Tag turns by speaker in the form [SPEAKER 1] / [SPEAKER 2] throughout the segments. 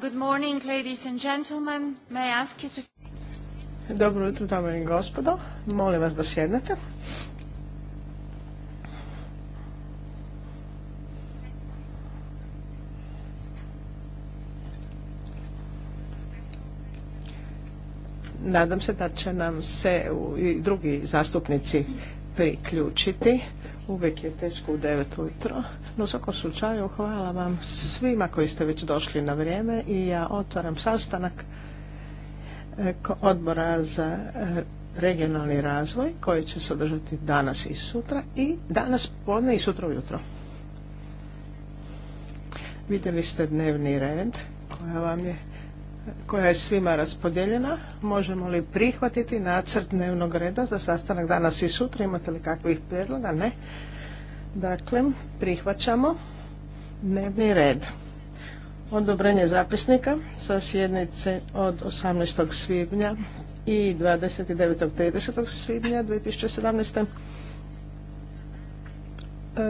[SPEAKER 1] Good morning, ladies and gentlemen. May I ask you
[SPEAKER 2] Dobro jutro, dame i gospodo. Molim vas da sjednete. Nadam se da će nam se i drugi zastupnici priključiti. Uvijek je teško u devet ujutro. No u svakom slučaju hvala vam svima koji ste već došli na vrijeme i ja otvaram sastanak e, odbora za e, regionalni razvoj koji će se održati danas i sutra i danas podne i sutra ujutro. Vidjeli ste dnevni red koja vam je koja je svima raspodijeljena. Možemo li prihvatiti nacrt dnevnog reda za sastanak danas i sutra? Imate li kakvih prijedloga? Ne. Dakle, prihvaćamo dnevni red. Odobrenje zapisnika sa sjednice od 18. svibnja i 29. 30. svibnja 2017. E,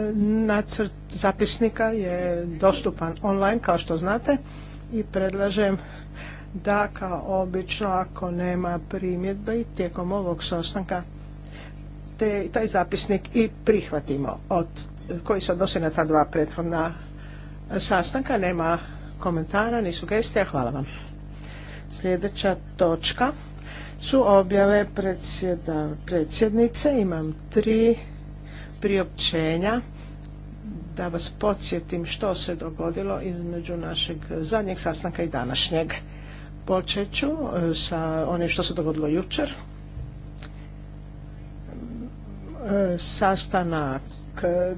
[SPEAKER 2] nacrt zapisnika je dostupan online, kao što znate i predlažem da kao obično ako nema primjedbe tijekom ovog sastanka te, taj zapisnik i prihvatimo od, koji se odnosi na ta dva prethodna sastanka. Nema komentara ni sugestija. Hvala vam. Sljedeća točka su objave predsjednice. Imam tri priopćenja da vas podsjetim što se dogodilo između našeg zadnjeg sastanka i današnjeg. Počet ću e, sa onim što se dogodilo jučer. E, sastanak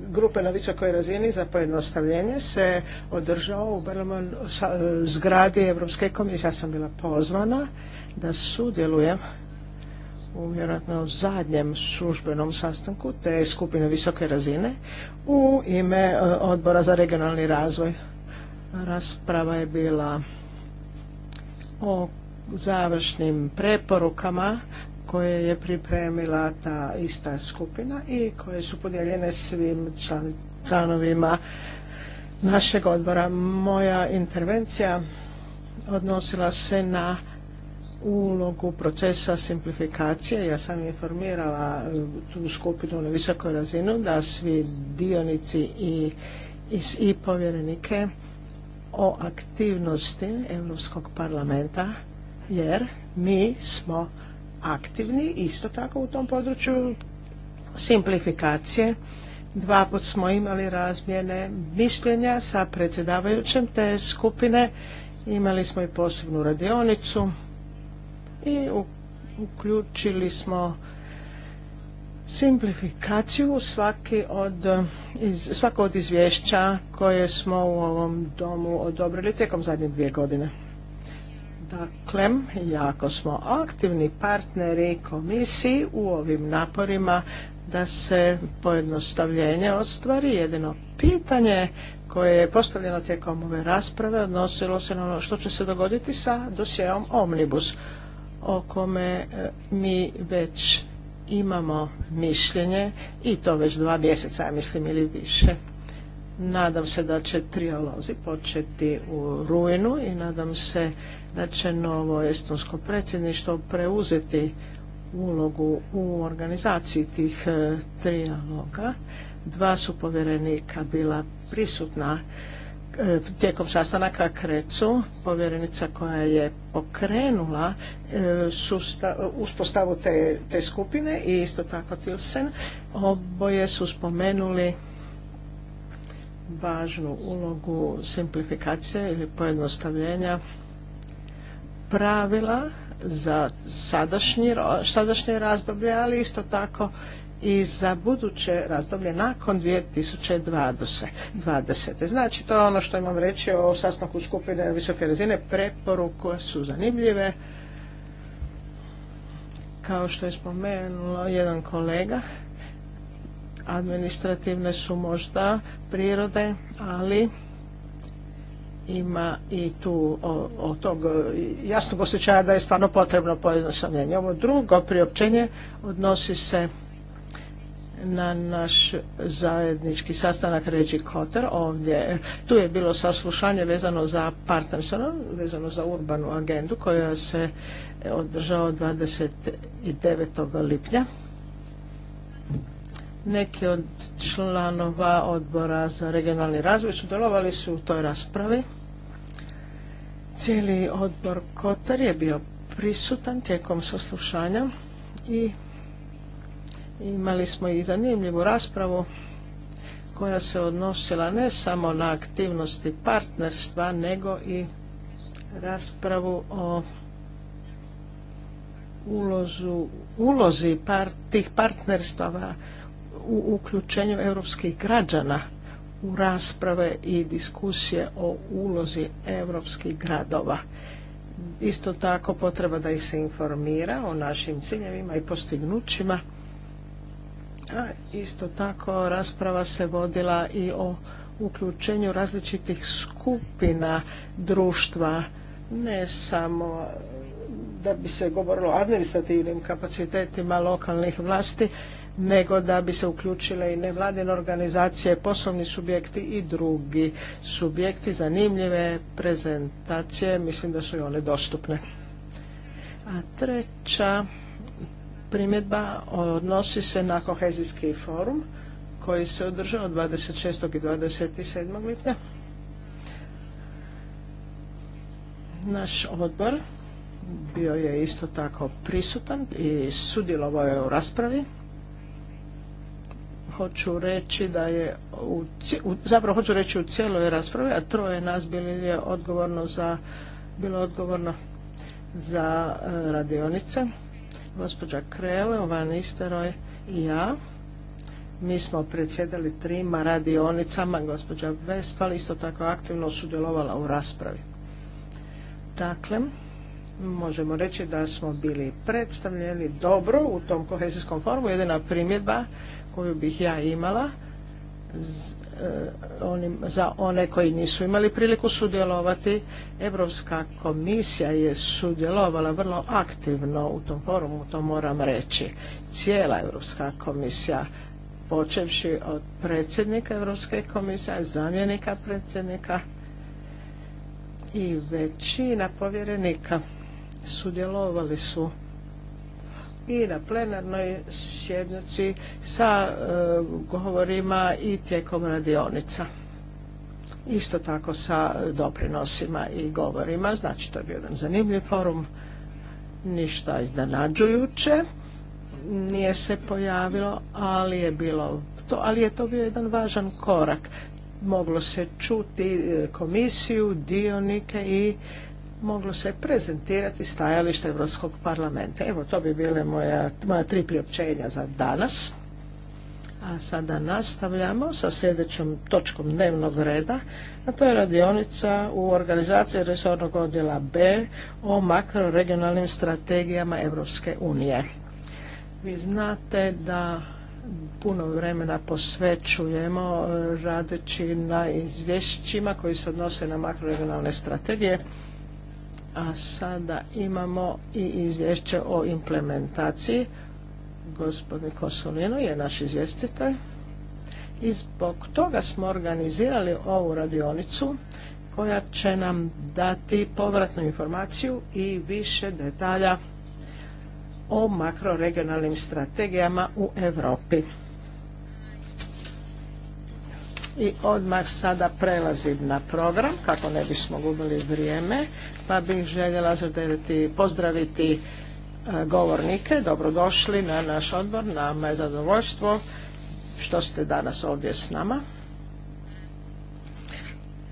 [SPEAKER 2] grupe na visokoj razini za pojednostavljenje se održao u e, zgradi Europske komisije. Ja sam bila pozvana da sudjelujem u vjerojatno zadnjem službenom sastanku te skupine visoke razine u ime e, odbora za regionalni razvoj. Rasprava je bila o završnim preporukama koje je pripremila ta ista skupina i koje su podijeljene svim članovima našeg odbora. Moja intervencija odnosila se na ulogu procesa simplifikacije. Ja sam informirala e, tu skupinu na visokoj razinu da svi dionici i, povjerenike o aktivnosti Europskog parlamenta jer mi smo aktivni isto tako u tom području simplifikacije. Dva put smo imali razmjene mišljenja sa predsjedavajućem te skupine. Imali smo i posebnu radionicu i uključili smo simplifikaciju svaki od, iz, svako od izvješća koje smo u ovom domu odobrili tijekom zadnje dvije godine. Dakle, jako smo aktivni partneri komisiji u ovim naporima da se pojednostavljenje ostvari. Jedino pitanje koje je postavljeno tijekom ove rasprave odnosilo se na ono što će se dogoditi sa dosjeom Omnibus o kome e, mi već imamo mišljenje i to već dva mjeseca, mislim, ili više. Nadam se da će trijalozi početi u rujnu i nadam se da će novo estonsko predsjedništvo preuzeti ulogu u organizaciji tih e, trijaloga. Dva su povjerenika bila prisutna tijekom sastanaka Krecu, povjerenica koja je pokrenula e, uspostavu te, te skupine i isto tako Tilsen, oboje su spomenuli važnu ulogu simplifikacije ili pojednostavljenja pravila za sadašnje razdoblje, ali isto tako i za buduće razdoblje nakon 2020. Znači, to je ono što imam reći o sastanku skupine visoke razine. Preporuke su zanimljive. Kao što je spomenulo jedan kolega, administrativne su možda prirode, ali ima i tu o, tog jasnog osjećaja da je stvarno potrebno pojednostavljenje. Ovo drugo priopćenje odnosi se na naš zajednički sastanak Ređi Kotar ovdje. Tu je bilo saslušanje vezano za partnersano, vezano za urbanu agendu koja se e, održava 29. lipnja. Neki od članova odbora za regionalni razvoj sudjelovali su u toj raspravi. Cijeli odbor Kotar je bio prisutan tijekom saslušanja i Imali smo i zanimljivu raspravu koja se odnosila ne samo na aktivnosti partnerstva, nego i raspravu o ulozu, ulozi par, tih partnerstava u uključenju europskih građana u rasprave i diskusije o ulozi europskih gradova. Isto tako potreba da ih se informira o našim ciljevima i postignućima a isto tako rasprava se vodila i o uključenju različitih skupina društva, ne samo da bi se govorilo o administrativnim kapacitetima lokalnih vlasti, nego da bi se uključile i nevladine organizacije, poslovni subjekti i drugi subjekti. Zanimljive prezentacije, mislim da su i one dostupne. A treća primjedba odnosi se na kohezijski forum koji se održao 26. i 27. lipnja. Naš odbor bio je isto tako prisutan i sudjelovao je u raspravi. Hoću reći da je, zapravo hoću reći u cijeloj raspravi, a troje nas bili je odgovorno za, bilo odgovorno za e, radionice gospođa Krele, Ovan Isteroj i ja. Mi smo predsjedali trima radionicama, gospođa Vestval isto tako aktivno sudjelovala u raspravi. Dakle, možemo reći da smo bili predstavljeni dobro u tom kohezijskom formu. Jedina primjedba koju bih ja imala Eh, za one koji nisu imali priliku sudjelovati. Europska komisija je sudjelovala vrlo aktivno u tom forumu, to moram reći. Cijela Europska komisija, počevši od predsjednika Europske komisije, zamjenika predsjednika i većina povjerenika sudjelovali su i na plenarnoj sjednici sa eh, govorima i tijekom radionica. Isto tako sa doprinosima i govorima, znači to je bio jedan zanimljiv forum, ništa iznenađujuće nije se pojavilo, ali je bilo to, ali je to bio jedan važan korak. Moglo se čuti eh, komisiju, dionike i moglo se prezentirati stajalište Europskog parlamenta. Evo, to bi bile moja, moja tri priopćenja za danas. A sada nastavljamo sa sljedećom točkom dnevnog reda, a to je radionica u organizaciji resornog odjela B o makroregionalnim strategijama Europske unije. Vi znate da puno vremena posvećujemo eh, radeći na izvješćima koji se odnose na makroregionalne strategije a sada imamo i izvješće o implementaciji. Gospodin Kosolino je naš izvjestitelj. I zbog toga smo organizirali ovu radionicu koja će nam dati povratnu informaciju i više detalja o makroregionalnim strategijama u Europi. I odmah sada prelazim na program, kako ne bismo gubili vrijeme, pa bih željela zadeliti, pozdraviti e, govornike. Dobrodošli na naš odbor, nama je zadovoljstvo što ste danas ovdje s nama.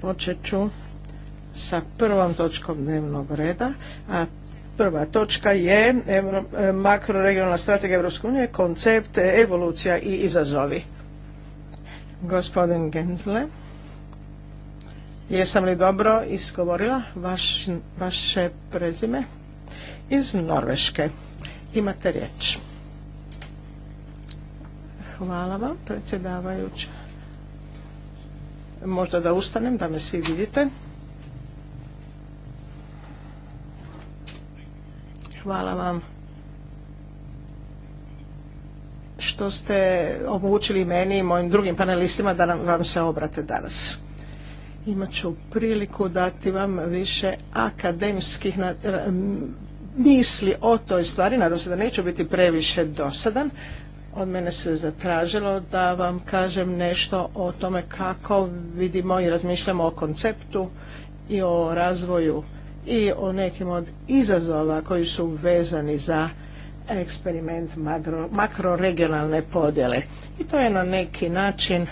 [SPEAKER 2] Počet ću sa prvom točkom dnevnog reda, a prva točka je e, makroregionalna strategija Europske unije, koncept, e, evolucija i izazovi. Gospodin Genzle, jesam li dobro isgovorila vaš, vaše prezime? Iz Norveške. Imate riječ. Hvala vam, predsjedavajuća. Možda da ustanem, da me svi vidite. Hvala vam što ste omogućili meni i mojim drugim panelistima da vam se obrate danas. Imat ću priliku dati vam više akademskih misli o toj stvari. Nadam se da neću biti previše dosadan. Od mene se zatražilo da vam kažem nešto o tome kako vidimo i razmišljamo o konceptu i o razvoju i o nekim od izazova koji su vezani za eksperiment makroregionalne podjele. I to je na neki način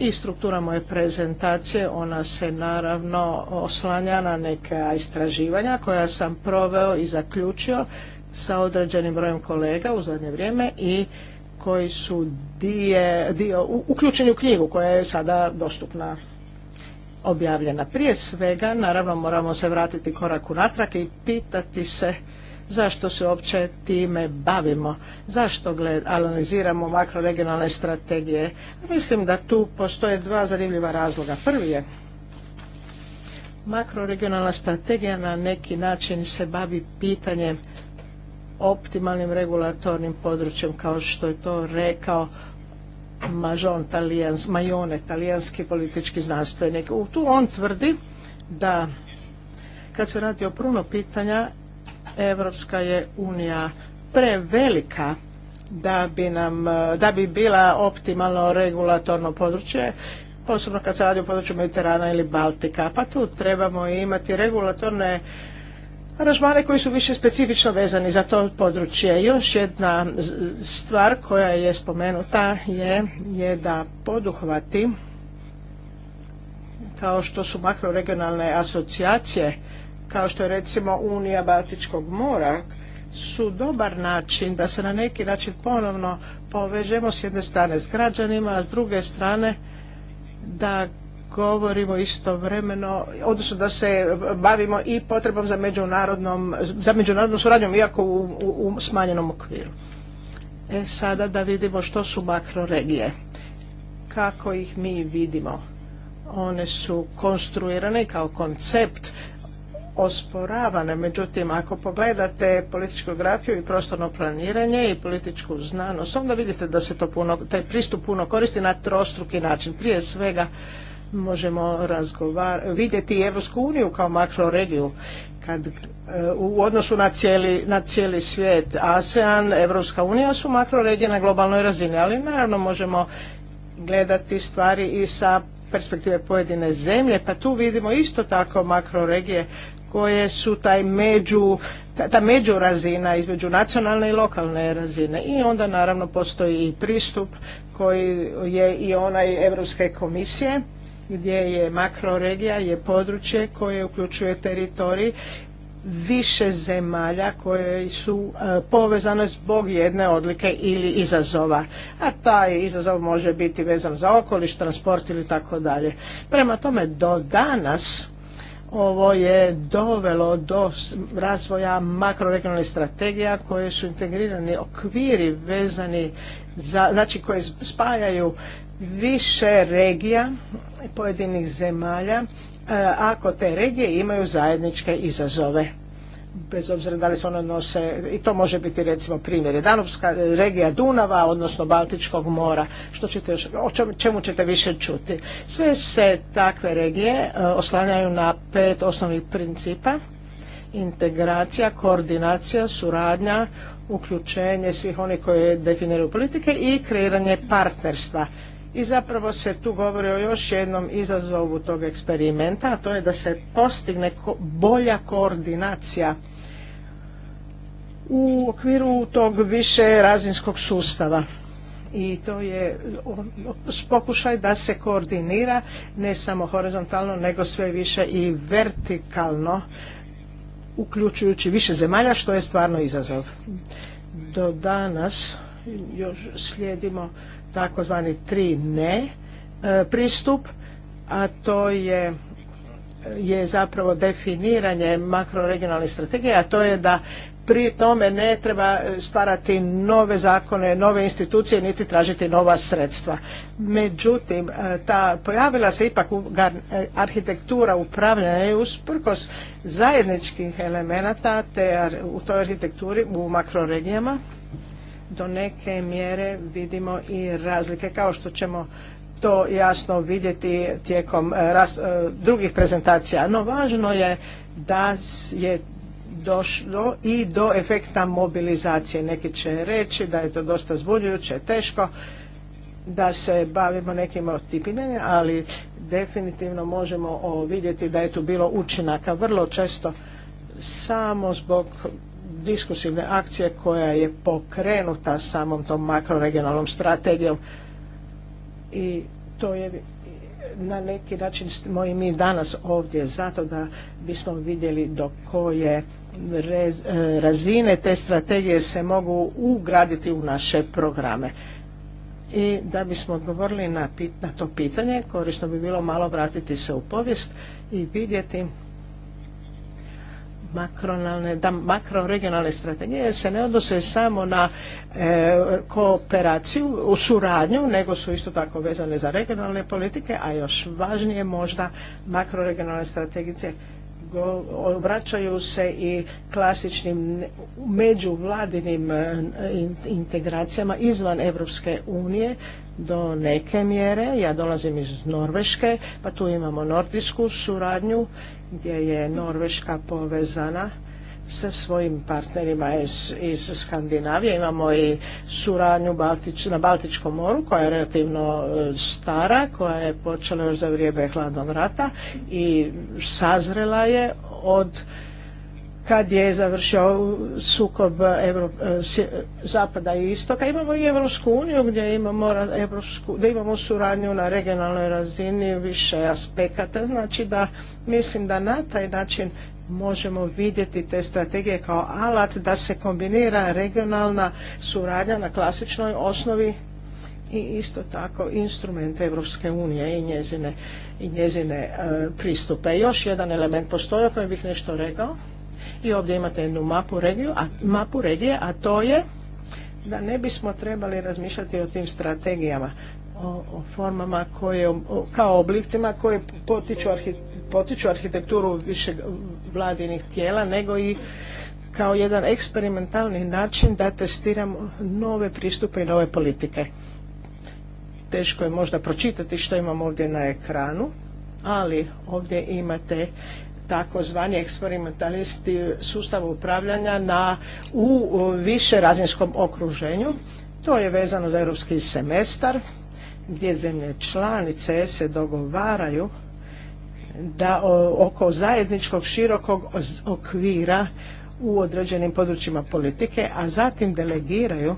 [SPEAKER 2] i struktura moje prezentacije, ona se naravno oslanja na neka istraživanja koja sam proveo i zaključio sa određenim brojem kolega u zadnje vrijeme i koji su dio, dio uključeni u knjigu koja je sada dostupna objavljena. Prije svega, naravno, moramo se vratiti korak unatrag i pitati se zašto se uopće time bavimo, zašto analiziramo makroregionalne strategije. Mislim da tu postoje dva zanimljiva razloga. Prvi je makroregionalna strategija na neki način se bavi pitanjem optimalnim regulatornim područjem kao što je to rekao Majon, talijans, Majone, talijanski politički znanstvenik. Tu on tvrdi da kad se radi o pruno pitanja Europska je unija prevelika da bi nam, da bi bila optimalno regulatorno područje posebno kad se radi o području Mediterana ili Baltika. Pa tu trebamo imati regulatorne aranžmane koji su više specifično vezani za to područje. Još jedna stvar koja je spomenuta je, je da poduhvati kao što su makroregionalne asocijacije kao što je recimo Unija Baltičkog mora su dobar način da se na neki način ponovno povežemo s jedne strane s građanima, a s druge strane da govorimo istovremeno, odnosno da se bavimo i potrebom za međunarodnom, za međunarodnom suradnjom, iako u, u, u smanjenom okviru. E sada da vidimo što su makroregije, kako ih mi vidimo. One su konstruirane kao koncept osporavane. Međutim, ako pogledate političku grafiju i prostorno planiranje i političku znanost, onda vidite da se to puno, taj pristup puno koristi na trostruki način. Prije svega možemo razgovar, vidjeti Evropsku uniju kao makroregiju kad, e, u odnosu na cijeli, na cijeli svijet. ASEAN, Evropska unija su makroregije na globalnoj razini, ali naravno možemo gledati stvari i sa perspektive pojedine zemlje, pa tu vidimo isto tako makroregije koje su taj među, ta razina između nacionalne i lokalne razine. I onda naravno postoji i pristup koji je i onaj Europske komisije gdje je makroregija, je područje koje uključuje teritorij više zemalja koje su e, povezane zbog jedne odlike ili izazova. A taj izazov može biti vezan za okoliš, transport ili tako dalje. Prema tome, do danas ovo je dovelo do razvoja makroregionalnih strategija koje su integrirani okviri vezani za, znači koje spajaju više regija pojedinih zemalja e, ako te regije imaju zajedničke izazove bez obzira da li se one nose, i to može biti recimo primjer, danovska eh, regija Dunava, odnosno Baltičkog mora, što ćete o čemu ćete više čuti. Sve se takve regije eh, oslanjaju na pet osnovnih principa, integracija, koordinacija, suradnja, uključenje svih onih koje definiraju politike i kreiranje partnerstva i zapravo se tu govori o još jednom izazovu tog eksperimenta, a to je da se postigne bolja koordinacija u okviru tog više razinskog sustava i to je pokušaj da se koordinira ne samo horizontalno nego sve više i vertikalno uključujući više zemalja što je stvarno izazov. Do danas još slijedimo takozvani tri ne e, pristup, a to je je zapravo definiranje makroregionalne strategije, a to je da pri tome ne treba stvarati nove zakone, nove institucije, niti tražiti nova sredstva. Međutim, e, ta, pojavila se ipak e, arhitektura upravljanja usprkos zajedničkih elemenata te u toj arhitekturi u makroregijama do neke mjere vidimo i razlike kao što ćemo to jasno vidjeti tijekom eh, eh, drugih prezentacija. No važno je da je došlo i do efekta mobilizacije. Neki će reći da je to dosta zbunjujuće, teško da se bavimo nekim od ali definitivno možemo vidjeti da je tu bilo učinaka vrlo često samo zbog diskusivne akcije koja je pokrenuta samom tom makroregionalnom strategijom i to je na neki način smo i mi danas ovdje zato da bismo vidjeli do koje e, razine te strategije se mogu ugraditi u naše programe. I da bismo odgovorili na to pitanje, korisno bi bilo malo vratiti se u povijest i vidjeti da makroregionalne strategije se ne odnose samo na e, kooperaciju, u suradnju, nego su isto tako vezane za regionalne politike, a još važnije možda makroregionalne strategije obraćaju se i klasičnim međuvladinim e, integracijama izvan Europske unije do neke mjere. Ja dolazim iz Norveške, pa tu imamo nordijsku suradnju gdje je Norveška povezana sa svojim partnerima iz, iz Skandinavije. Imamo i suradnju Baltič, na Baltičkom moru koja je relativno e, stara, koja je počela još za vrijeme hladnog rata i sazrela je od kad je završio sukob e, zapada i istoka. Imamo i Evropsku uniju gdje imamo, gdje imamo suradnju na regionalnoj razini više aspekata. Znači da mislim da na taj način možemo vidjeti te strategije kao alat da se kombinira regionalna suradnja na klasičnoj osnovi i isto tako instrument Europske unije i njezine, i njezine e, pristupe. Još jedan element postoji o kojem bih nešto rekao i ovdje imate jednu mapu, regiju, a, mapu regije, a to je da ne bismo trebali razmišljati o tim strategijama, o, o formama koje, kao oblicima koje potiču, potiču arhitekturu više vladinih tijela, nego i kao jedan eksperimentalni način da testiramo nove pristupe i nove politike. Teško je možda pročitati što imamo ovdje na ekranu, ali ovdje imate takozvani eksperimentalisti sustav upravljanja na, u, više razinskom okruženju. To je vezano za europski semestar gdje zemlje članice se dogovaraju da oko zajedničkog širokog okvira u određenim područjima politike, a zatim delegiraju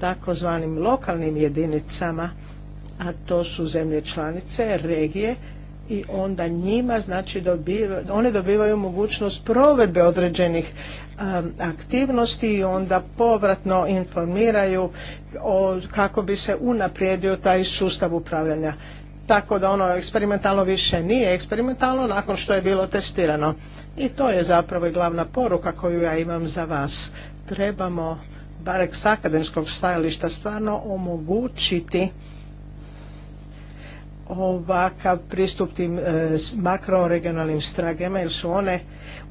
[SPEAKER 2] takozvanim lokalnim jedinicama, a to su zemlje članice, regije, i onda njima znači dobiva, one dobivaju mogućnost provedbe određenih aktivnosti i onda povratno informiraju o, kako bi se unaprijedio taj sustav upravljanja. Tako da ono eksperimentalno više nije eksperimentalno nakon što je bilo testirano. I to je zapravo i glavna poruka koju ja imam za vas. Trebamo barek s akademskog stajališta stvarno omogućiti ovakav pristup tim e, makroregionalnim stragama jer su one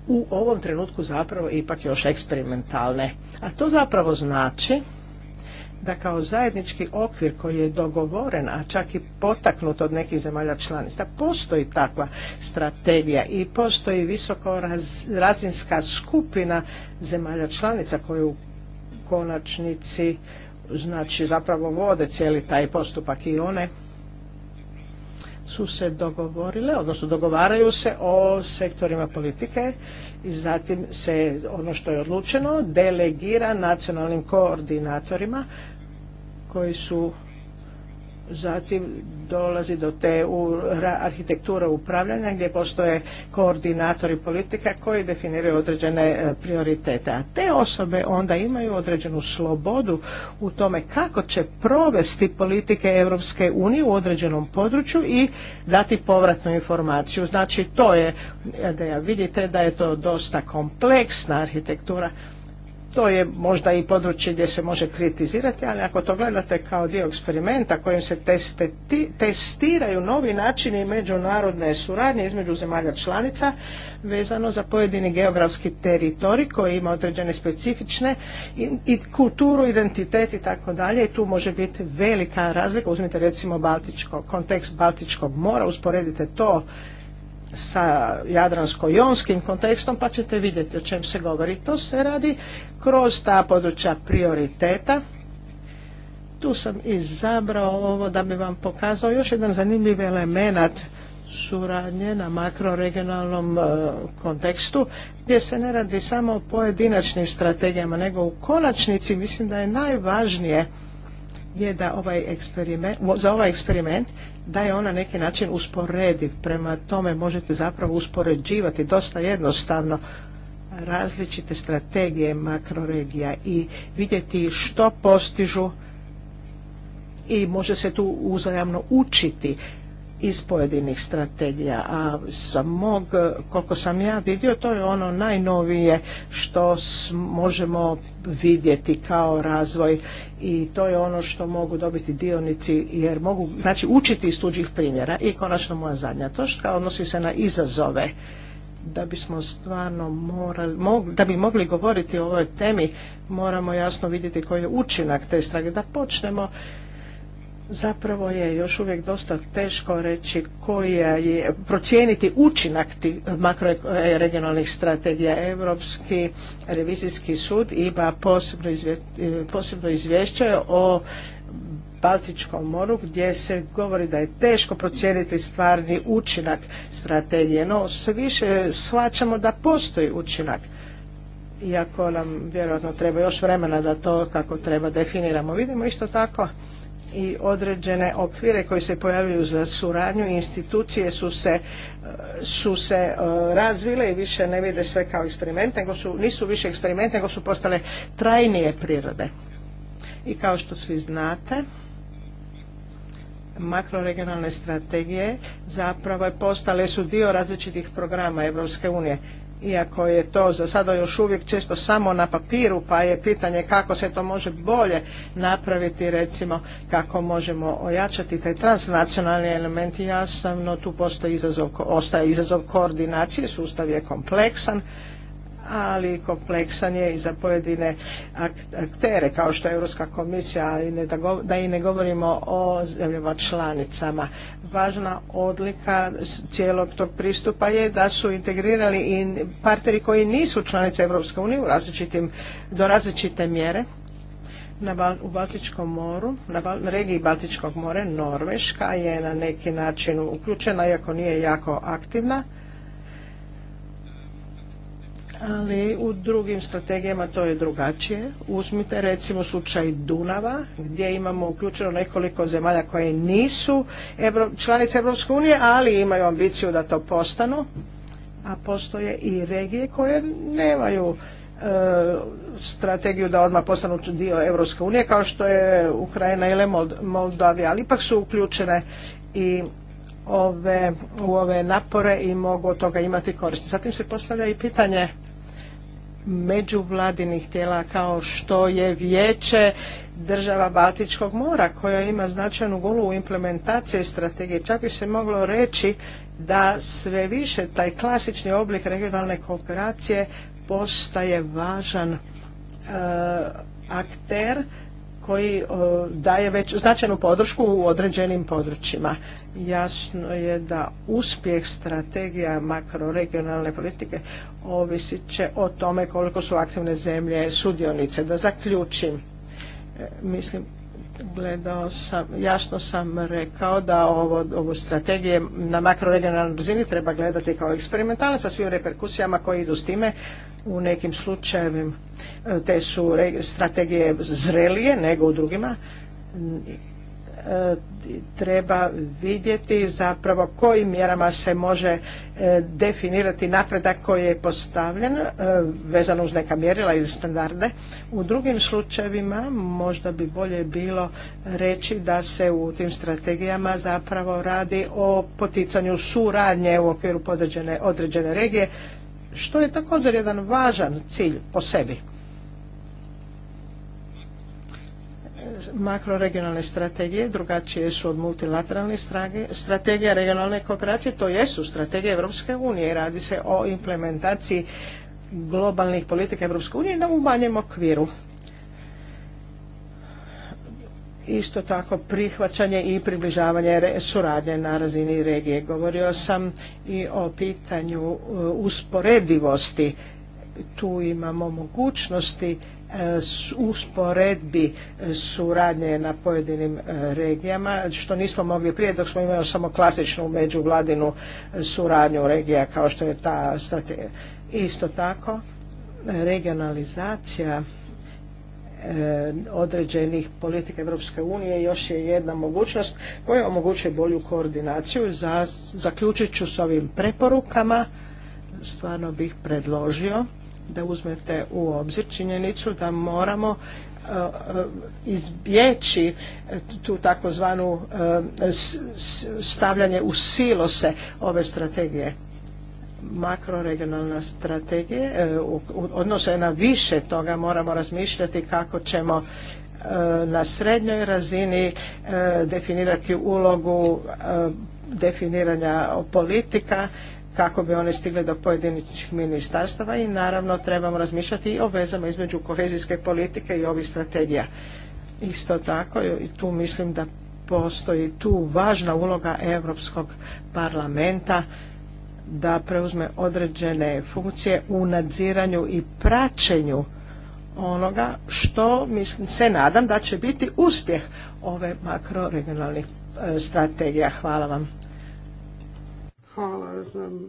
[SPEAKER 2] u ovom trenutku zapravo ipak još eksperimentalne. A to zapravo znači da kao zajednički okvir koji je dogovoren, a čak i potaknut od nekih zemalja članica, postoji takva strategija i postoji visoko razinska skupina zemalja članica koje u konačnici znači zapravo vode cijeli taj postupak i one su se dogovorile, odnosno dogovaraju se o sektorima politike i zatim se ono što je odlučeno delegira nacionalnim koordinatorima koji su Zatim dolazi do te arhitektura upravljanja gdje postoje koordinatori politika koji definiraju određene e, prioritete. A te osobe onda imaju određenu slobodu u tome kako će provesti politike Europske unije u određenom području i dati povratnu informaciju. Znači to je, e, da vidite da je to dosta kompleksna arhitektura to je možda i područje gdje se može kritizirati, ali ako to gledate kao dio eksperimenta kojim se testiraju novi načini međunarodne suradnje između zemalja članica vezano za pojedini geografski teritorij koji ima određene specifične i, i kulturu, identitet i tako dalje i tu može biti velika razlika. Uzmite recimo Baltičko, kontekst Baltičkog mora, usporedite to sa jadransko-jonskim kontekstom pa ćete vidjeti o čem se govori. To se radi kroz ta područja prioriteta. Tu sam izabrao ovo da bi vam pokazao još jedan zanimljiv elemenat suradnje na makroregionalnom e, kontekstu gdje se ne radi samo o pojedinačnim strategijama nego u konačnici mislim da je najvažnije je da ovaj eksperiment, za ovaj eksperiment da je on na neki način usporediv. Prema tome možete zapravo uspoređivati dosta jednostavno različite strategije makroregija i vidjeti što postižu i može se tu uzajamno učiti iz pojedinih strategija, a sa mog, koliko sam ja vidio, to je ono najnovije što možemo vidjeti kao razvoj i to je ono što mogu dobiti dionici jer mogu znači učiti iz tuđih primjera i konačno moja zadnja točka odnosi se na izazove da bismo stvarno morali, da bi mogli govoriti o ovoj temi moramo jasno vidjeti koji je učinak te strage da počnemo zapravo je još uvijek dosta teško reći koja je procijeniti učinak tih makroregionalnih strategija. Europski revizijski sud ima posebno, posebno izvješće o Baltičkom moru gdje se govori da je teško procijeniti stvarni učinak strategije, no sve više shvaćamo da postoji učinak iako nam vjerojatno treba još vremena da to kako treba definiramo. Vidimo isto tako i određene okvire koji se pojavljuju za suradnju institucije su se, e, su se e, razvile i više ne vide sve kao eksperiment nego su, nisu više eksperiment nego su postale trajnije prirode i kao što svi znate makroregionalne strategije zapravo postale su dio različitih programa Europske unije iako je to za sada još uvijek često samo na papiru, pa je pitanje kako se to može bolje napraviti, recimo kako možemo ojačati taj transnacionalni element. Jasno, tu postoji izazov, ostaje izazov koordinacije, sustav je kompleksan, ali kompleksan je i za pojedine aktere kao što je Europska komisija, da i ne govorimo o zemljama članicama. Važna odlika cijelog tog pristupa je da su integrirali i partneri koji nisu članice Europske unije u različitim, do različite mjere u Baltičkom moru, na, regiji Baltičkog more, Norveška je na neki način uključena, iako nije jako aktivna ali u drugim strategijama to je drugačije. Uzmite recimo slučaj Dunava gdje imamo uključeno nekoliko zemalja koje nisu članice Europske unije, ali imaju ambiciju da to postanu, a postoje i regije koje nemaju e, strategiju da odmah postanu dio Europske unije, kao što je Ukrajina ili Moldavija, ali ipak su uključene i ove, u ove napore i mogu od toga imati koristi. Zatim se postavlja i pitanje međuvladinih tijela kao što je vijeće država Baltičkog mora koja ima značajnu gulu u implementaciji strategije. Čak bi se moglo reći da sve više taj klasični oblik regionalne kooperacije postaje važan e, akter koji e, daje već značajnu podršku u određenim područjima. Jasno je da uspjeh strategija makroregionalne politike ovisit će o tome koliko su aktivne zemlje sudionice. Da zaključim, e, mislim gledao sam, jasno sam rekao da ovo, ovu strategije na makroregionalnoj razini treba gledati kao eksperimentalno sa svim reperkusijama koje idu s time, u nekim slučajevima e, te su strategije zrelije nego u drugima e, treba vidjeti zapravo kojim mjerama se može e, definirati napredak koji je postavljen vezano uz neka mjerila i standarde. U drugim slučajevima možda bi bolje bilo reći da se u tim strategijama zapravo radi o poticanju suradnje u okviru određene regije što je također jedan važan cilj po sebi. makroregionalne strategije drugačije su od multilateralnih strategija regionalne kooperacije, to jesu strategije Europske unije radi se o implementaciji globalnih politika Europske unije na u manjem okviru isto tako prihvaćanje i približavanje suradnje na razini regije. Govorio sam i o pitanju e, usporedivosti. Tu imamo mogućnosti e, usporedbi e, suradnje na pojedinim regijama, što nismo mogli prije dok smo imali samo klasičnu međuvladinu suradnju regija kao što je ta strategija. Isto tako, regionalizacija Eh, određenih politika Europske unije još je jedna mogućnost koja omogućuje bolju koordinaciju. Za, zaključit ću s ovim preporukama. Stvarno bih predložio da uzmete u obzir činjenicu da moramo eh, eh, izbjeći tu takozvanu stavljanje u silose ove strategije makroregionalna strategija, e, odnose na više toga moramo razmišljati kako ćemo e, na srednjoj razini e, definirati ulogu definiranja politika kako bi one stigle do pojedinih ministarstava i naravno trebamo razmišljati i o vezama između kohezijske politike i ovih strategija. Isto tako i tu mislim da postoji tu važna uloga Europskog parlamenta da preuzme određene funkcije u nadziranju i praćenju onoga što mislim, se nadam da će biti uspjeh ove makroregionalne strategija. Hvala vam.
[SPEAKER 3] Hvala, znam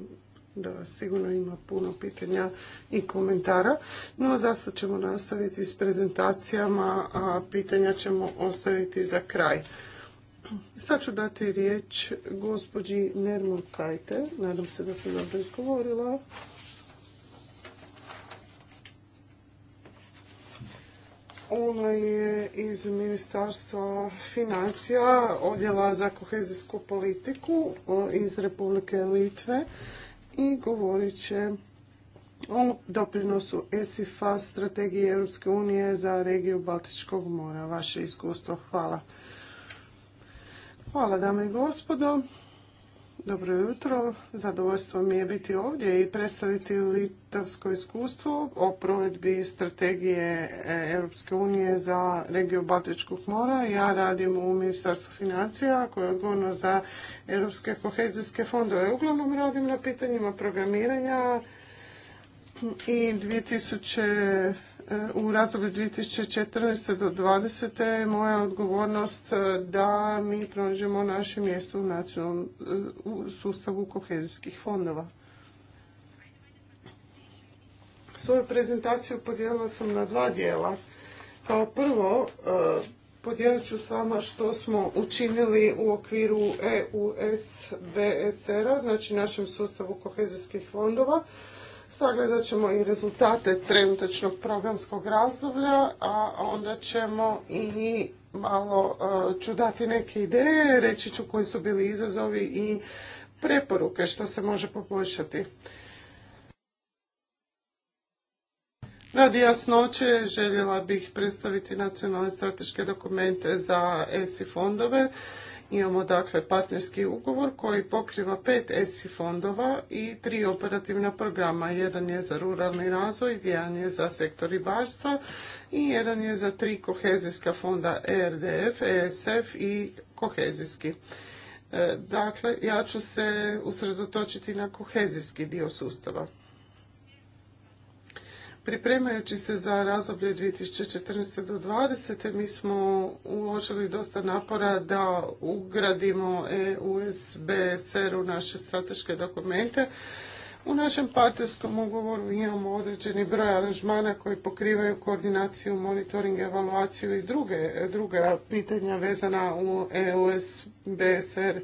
[SPEAKER 3] da sigurno ima puno pitanja i komentara. No, za sad ćemo nastaviti s prezentacijama, a pitanja ćemo ostaviti za kraj. Sad ću dati riječ gospođi Nermon Kajte. Nadam se da sam dobro izgovorila. Ona je iz Ministarstva financija, odjela za kohezijsku politiku iz Republike Litve i govorit će o doprinosu ESIFA strategije Europske unije za regiju Baltičkog mora. Vaše iskustvo. Hvala. Hvala dame i gospodo. Dobro jutro. Zadovoljstvo mi je biti ovdje i predstaviti litavsko iskustvo o provedbi strategije e, Europske unije za regiju Baltičkog mora. Ja radim u Ministarstvu financija koje je odgovorno za europske kohezijske fondove. Uglavnom radim na pitanjima programiranja i 2000 u razdoblju 2014. do 2020. moja odgovornost e, da mi pronađemo naše mjesto u nacionalnom e, u sustavu kohezijskih fondova. Svoju prezentaciju podijelila sam na dva dijela. Kao prvo, e, podijelit ću s vama što smo učinili u okviru EUSBSR-a, znači našem sustavu kohezijskih fondova, sagledat ćemo i rezultate trenutačnog programskog razdoblja, a onda ćemo i malo e, ću dati neke ideje, reći ću koji su bili izazovi i preporuke što se može poboljšati. Radi jasnoće željela bih predstaviti nacionalne strateške dokumente za ESI fondove Imamo dakle partnerski ugovor koji pokriva pet ESI fondova i tri operativna programa. Jedan je za ruralni razvoj, jedan je za sektor ribarstva i jedan je za tri kohezijska fonda ERDF, ESF i kohezijski. E, dakle, ja ću se usredotočiti na kohezijski dio sustava. Pripremajući se za razdoblje 2014. do 2020. mi smo uložili dosta napora da ugradimo EUSBSR u naše strateške dokumente. U našem partnerskom ugovoru imamo određeni broj aranžmana koji pokrivaju koordinaciju, monitoring, evaluaciju i druge, druga pitanja vezana u EUSBSR. BSR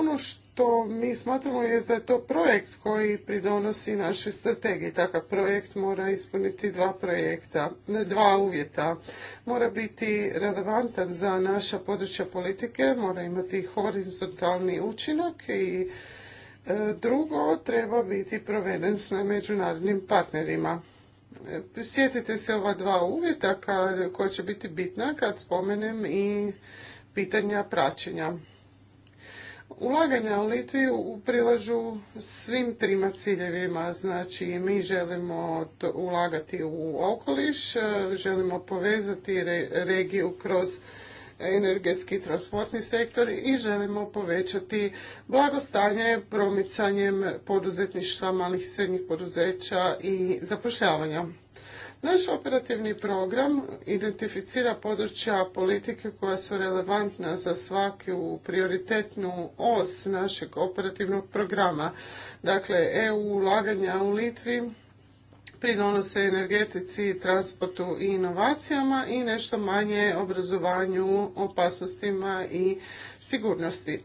[SPEAKER 3] ono što mi smatramo je da je to projekt koji pridonosi našoj strategiji. Takav projekt mora ispuniti dva projekta, dva uvjeta. Mora biti relevantan za naša područja politike, mora imati horizontalni učinak i e, drugo treba biti proveden s međunarodnim partnerima. E, sjetite se ova dva uvjeta koja će biti bitna kad spomenem i pitanja praćenja. Ulaganja u Litviju prilažu svim trima ciljevima, znači mi želimo ulagati u okoliš, želimo povezati regiju kroz energetski transportni sektor i želimo povećati blagostanje promicanjem poduzetništva malih i srednjih poduzeća i zapošljavanja. Naš operativni program identificira područja politike koja su relevantna za svaku prioritetnu os našeg operativnog programa. Dakle, EU ulaganja u Litvi pridonose energetici, transportu i inovacijama i nešto manje obrazovanju, opasnostima i sigurnosti.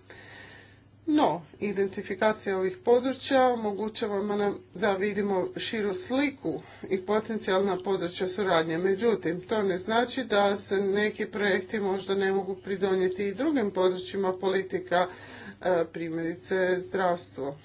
[SPEAKER 3] No, identifikacija ovih područja omogućava nam da vidimo širu sliku i potencijalna područja suradnje. Međutim, to ne znači da se neki projekti možda ne mogu pridonijeti i drugim područjima politika, e, primjerice zdravstvo.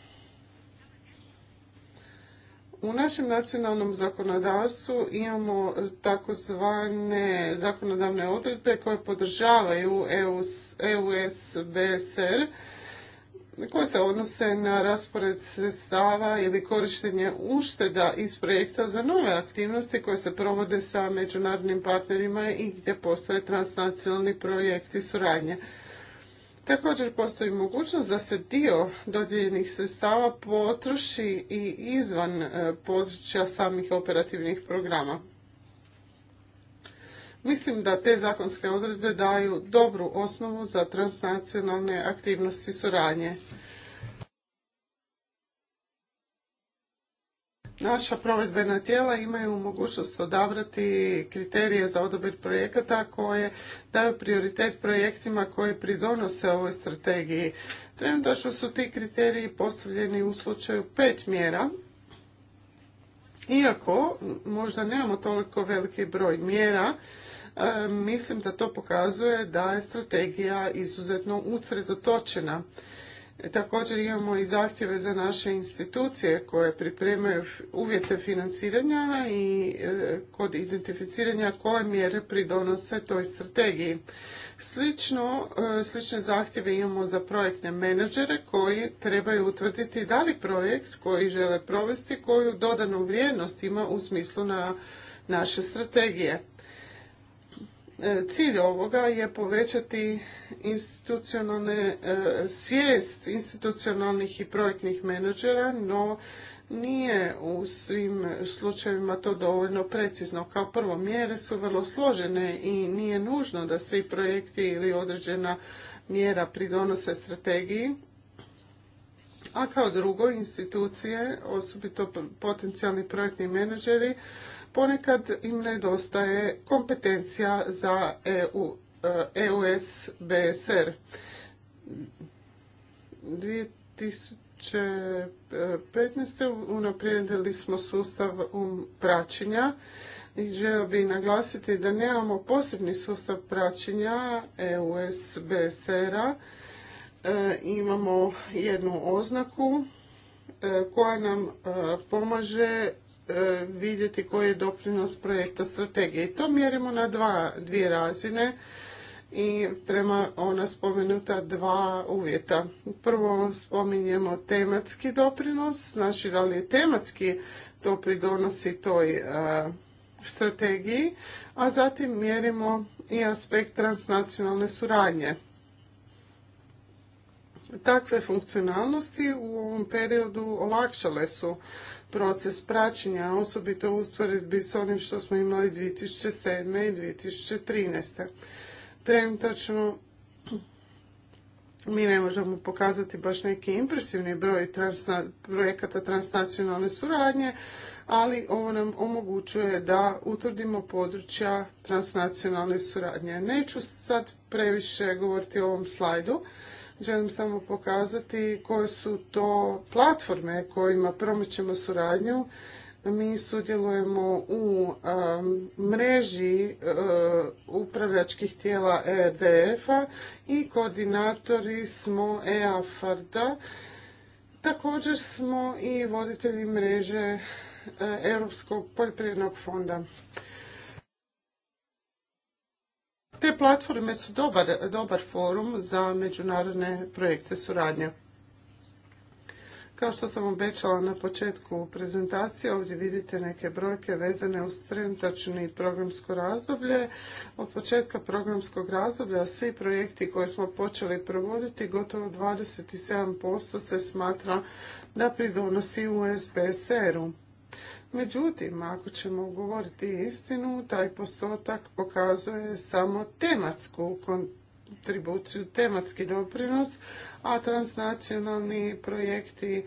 [SPEAKER 3] U našem nacionalnom zakonodavstvu imamo takozvane zakonodavne odredbe koje podržavaju EUS, EUS BSR, koje se odnose na raspored sredstava ili korištenje ušteda iz projekta za nove aktivnosti koje se provode sa međunarodnim partnerima i gdje postoje transnacionalni projekti suradnje. Također postoji mogućnost da se dio dodijeljenih sredstava potroši i izvan e, područja samih operativnih programa. Mislim da te zakonske odredbe daju dobru osnovu za transnacionalne aktivnosti suradnje. Naša provedbena tijela imaju mogućnost odabrati kriterije za odabir projekata koje daju prioritet projektima koji pridonose ovoj strategiji. što su ti kriteriji postavljeni u slučaju pet mjera. Iako možda nemamo toliko veliki broj mjera, E, mislim da to pokazuje da je strategija izuzetno usredotočena. E, također imamo i zahtjeve za naše institucije koje pripremaju uvjete financiranja i e, kod identificiranja koje mjere pridonose toj strategiji. Slično, slične zahtjeve imamo za projektne menadžere koji trebaju utvrditi da li projekt koji žele provesti koju dodanu vrijednost ima u smislu na naše strategije. E, cilj ovoga je povećati institucionalne e, svijest institucionalnih i projektnih menadžera, no nije u svim slučajevima to dovoljno precizno. Kao prvo, mjere su vrlo složene i nije nužno da svi projekti ili određena mjera pridonose strategiji, a kao drugo institucije, osobito potencijalni projektni menadžeri, ponekad im nedostaje kompetencija za EU, EUS BSR. 2015. unaprijedili smo sustav um praćenja i želio bih naglasiti da nemamo posebni sustav praćenja EUS BSR-a. E, imamo jednu oznaku e, koja nam e, pomaže E, vidjeti koji je doprinos projekta strategije. I to mjerimo na dvije razine i prema ona spomenuta dva uvjeta. Prvo spominjemo tematski doprinos, znači da li je tematski to pridonosi toj e, strategiji, a zatim mjerimo i aspekt transnacionalne suradnje. Takve funkcionalnosti u ovom periodu olakšale su proces praćenja, osobito u usporedbi s onim što smo imali 2007. i 2013. Trenutačno mi ne možemo pokazati baš neki impresivni broj projekata transnacionalne suradnje, ali ovo nam omogućuje da utvrdimo područja transnacionalne suradnje. Neću sad previše govoriti o ovom slajdu, Želim samo pokazati koje su to platforme kojima promičemo suradnju. Mi sudjelujemo u um, mreži uh, upravljačkih tijela EDF-a i koordinatori smo eafard Također smo i voditelji mreže uh, Europskog poljoprivrednog fonda. Te platforme su dobar, dobar forum za međunarodne projekte suradnje. Kao što sam obećala na početku prezentacije, ovdje vidite neke brojke vezane uz i programsko razdoblje. Od početka programskog razdoblja svi projekti koje smo počeli provoditi, gotovo 27% se smatra da pridonosi u SPSR-u. Međutim, ako ćemo govoriti istinu, taj postotak pokazuje samo tematsku kontribuciju, tematski doprinos, a transnacionalni projekti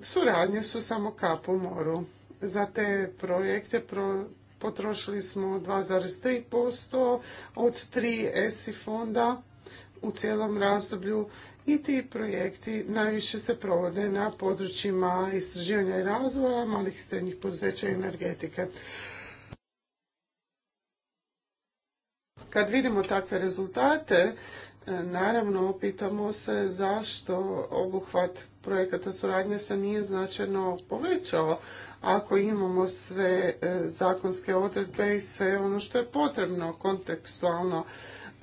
[SPEAKER 3] suradnje su samo kap u moru. Za te projekte potrošili smo 2,3% od tri ESI fonda u cijelom razdoblju i ti projekti najviše se provode na područjima istraživanja i razvoja, malih i srednjih poduzeća i energetike. Kad vidimo takve rezultate, e, naravno pitamo se zašto obuhvat projekata suradnje se nije značajno povećao ako imamo sve e, zakonske odredbe i sve ono što je potrebno kontekstualno.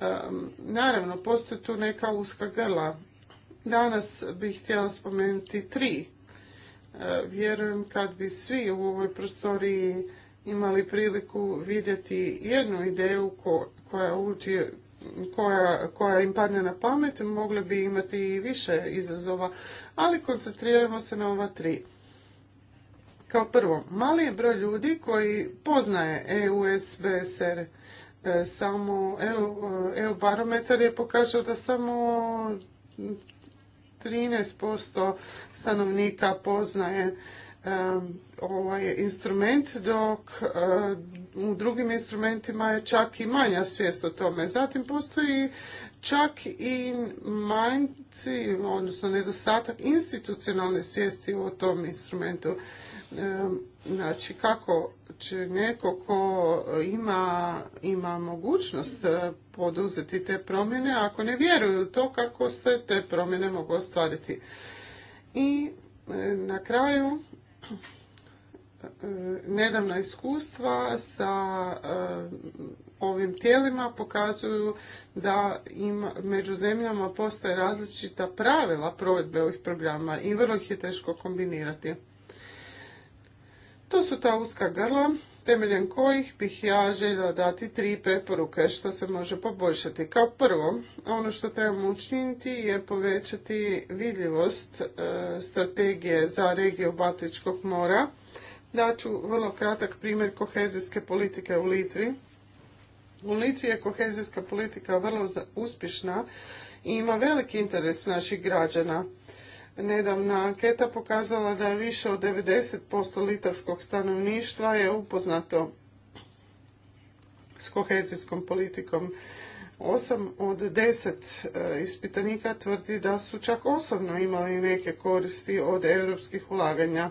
[SPEAKER 3] E, naravno, postoje tu neka uska grla Danas bih htjela spomenuti tri. E, vjerujem kad bi svi u ovoj prostoriji imali priliku vidjeti jednu ideju koja koja, im padne na pamet, mogli bi imati i više izazova, ali koncentrirajmo se na ova tri. Kao prvo, mali je broj ljudi koji poznaje EUSBSR. E, samo EU, EU barometar je pokazao da samo 13% stanovnika poznaje ovaj instrument, dok u drugim instrumentima je čak i manja svijest o tome. Zatim postoji čak i manjci, odnosno nedostatak institucionalne svijesti u tom instrumentu. E, znači, kako će neko ko ima, ima mogućnost e, poduzeti te promjene, ako ne vjeruju u to kako se te promjene mogu ostvariti. I e, na kraju, nedavna iskustva sa eh, ovim tijelima pokazuju da im među zemljama postoje različita pravila provedbe ovih programa i vrlo ih je teško kombinirati. To su ta uska grla temeljem kojih bih ja željela dati tri preporuke što se može poboljšati. Kao prvo, ono što trebamo učiniti je povećati vidljivost eh, strategije za regiju Batičkog mora Daću vrlo kratak primjer kohezijske politike u Litvi. U Litvi je kohezijska politika vrlo uspješna i ima veliki interes naših građana. Nedavna anketa pokazala da je više od 90% litavskog stanovništva je upoznato s kohezijskom politikom. Osam od deset e, ispitanika tvrdi da su čak osobno imali neke koristi od europskih ulaganja.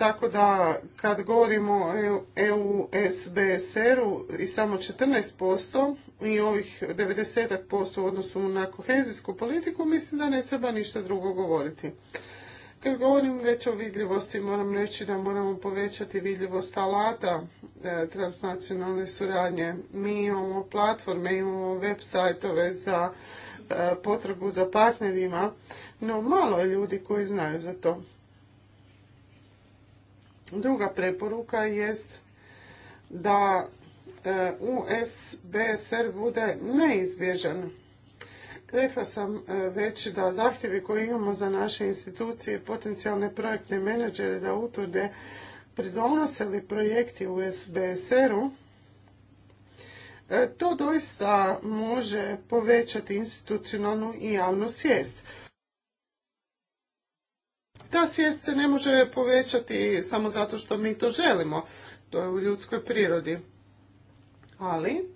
[SPEAKER 3] Tako da kad govorimo o EU e SBSR-u i samo 14% i ovih 90% u odnosu na kohezijsku politiku, mislim da ne treba ništa drugo govoriti. Kad govorim već o vidljivosti, moram reći da moramo povećati vidljivost alata e, transnacionalne suradnje. Mi imamo platforme, imamo web sajtove za e, potragu za partnerima, no malo je ljudi koji znaju za to. Druga preporuka jest da e, USBSR bude neizbježan. Rekla sam e, već da zahtjevi koje imamo za naše institucije, potencijalne projektne menadžere da utvrde pridonose li projekti sbsr u e, to doista može povećati institucionalnu i javnu svijest. Ta svijest se ne može povećati samo zato što mi to želimo. To je u ljudskoj prirodi. Ali,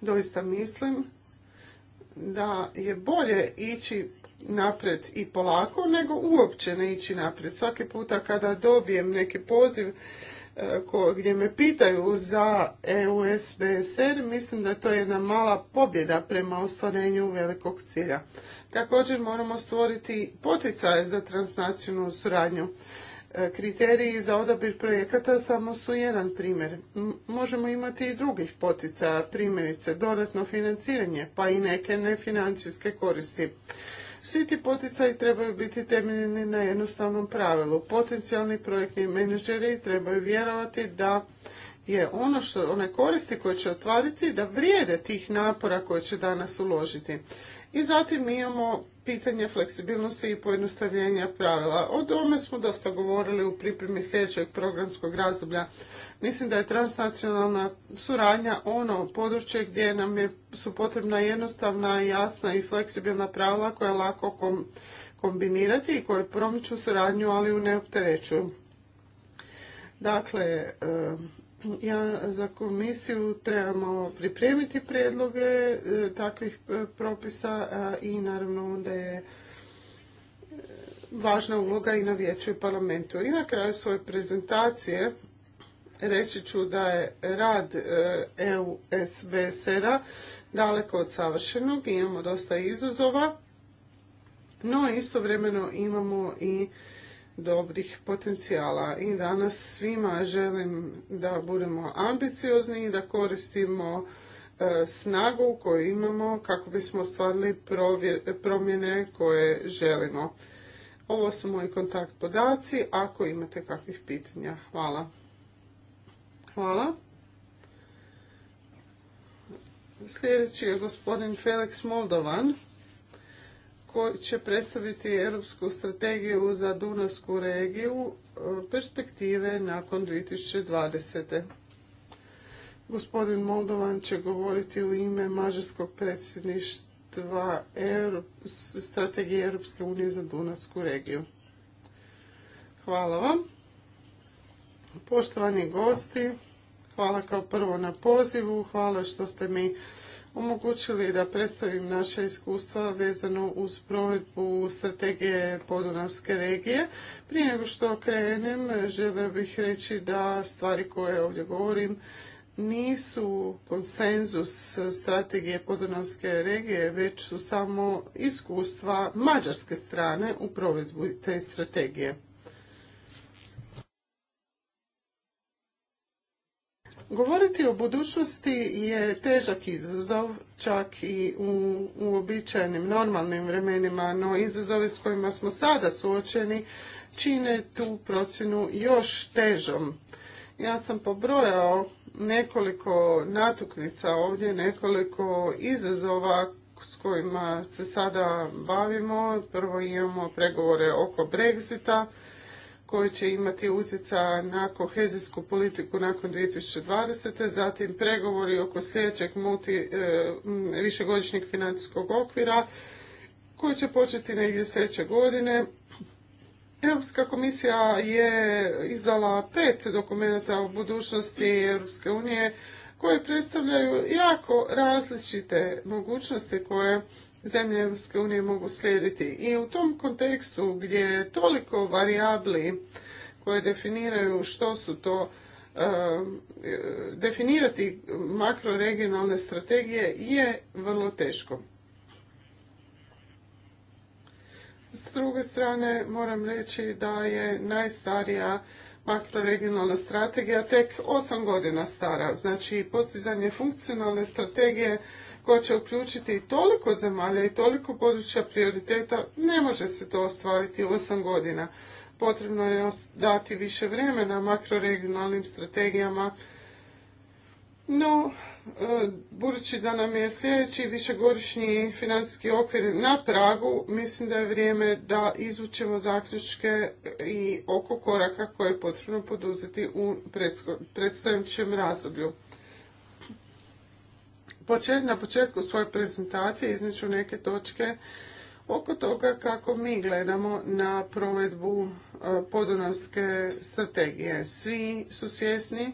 [SPEAKER 3] doista mislim da je bolje ići napred i polako, nego uopće ne ići napred. Svaki puta kada dobijem neki poziv e, ko, gdje me pitaju za EUSBSR, mislim da to je jedna mala pobjeda prema ostvarenju velikog cilja. Također moramo stvoriti poticaje za transnacionalnu suradnju. E, kriteriji za odabir projekata samo su jedan primjer. Možemo imati i drugih poticaja, primjerice dodatno financiranje, pa i neke nefinancijske koristi. Svi ti poticaji trebaju biti temeljeni na jednostavnom pravilu. Potencijalni projektni menedžeri trebaju vjerovati da je ono što one koristi koje će otvariti da vrijede tih napora koje će danas uložiti. I zatim imamo pitanje fleksibilnosti i pojednostavljenja pravila. O tome smo dosta govorili u pripremi sljedećeg programskog razdoblja. Mislim da je transnacionalna suradnja ono područje gdje nam je, su potrebna jednostavna, jasna i fleksibilna pravila koja lako kombinirati i koje promiču suradnju, ali u ne opterećuju. Dakle, ja za komisiju trebamo pripremiti predloge e, takvih e, propisa i naravno onda je e, važna uloga i na vijeću i parlamentu. I na kraju svoje prezentacije reći ću da je rad EU SBSR-a daleko od savršenog, imamo dosta izuzova, no istovremeno imamo i dobrih potencijala. I danas svima želim da budemo ambiciozni i da koristimo e, snagu koju imamo kako bismo ostvarili promjene koje želimo. Ovo su moji kontakt podaci ako imate kakvih pitanja. Hvala. Hvala. Sljedeći je gospodin Felix Moldovan koji će predstaviti Europsku strategiju za Dunavsku regiju e, perspektive nakon 2020. Gospodin Moldovan će govoriti u ime mađarskog predsjedništva strategije Europske unije za Dunavsku regiju. Hvala vam. Poštovani gosti, hvala kao prvo na pozivu, hvala što ste mi omogućili da predstavim naše iskustva vezano uz provedbu strategije podunavske regije. Prije nego što krenem, želio bih reći da stvari koje ovdje govorim nisu konsenzus strategije podunavske regije, već su samo iskustva mađarske strane u provedbu te strategije. Govoriti o budućnosti je težak izazov, čak i u uobičajenim normalnim vremenima, no izazovi s kojima smo sada suočeni čine tu procjenu još težom. Ja sam pobrojao nekoliko natuknica ovdje, nekoliko izazova s kojima se sada bavimo. Prvo imamo pregovore oko Brexita, koji će imati utjecaja na kohezijsku politiku nakon 2020. Zatim pregovori oko sljedećeg multi, e, višegodišnjeg financijskog okvira koji će početi negdje sljedeće godine. Europska komisija je izdala pet dokumenta o budućnosti Europske unije koje predstavljaju jako različite mogućnosti koje zemlje Europske unije mogu slijediti. I u tom kontekstu gdje je toliko varijabli koje definiraju što su to um, definirati makroregionalne strategije je vrlo teško. S druge strane moram reći da je najstarija makroregionalna strategija tek 8 godina stara. Znači postizanje funkcionalne strategije koja će uključiti toliko zemalja i toliko područja prioriteta, ne može se to ostvariti u osam godina. Potrebno je dati više vremena makroregionalnim strategijama, no, e, budući da nam je sljedeći višegodišnji financijski okvir na pragu, mislim da je vrijeme da izvučemo zaključke i oko koraka koje je potrebno poduzeti u predstojećem razdoblju na početku svoje prezentacije izniču neke točke oko toga kako mi gledamo na provedbu e, podunavske strategije. Svi su svjesni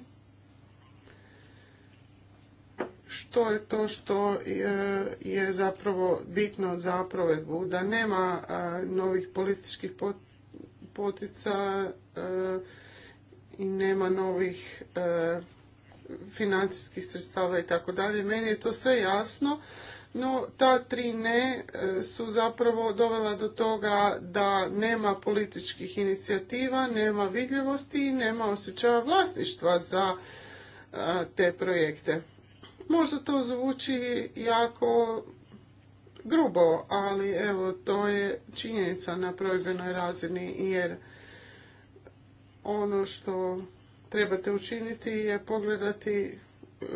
[SPEAKER 3] što je to što e, je zapravo bitno za provedbu, da nema e, novih političkih potica i nema novih financijskih sredstava i tako dalje. Meni je to sve jasno, no ta tri ne e, su zapravo dovela do toga da nema političkih inicijativa, nema vidljivosti i nema osjećaja vlasništva za e, te projekte. Možda to zvuči jako grubo, ali evo to je činjenica na provedbenoj razini jer ono što trebate učiniti je pogledati e,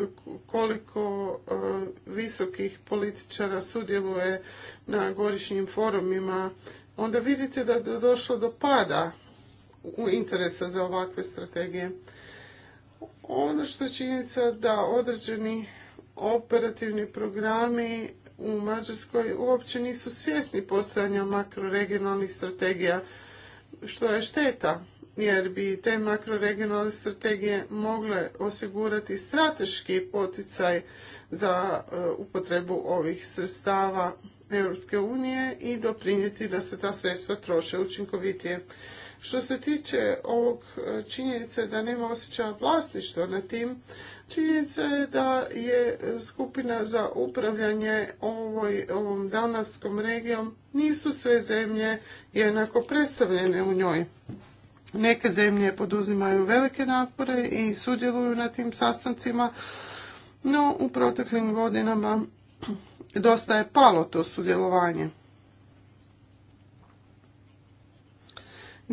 [SPEAKER 3] koliko e, visokih političara sudjeluje na godišnjim forumima, onda vidite da je došlo do pada u interesa za ovakve strategije. Ono što je činjenica da određeni operativni programi u Mađarskoj uopće nisu svjesni postojanja makroregionalnih strategija, što je šteta jer bi te makroregionalne strategije mogle osigurati strateški poticaj za e, upotrebu ovih sredstava Europske unije i doprinijeti da se ta sredstva troše učinkovitije. Što se tiče ovog e, činjenice da nema osjećaja vlasništva na tim, činjenica je da je skupina za upravljanje ovoj, ovom Danavskom regijom nisu sve zemlje jednako predstavljene u njoj. Neke zemlje poduzimaju velike napore i sudjeluju na tim sastancima, no u proteklim godinama dosta je palo to sudjelovanje.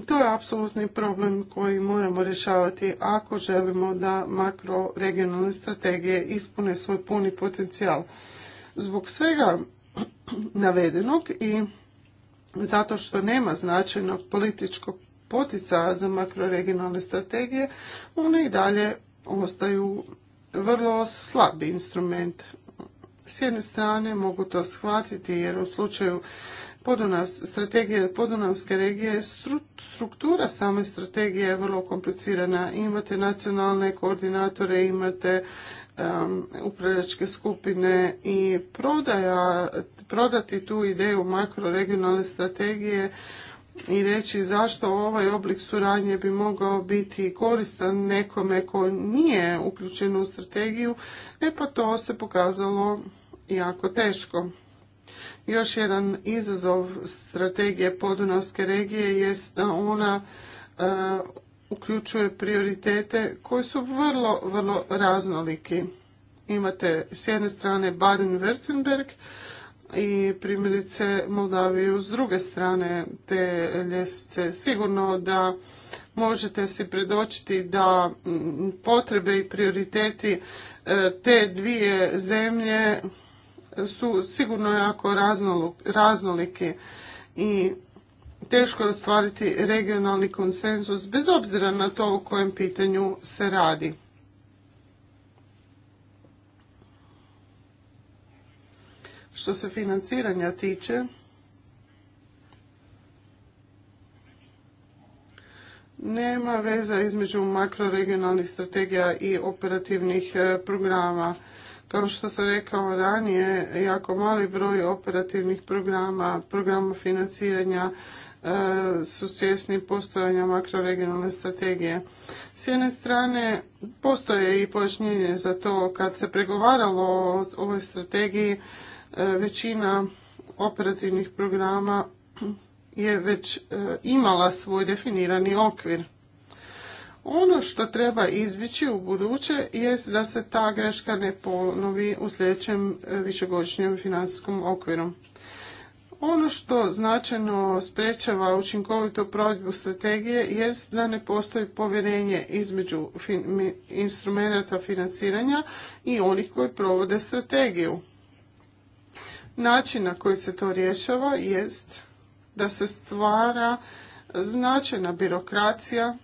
[SPEAKER 3] to je apsolutni problem koji moramo rješavati ako želimo da makroregionalne strategije ispune svoj puni potencijal. Zbog svega navedenog i zato što nema značajnog političkog poticaja za makroregionalne strategije, one i dalje ostaju vrlo slabi instrument. S jedne strane mogu to shvatiti jer u slučaju strategije podunavske regije struktura same strategije je vrlo komplicirana. Imate nacionalne koordinatore, imate um, upravljačke skupine i prodaja, prodati tu ideju makroregionalne strategije i reći zašto ovaj oblik suradnje bi mogao biti koristan nekome ko nije uključen u strategiju, e pa to se pokazalo jako teško. Još jedan izazov strategije podunavske regije jest da ona e, uključuje prioritete koji su vrlo, vrlo raznoliki. Imate s jedne strane Baden-Württemberg, i primjerice Moldaviju s druge strane te ljestvice. Sigurno da možete se predočiti da mm, potrebe i prioriteti e, te dvije zemlje su sigurno jako raznolike i teško je ostvariti regionalni konsenzus bez obzira na to o kojem pitanju se radi. Što se financiranja tiče, nema veza između makroregionalnih strategija i operativnih e, programa. Kao što sam rekao ranije, jako mali broj operativnih programa, programa financiranja e, su svjesni postojanja makroregionalne strategije. S jedne strane, postoje i pojašnjenje za to kad se pregovaralo o ovoj strategiji, E, većina operativnih programa je već e, imala svoj definirani okvir. Ono što treba izbjeći u buduće jest da se ta greška ne ponovi u sljedećem e, višegodišnjem financijskom okviru. Ono što značajno sprečava učinkovitu provedbu strategije jest da ne postoji povjerenje između instrumenata financiranja i onih koji provode strategiju. Način na koji se to rješava jest da se stvara značajna birokracija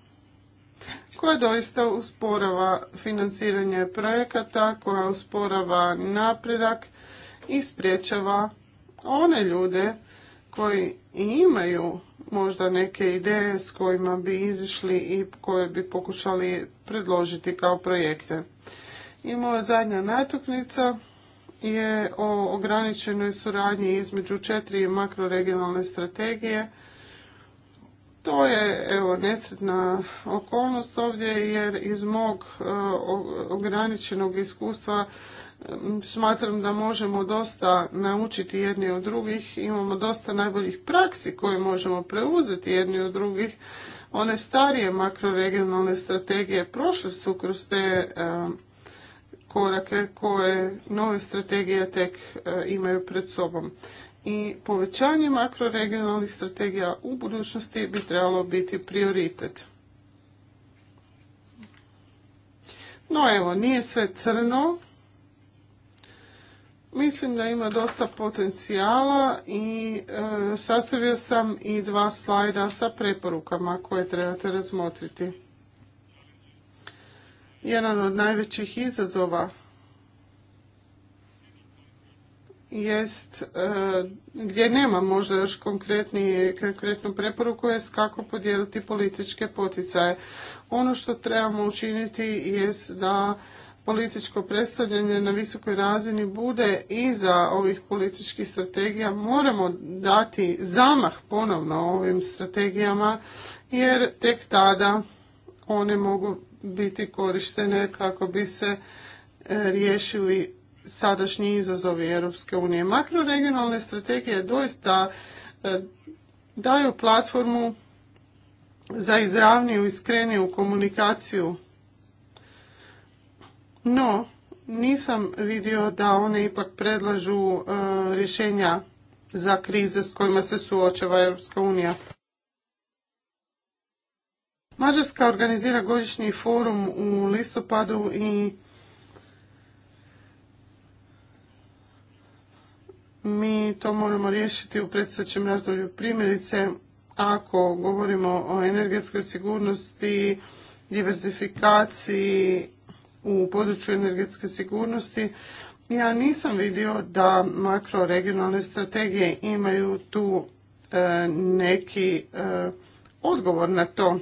[SPEAKER 3] koja doista usporava financiranje projekata, koja usporava napredak i spriječava one ljude koji imaju možda neke ideje s kojima bi izišli i koje bi pokušali predložiti kao projekte. I moja zadnja natuknica je o ograničenoj suradnji između četiri makroregionalne strategije. To je evo nesretna okolnost ovdje jer iz mog e, ograničenog iskustva smatram da možemo dosta naučiti jedni od drugih, imamo dosta najboljih praksi koje možemo preuzeti jedni od drugih. One starije makroregionalne strategije prošle su kroz te e, korake koje nove strategije tek e, imaju pred sobom. I povećanje makroregionalnih strategija u budućnosti bi trebalo biti prioritet. No evo, nije sve crno. Mislim da ima dosta potencijala i e, sastavio sam i dva slajda sa preporukama koje trebate razmotriti. Jedan od najvećih izazova jest e, gdje nema možda još konkretni, konkretnu preporuku jest kako podijeliti političke poticaje. Ono što trebamo učiniti jest da političko predstavljanje na visokoj razini bude iza ovih političkih strategija. Moramo dati zamah ponovno ovim strategijama jer tek tada one mogu biti korištene kako bi se e, riješili sadašnji izazovi Europske unije. Makroregionalne strategije doista e, daju platformu za izravniju i skreniju komunikaciju. No, nisam vidio da one ipak predlažu e, rješenja za krize s kojima se suočava Europska unija. Mađarska organizira godišnji forum u listopadu i mi to moramo riješiti u predstojećem razdoblju. Primjerice, ako govorimo o energetskoj sigurnosti, diversifikaciji u području energetske sigurnosti, ja nisam vidio da makroregionalne strategije imaju tu e, neki e, odgovor na to.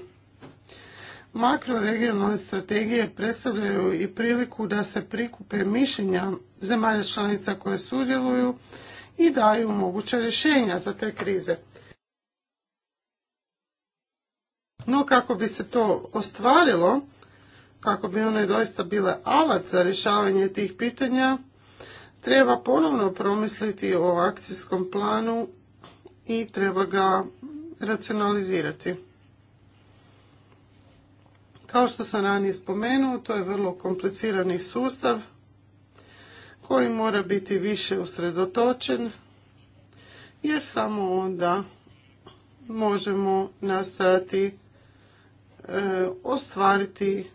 [SPEAKER 3] Makroregionalne strategije predstavljaju i priliku da se prikupe mišljenja zemalja članica koje sudjeluju i daju moguća rješenja za te krize. No kako bi se to ostvarilo, kako bi one doista bile alat za rješavanje tih pitanja, treba ponovno promisliti o akcijskom planu i treba ga racionalizirati. Kao što sam ranije spomenuo, to je vrlo komplicirani sustav koji mora biti više usredotočen jer samo onda možemo nastojati e, ostvariti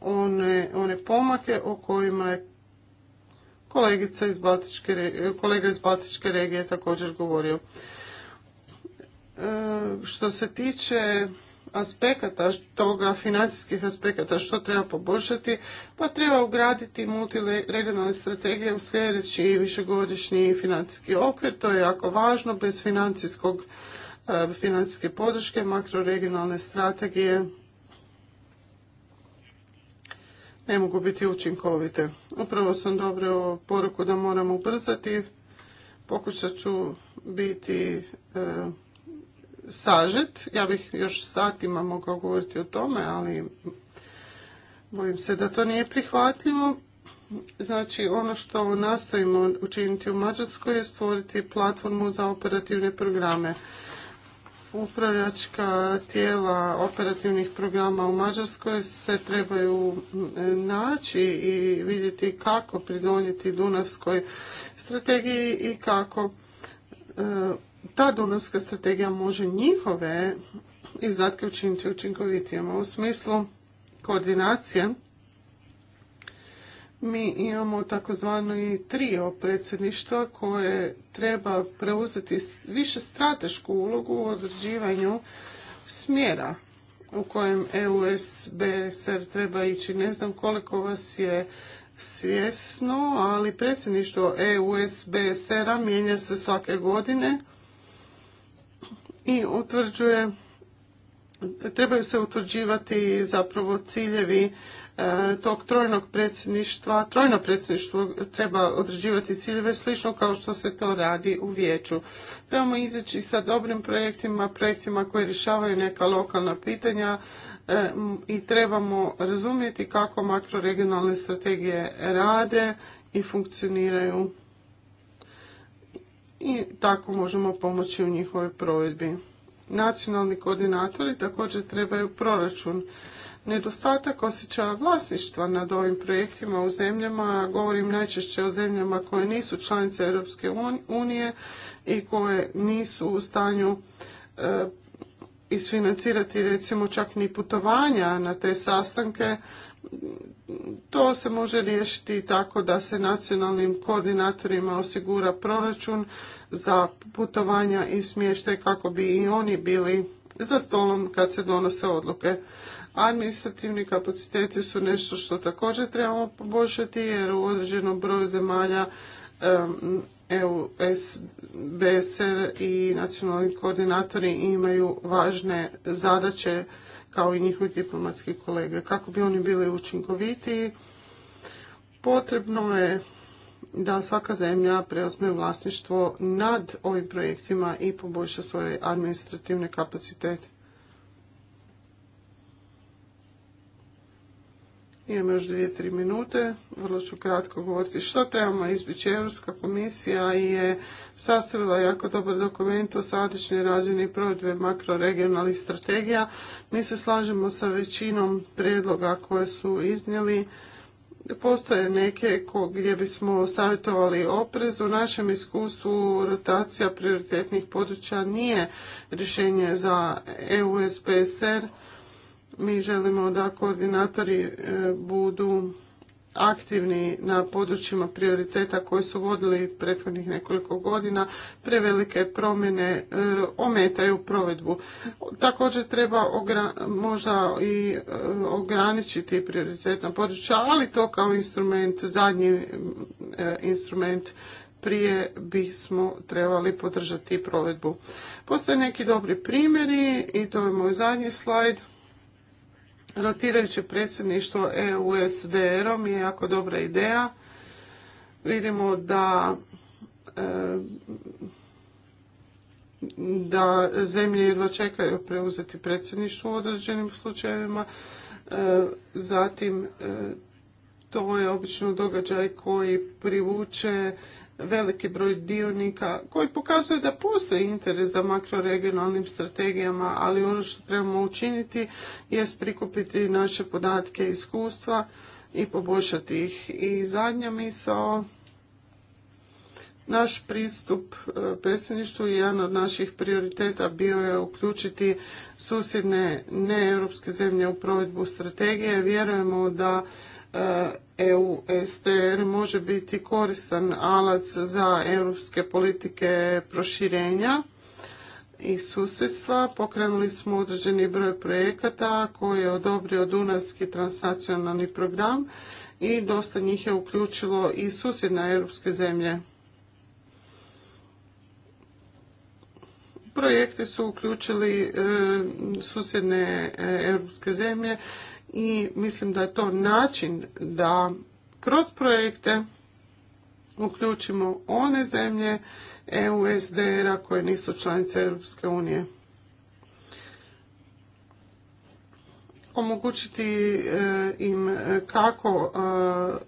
[SPEAKER 3] one, pomake o kojima je kolegica kolega iz Batičke regije također govorio. E, što se tiče aspekata toga, financijskih aspekata, što treba poboljšati, pa treba ugraditi multiregionalne strategije u sljedeći višegodišnji financijski okvir. To je jako važno, bez financijskog e, financijske podrške, makroregionalne strategije ne mogu biti učinkovite. Upravo sam dobro poruku da moramo ubrzati. Pokušat ću biti e, sažet. Ja bih još satima mogao govoriti o tome, ali bojim se da to nije prihvatljivo. Znači, ono što nastojimo učiniti u Mađarskoj je stvoriti platformu za operativne programe. Upravljačka tijela operativnih programa u Mađarskoj se trebaju naći i vidjeti kako pridonijeti Dunavskoj strategiji i kako e, ta donoska strategija može njihove izdatke učiniti učinkovitijima. U smislu koordinacije mi imamo i trio predsjedništva koje treba preuzeti više stratešku ulogu u određivanju smjera u kojem EUSBSR treba ići. Ne znam koliko vas je svjesno, ali predsjedništvo EUSBSR-a mijenja se svake godine i utvrđuje trebaju se utvrđivati zapravo ciljevi e, tog trojnog predsjedništva. Trojno predsjedništvo treba određivati ciljeve slično kao što se to radi u vijeću. Trebamo izaći sa dobrim projektima, projektima koji rješavaju neka lokalna pitanja e, i trebamo razumjeti kako makroregionalne strategije rade i funkcioniraju i tako možemo pomoći u njihovoj provedbi. Nacionalni koordinatori također trebaju proračun. Nedostatak osjećaja vlasništva nad ovim projektima u zemljama, govorim najčešće o zemljama koje nisu članice Europske unije i koje nisu u stanju e, isfinancirati recimo čak ni putovanja na te sastanke, to se može riješiti tako da se nacionalnim koordinatorima osigura proračun za putovanja i smještaj kako bi i oni bili za stolom kad se donose odluke. Administrativni kapaciteti su nešto što također trebamo poboljšati jer u određenom broju zemalja EU, SBSR i nacionalni koordinatori imaju važne zadaće kao i njihovi diplomatski kolege. Kako bi oni bili učinkovitiji, potrebno je da svaka zemlja preuzme vlasništvo nad ovim projektima i poboljša svoje administrativne kapacitete. Imam još dvije, tri minute. Vrlo ću kratko govoriti što trebamo izbjeći. Europska komisija je sastavila jako dobar dokument o sadašnjoj razini provedbe makroregionalnih strategija. Mi se slažemo sa većinom predloga koje su iznijeli. Postoje neke gdje bismo savjetovali oprez. U našem iskustvu rotacija prioritetnih područja nije rješenje za EU-SPSR mi želimo da koordinatori e, budu aktivni na područjima prioriteta koji su vodili prethodnih nekoliko godina, prevelike promjene e, ometaju provedbu. Također treba možda i e, ograničiti prioritetna područja, ali to kao instrument, zadnji instrument prije bismo trebali podržati provedbu. Postoje neki dobri primjeri i to je moj zadnji slajd Rotirajuće predsjedništvo e sdr om je jako dobra ideja. Vidimo da e, da zemlje jedva čekaju preuzeti predsjedništvo u određenim slučajevima. E, zatim, to je obično događaj koji privuče veliki broj dionika koji pokazuje da postoji interes za makroregionalnim strategijama, ali ono što trebamo učiniti je prikupiti naše podatke i iskustva i poboljšati ih. I zadnja misao, naš pristup e, predsjedništvu i jedan od naših prioriteta bio je uključiti susjedne neeuropske zemlje u provedbu strategije. Vjerujemo da E, EU može biti koristan alac za europske politike proširenja i susjedstva. Pokrenuli smo određeni broj projekata koji je odobrio Dunavski transnacionalni program i dosta njih je uključilo i susjedne europske zemlje. Projekti su uključili e, susjedne e, europske zemlje i mislim da je to način da kroz projekte uključimo one zemlje EUSDR-a koje nisu članice Europske unije. Omogućiti eh, im eh, kako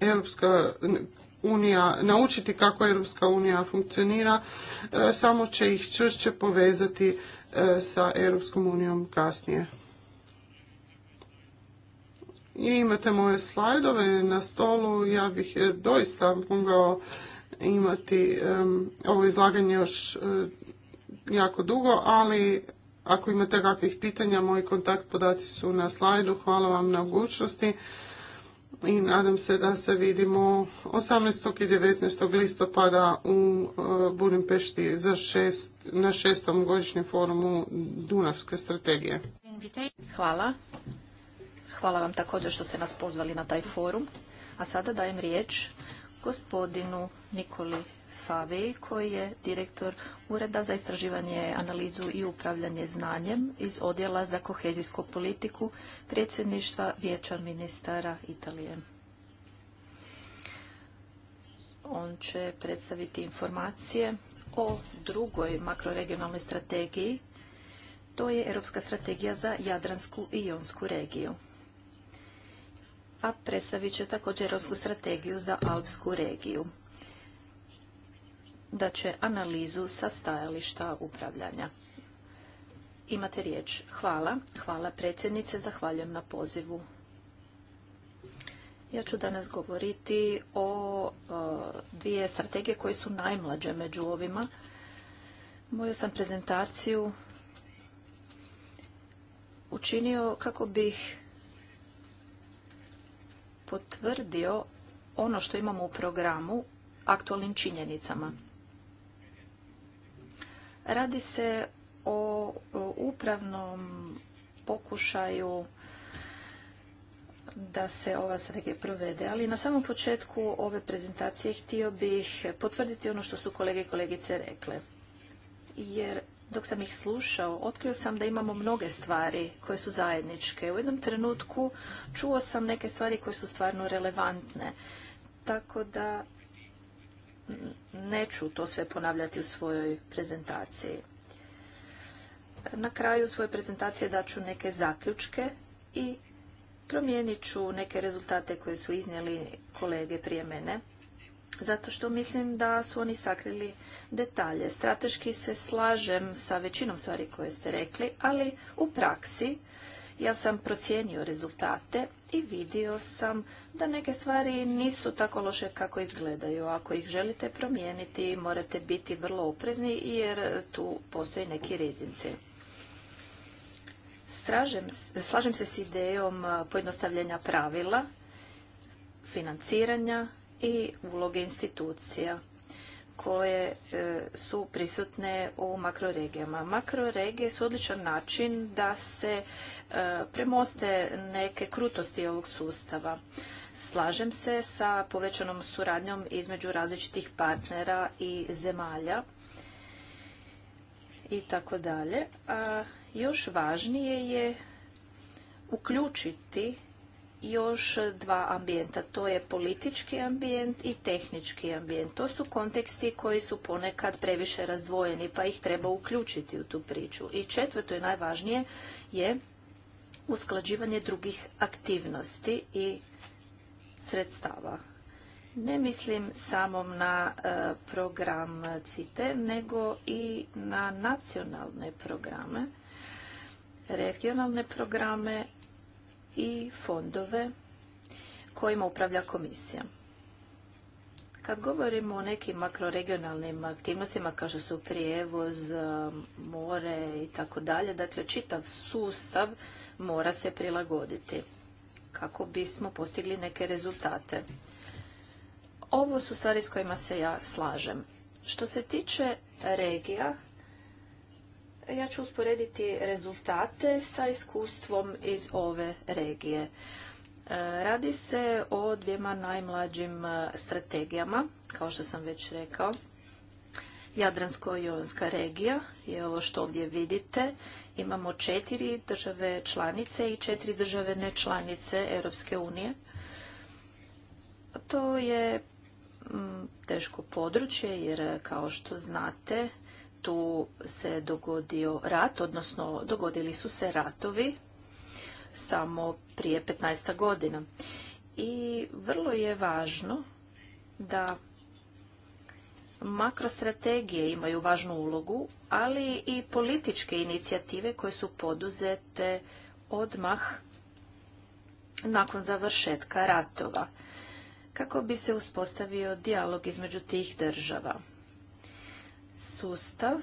[SPEAKER 3] eh, Europska unija, naučiti kako Europska unija funkcionira, samo će ih čvršće povezati sa Europskom unijom kasnije. I imate moje slajdove na stolu, ja bih e, doista mogao imati ovo izlaganje još e, jako dugo, ali ako imate kakvih pitanja, moji kontakt podaci su na slajdu. Hvala vam na mogućnosti i nadam se da se vidimo 18. i 19. listopada u e, Budimpešti za na šestom godišnjem forumu Dunavske strategije.
[SPEAKER 1] Hvala. Hvala vam također što ste nas pozvali na taj forum. A sada dajem riječ gospodinu Nikoli Favi, koji je direktor Ureda za istraživanje, analizu i upravljanje znanjem iz Odjela za kohezijsku politiku predsjedništva Vijeća ministara Italije. On će predstaviti informacije o drugoj makroregionalnoj strategiji, to je Europska strategija za Jadransku i Jonsku regiju a predstavit će također Europsku strategiju za Alpsku regiju da će analizu sa stajališta upravljanja. Imate riječ. Hvala. Hvala predsjednice. Zahvaljujem na pozivu. Ja ću danas govoriti o e, dvije strategije koje su najmlađe među ovima. Moju sam prezentaciju učinio kako bih potvrdio ono što imamo u programu aktualnim činjenicama. Radi se o upravnom pokušaju da se ova strategija provede. Ali na samom početku ove prezentacije htio bih potvrditi ono što su kolege i kolegice rekle. Jer dok sam ih slušao, otkrio sam da imamo mnoge stvari koje su zajedničke. U jednom trenutku čuo sam neke stvari koje su stvarno relevantne. Tako da neću to sve ponavljati u svojoj prezentaciji. Na kraju svoje prezentacije daću neke zaključke i promijenit ću neke rezultate koje su iznijeli kolege prije mene zato što mislim da su oni sakrili detalje. Strateški se slažem sa većinom stvari koje ste rekli, ali u praksi ja sam procijenio rezultate i vidio sam da neke stvari nisu tako loše kako izgledaju. Ako ih želite promijeniti, morate biti vrlo oprezni jer tu postoje neki rizici. slažem se s idejom pojednostavljenja pravila, financiranja i uloge institucija koje e, su prisutne u makroregijama. Makroregije su odličan način da se e, premoste neke krutosti ovog sustava. Slažem se sa povećanom suradnjom između različitih partnera i zemalja i tako dalje. još važnije je uključiti još dva ambijenta. To je politički ambijent i tehnički ambijent. To su konteksti koji su ponekad previše razdvojeni, pa ih treba uključiti u tu priču. I četvrto i najvažnije je usklađivanje drugih aktivnosti i sredstava. Ne mislim samo na e, program CITE, nego i na nacionalne programe regionalne programe i fondove kojima upravlja komisija. Kad govorimo o nekim makroregionalnim aktivnostima kao što su prijevoz, um, more i tako dalje, dakle čitav sustav mora se prilagoditi kako bismo postigli neke rezultate. Ovo su stvari s kojima se ja slažem. Što se tiče regija, ja ću usporediti rezultate sa iskustvom iz ove regije. E, radi se o dvijema najmlađim e, strategijama, kao što sam već rekao. Jadransko-jonska regija je ovo što ovdje vidite. Imamo četiri države članice i četiri države nečlanice Europske unije. To je mm, teško područje jer, kao što znate, tu se dogodio rat, odnosno dogodili su se ratovi samo prije 15 godina. I vrlo je važno da makrostrategije imaju važnu ulogu, ali i političke inicijative koje su poduzete odmah nakon završetka ratova kako bi se uspostavio dijalog između tih država sustav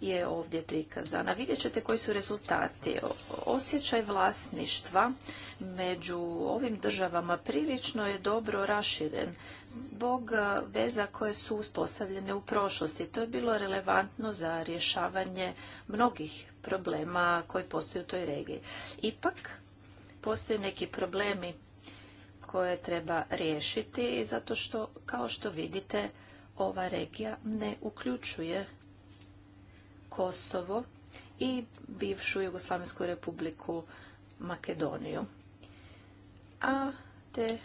[SPEAKER 1] je ovdje prikazana. vidjet ćete koji su rezultati. Osjećaj vlasništva među ovim državama prilično je dobro raširen zbog veza koje su uspostavljene u prošlosti. To je bilo relevantno za rješavanje mnogih problema koji postoje u toj regiji. Ipak postoje neki problemi koje treba riješiti zato što, kao što vidite, ova regija ne uključuje Kosovo i bivšu Jugoslavensku republiku Makedoniju. A te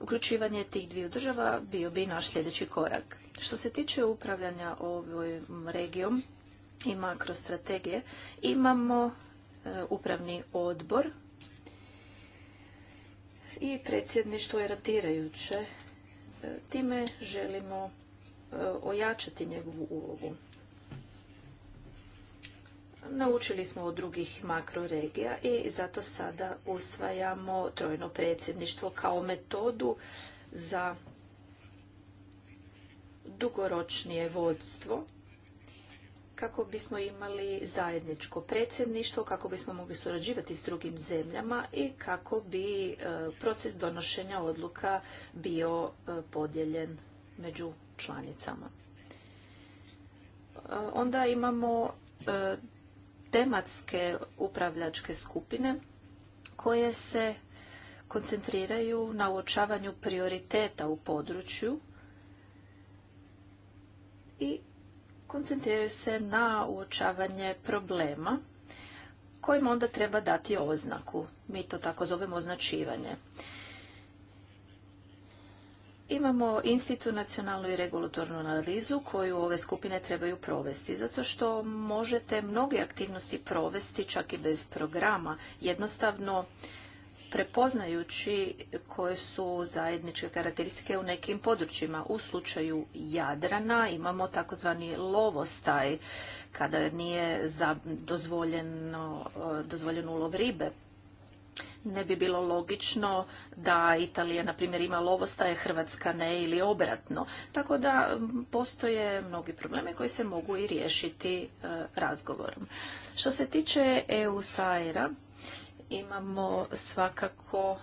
[SPEAKER 1] uključivanje tih dviju država bio bi naš sljedeći korak. Što se tiče upravljanja ovom regijom i makrostrategije, imamo e, upravni odbor i predsjedništvo je rotirajuće Time želimo e, ojačati njegovu ulogu. Naučili smo od drugih makroregija i zato sada usvajamo trojno predsjedništvo kao metodu za dugoročnije vodstvo kako bismo imali zajedničko predsjedništvo, kako bismo mogli surađivati s drugim zemljama i kako bi e, proces donošenja odluka bio e, podijeljen među članicama. E, onda imamo tematske upravljačke skupine koje se koncentriraju na uočavanju prioriteta u području i koncentriraju se na uočavanje problema kojim onda treba dati oznaku. Mi to tako zovemo označivanje. Imamo institucionalnu i regulatornu analizu koju ove skupine trebaju provesti, zato što možete mnoge aktivnosti provesti čak i bez programa. Jednostavno prepoznajući koje su zajedničke karakteristike u nekim područjima. U slučaju Jadrana imamo takozvani lovostaj kada nije dozvoljeno, dozvoljen ulov ribe. Ne bi bilo logično da Italija, na primjer, ima lovostaje, Hrvatska ne ili obratno. Tako da postoje mnogi problemi koji se mogu i riješiti e, razgovorom. Što se tiče eu a e imamo svakako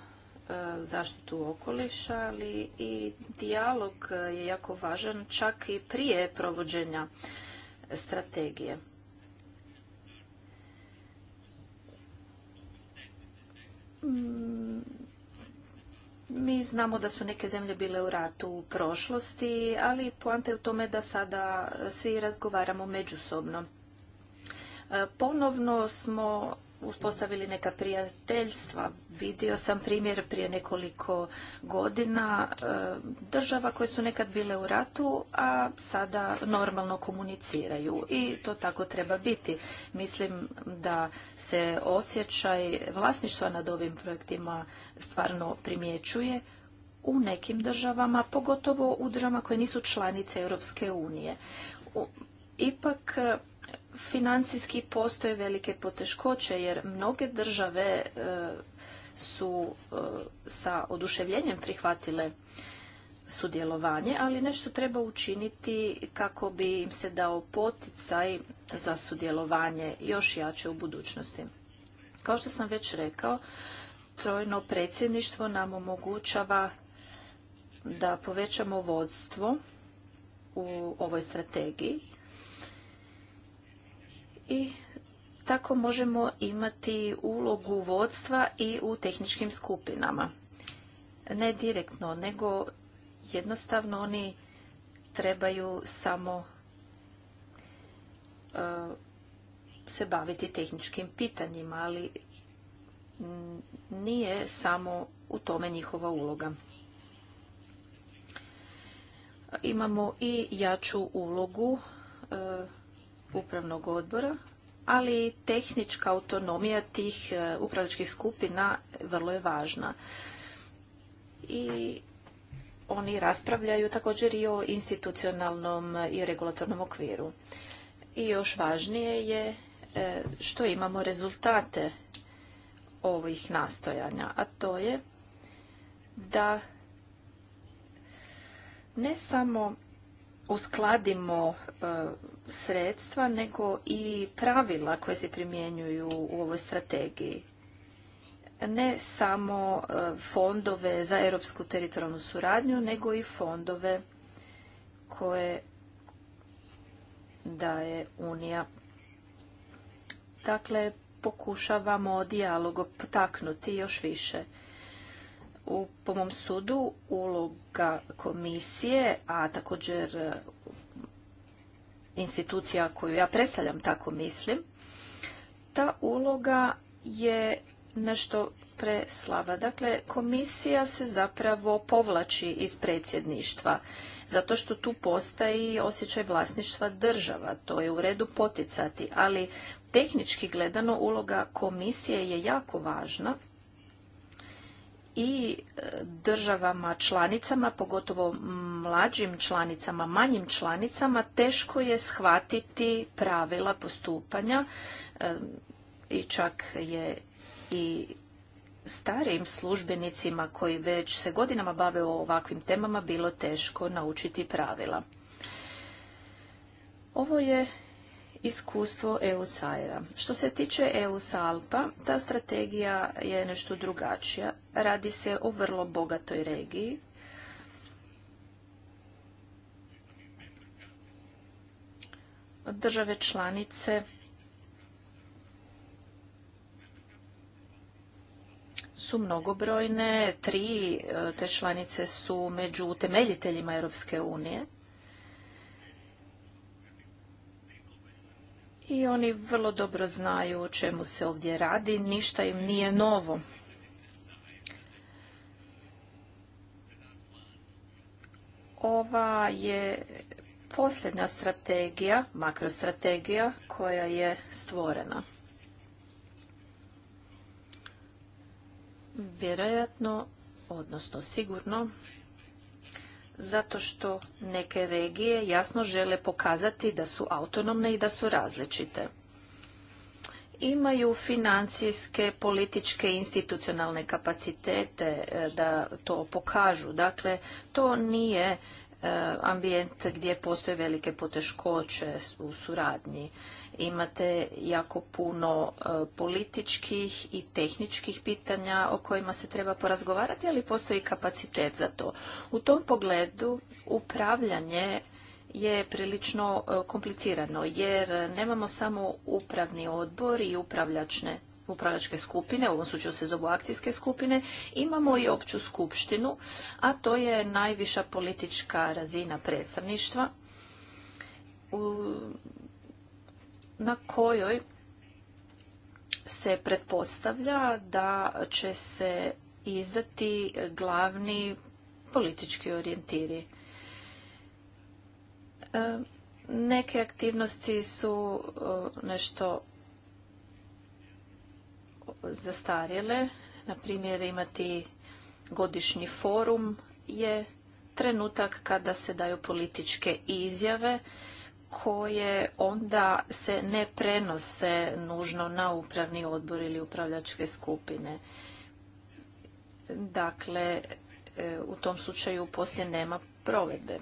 [SPEAKER 1] e, zaštitu okoliša, ali i dijalog je jako važan čak i prije provođenja strategije. Mm, mi znamo da su neke zemlje bile u ratu u prošlosti, ali poanta je u tome da sada svi razgovaramo međusobno. E, ponovno smo uspostavili neka prijateljstva. Vidio sam primjer prije nekoliko godina e, država koje su nekad bile u ratu, a sada normalno komuniciraju i to tako treba biti. Mislim da se osjećaj vlasništva nad ovim projektima stvarno primjećuje u nekim državama, pogotovo u državama koje nisu članice Europske unije. Ipak financijski postoje velike poteškoće jer mnoge države e, su e, sa oduševljenjem prihvatile sudjelovanje, ali nešto treba učiniti kako bi im se dao poticaj za sudjelovanje još jače u budućnosti. Kao što sam već rekao, trojno predsjedništvo nam omogućava da povećamo vodstvo u ovoj strategiji i tako možemo imati ulogu vodstva i u tehničkim skupinama. Ne direktno, nego jednostavno oni trebaju samo e, se baviti tehničkim pitanjima, ali nije samo u tome njihova uloga. Imamo i jaču ulogu e, upravnog odbora, ali tehnička autonomija tih e, upravljačkih skupina vrlo je važna. I oni raspravljaju također i o institucionalnom i regulatornom okviru. I još važnije je e, što imamo rezultate ovih nastojanja, a to je da ne samo uskladimo e, sredstva, nego i pravila koje se primjenjuju u ovoj strategiji. Ne samo e, fondove za europsku teritorijalnu suradnju, nego i fondove koje daje Unija. Dakle, pokušavamo dijalog potaknuti još više. U, po mom sudu uloga komisije, a također institucija koju ja predstavljam, tako mislim, ta uloga je nešto preslaba. Dakle, komisija se zapravo povlači iz predsjedništva, zato što tu postaji osjećaj vlasništva država. To je u redu poticati, ali tehnički gledano uloga komisije je jako važna i e, državama članicama, pogotovo mlađim članicama, manjim članicama, teško je shvatiti pravila postupanja e, i čak je i starijim službenicima koji već se godinama bave o ovakvim temama bilo teško naučiti pravila. Ovo je iskustvo EU-SAIRA. E Što se tiče EU-SALPA, ta strategija je nešto drugačija. Radi se o vrlo bogatoj regiji. Države članice su mnogobrojne, tri e, te članice su među utemeljiteljima Europske unije. i oni vrlo dobro znaju o čemu se ovdje radi, ništa im nije novo. Ova je posljednja strategija, makrostrategija koja je stvorena. Vjerojatno, odnosno sigurno, zato što neke regije jasno žele pokazati da su autonomne i da su različite. Imaju financijske, političke, institucionalne kapacitete e, da to pokažu. Dakle, to nije e, ambijent gdje postoje velike poteškoće u suradnji. Imate jako puno e, političkih i tehničkih pitanja o kojima se treba porazgovarati, ali postoji kapacitet za to. U tom pogledu upravljanje je prilično e, komplicirano jer nemamo samo upravni odbor i upravljačne upravljačke skupine, u ovom slučaju se zovu akcijske skupine, imamo i opću skupštinu, a to je najviša politička razina predstavništva na kojoj se pretpostavlja da će se izdati glavni politički orijentiri. E, neke aktivnosti su e, nešto zastarjele. Na primjer, imati godišnji forum je trenutak kada se daju političke izjave koje onda se ne prenose nužno na upravni odbor ili upravljačke skupine. Dakle, e, u tom slučaju poslije nema provedbe. E,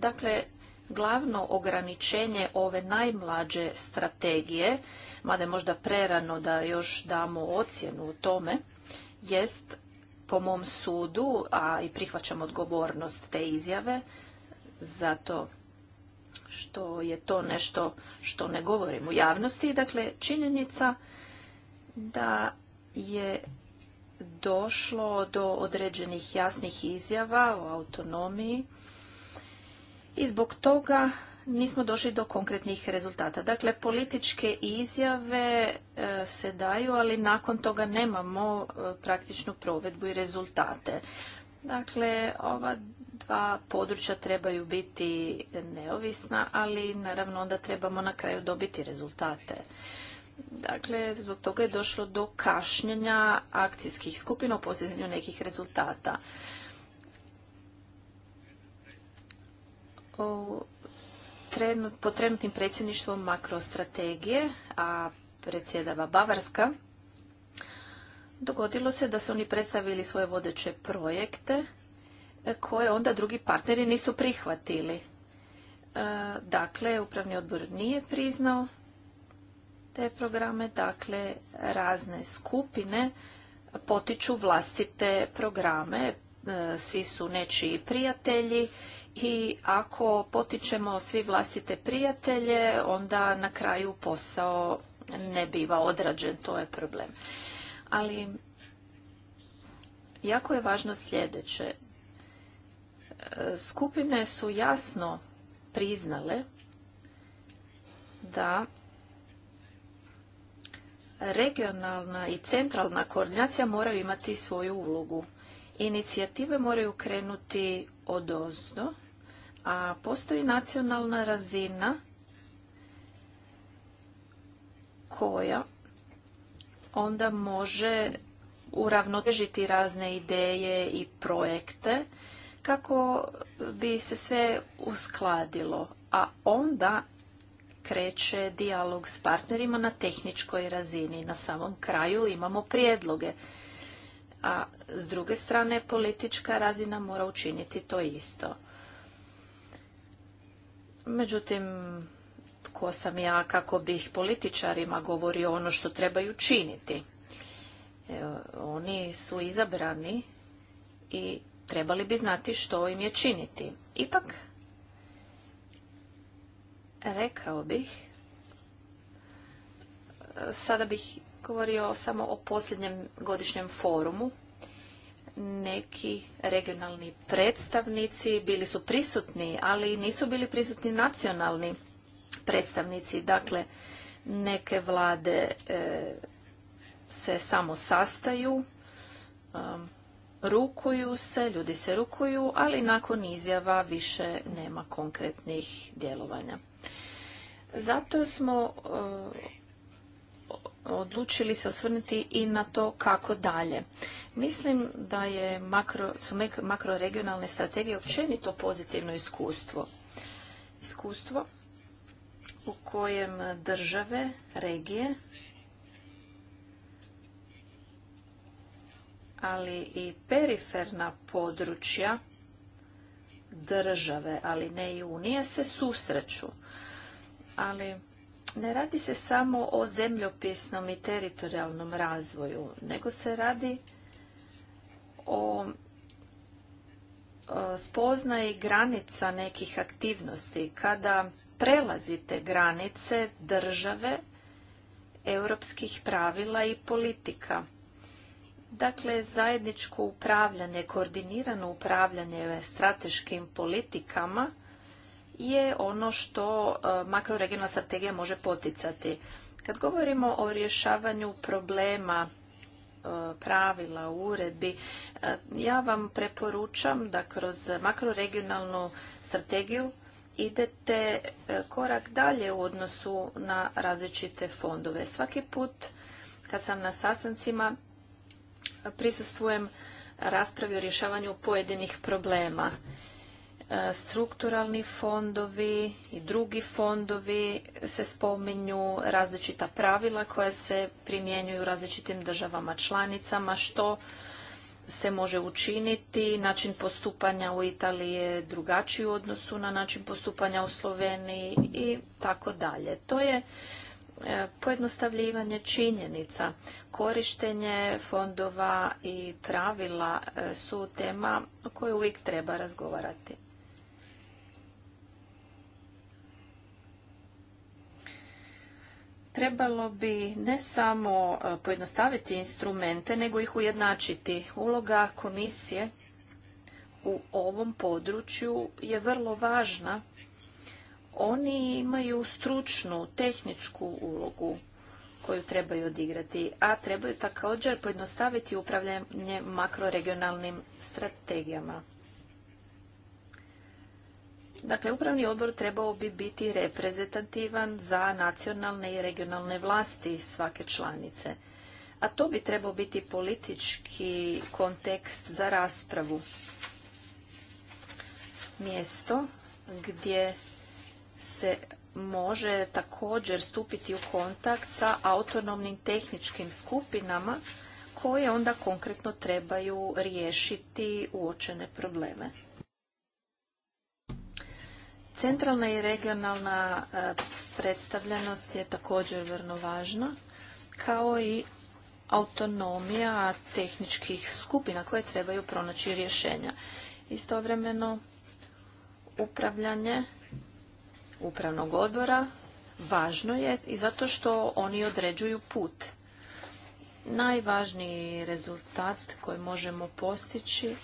[SPEAKER 1] dakle, glavno ograničenje ove najmlađe strategije, mada je možda prerano da još damo ocjenu u tome, jest po mom sudu, a i prihvaćam odgovornost te izjave, zato što je to nešto što ne govorim u javnosti. Dakle, činjenica da je došlo do određenih jasnih izjava o autonomiji i zbog toga nismo došli do konkretnih rezultata. Dakle, političke izjave e, se daju, ali nakon toga nemamo e, praktičnu provedbu i rezultate. Dakle, ova dva područja trebaju biti neovisna, ali naravno onda trebamo na kraju dobiti rezultate. Dakle, zbog toga je došlo do kašnjenja akcijskih skupina u postizanju nekih rezultata. Po trenutnim predsjedništvom makrostrategije, a predsjedava Bavarska, dogodilo se da su oni predstavili svoje vodeće projekte koje onda drugi partneri nisu prihvatili. E, dakle, upravni odbor nije priznao te programe, dakle razne skupine potiču vlastite programe, e, svi su nečiji prijatelji i ako potičemo svi vlastite prijatelje, onda na kraju posao ne biva odrađen, to je problem. Ali jako je važno sljedeće, skupine su jasno priznale da regionalna i centralna koordinacija moraju imati svoju ulogu. Inicijative moraju krenuti od ozdo, a postoji nacionalna razina koja onda može uravnotežiti razne ideje i projekte kako bi se sve uskladilo, a onda kreće dijalog s partnerima na tehničkoj razini. Na samom kraju imamo prijedloge, a s druge strane politička razina mora učiniti to isto. Međutim, tko sam ja kako bih političarima govorio ono što trebaju činiti? oni su izabrani i trebali bi znati što im je činiti. Ipak, rekao bih, sada bih govorio samo o posljednjem godišnjem forumu. Neki regionalni predstavnici bili su prisutni, ali nisu bili prisutni nacionalni predstavnici. Dakle, neke vlade eh, se samo sastaju, ehm, rukuju se, ljudi se rukuju, ali nakon izjava više nema konkretnih djelovanja. Zato smo eh, odlučili se osvrnuti i na to kako dalje. Mislim da je makro, su makroregionalne strategije općenito pozitivno iskustvo. Iskustvo u kojem države, regije ali i periferna područja države, ali ne i unije, se susreću. Ali ne radi se samo o zemljopisnom i teritorijalnom razvoju, nego se radi o e, spoznaji granica nekih aktivnosti. Kada prelazite granice države europskih pravila i politika. Dakle, zajedničko upravljanje, koordinirano upravljanje strateškim politikama je ono što e, makroregionalna strategija može poticati. Kad govorimo o rješavanju problema e, pravila u uredbi, e, ja vam preporučam da kroz makroregionalnu strategiju idete korak dalje u odnosu na različite fondove. Svaki put kad sam na sastancima prisustvujem raspravi o rješavanju pojedinih problema. E, strukturalni fondovi i drugi fondovi se spominju različita pravila koja se primjenjuju u različitim državama članicama, što se može učiniti. Način postupanja u Italiji je drugačiji u odnosu na način postupanja u Sloveniji i tako dalje. To je E, pojednostavljivanje činjenica, korištenje fondova i pravila e, su tema o kojoj uvijek treba razgovarati. Trebalo bi ne samo e, pojednostaviti instrumente, nego ih ujednačiti. Uloga komisije u ovom području je vrlo važna oni imaju stručnu, tehničku ulogu koju trebaju odigrati, a trebaju također pojednostaviti upravljanje makroregionalnim strategijama. Dakle, upravni odbor trebao bi biti reprezentativan za nacionalne i regionalne vlasti svake članice. A to bi trebao biti politički kontekst za raspravu. Mjesto gdje se može također stupiti u kontakt sa autonomnim tehničkim skupinama koje onda konkretno trebaju riješiti uočene probleme. Centralna i regionalna e, predstavljenost je također vrlo važna, kao i autonomija tehničkih skupina koje trebaju pronaći rješenja. Istovremeno, upravljanje upravnog odbora važno je i zato što oni određuju put. Najvažniji rezultat koji možemo postići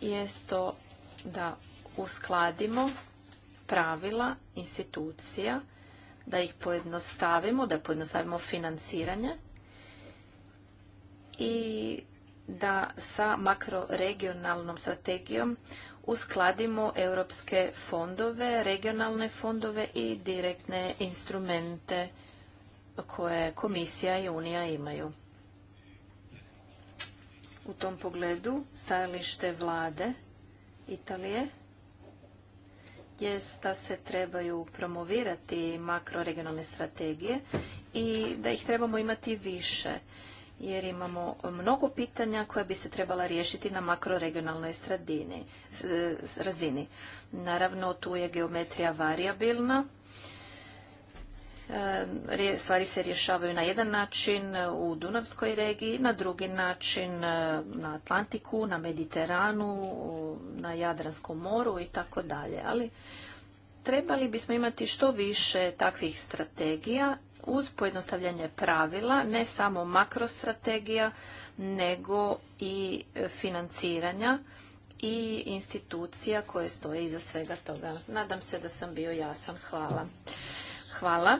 [SPEAKER 1] je to da uskladimo pravila institucija, da ih pojednostavimo, da pojednostavimo financiranje i da sa makroregionalnom strategijom uskladimo europske fondove, regionalne fondove i direktne instrumente koje komisija i unija imaju. U tom pogledu stajalište vlade Italije je da se trebaju promovirati makroregionalne strategije i da ih trebamo imati više jer imamo mnogo pitanja koja bi se trebala riješiti na makroregionalnoj razini. Naravno, tu je geometrija variabilna. E, stvari se rješavaju na jedan način e, u Dunavskoj regiji, na drugi način e, na Atlantiku, na Mediteranu, na Jadranskom moru i tako dalje. Ali trebali bismo imati što više takvih strategija uz pojednostavljanje pravila, ne samo makrostrategija, nego i e, financiranja i institucija koje stoje iza svega toga. Nadam se da sam bio jasan. Hvala. Hvala.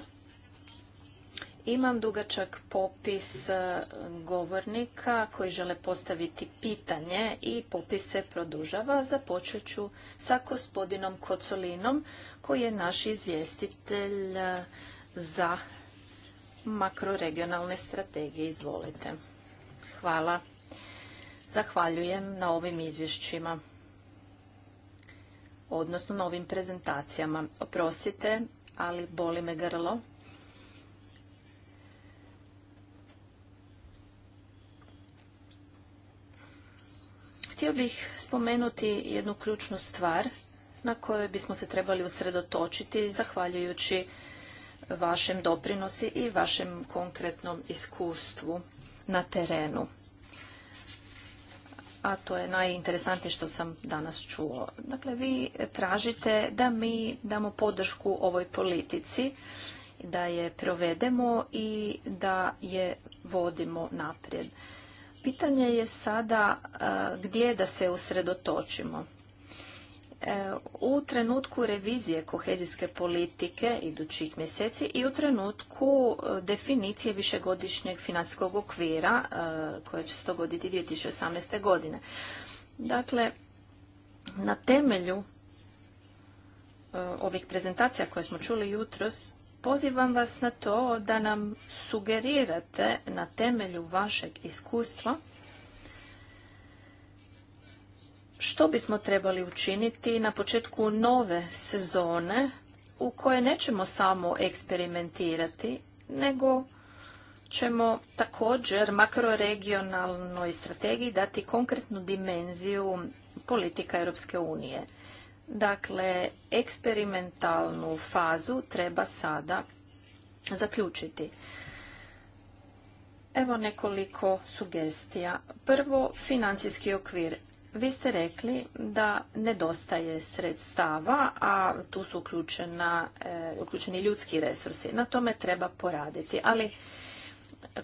[SPEAKER 1] Imam dugačak popis e, govornika koji žele postaviti pitanje i popis se produžava. Započet ću sa gospodinom Kocolinom koji je naš izvjestitelj e, za makroregionalne strategije. Izvolite. Hvala. Zahvaljujem na ovim izvješćima, odnosno na ovim prezentacijama. Oprostite, ali boli me grlo. Htio bih spomenuti jednu ključnu stvar na kojoj bismo se trebali usredotočiti zahvaljujući vašem doprinosi i vašem konkretnom iskustvu na terenu. A to je najinteresantnije što sam danas čuo. Dakle, vi tražite da mi damo podršku ovoj politici, da je provedemo i da je vodimo naprijed. Pitanje je sada gdje da se usredotočimo. E, u trenutku revizije kohezijske politike idućih mjeseci i u trenutku e, definicije višegodišnjeg financijskog okvira e, koje će se dogoditi 2018. godine. Dakle, na temelju ovih prezentacija koje smo čuli jutros, pozivam vas na to da nam sugerirate na temelju vašeg iskustva što bismo trebali učiniti na početku nove sezone u koje nećemo samo eksperimentirati, nego ćemo također makroregionalnoj strategiji dati konkretnu dimenziju politika Europske unije. Dakle, eksperimentalnu fazu treba sada zaključiti. Evo nekoliko sugestija. Prvo, financijski okvir. Vi ste rekli da nedostaje sredstava, a tu su uključena, e, uključeni ljudski resursi. Na tome treba poraditi, ali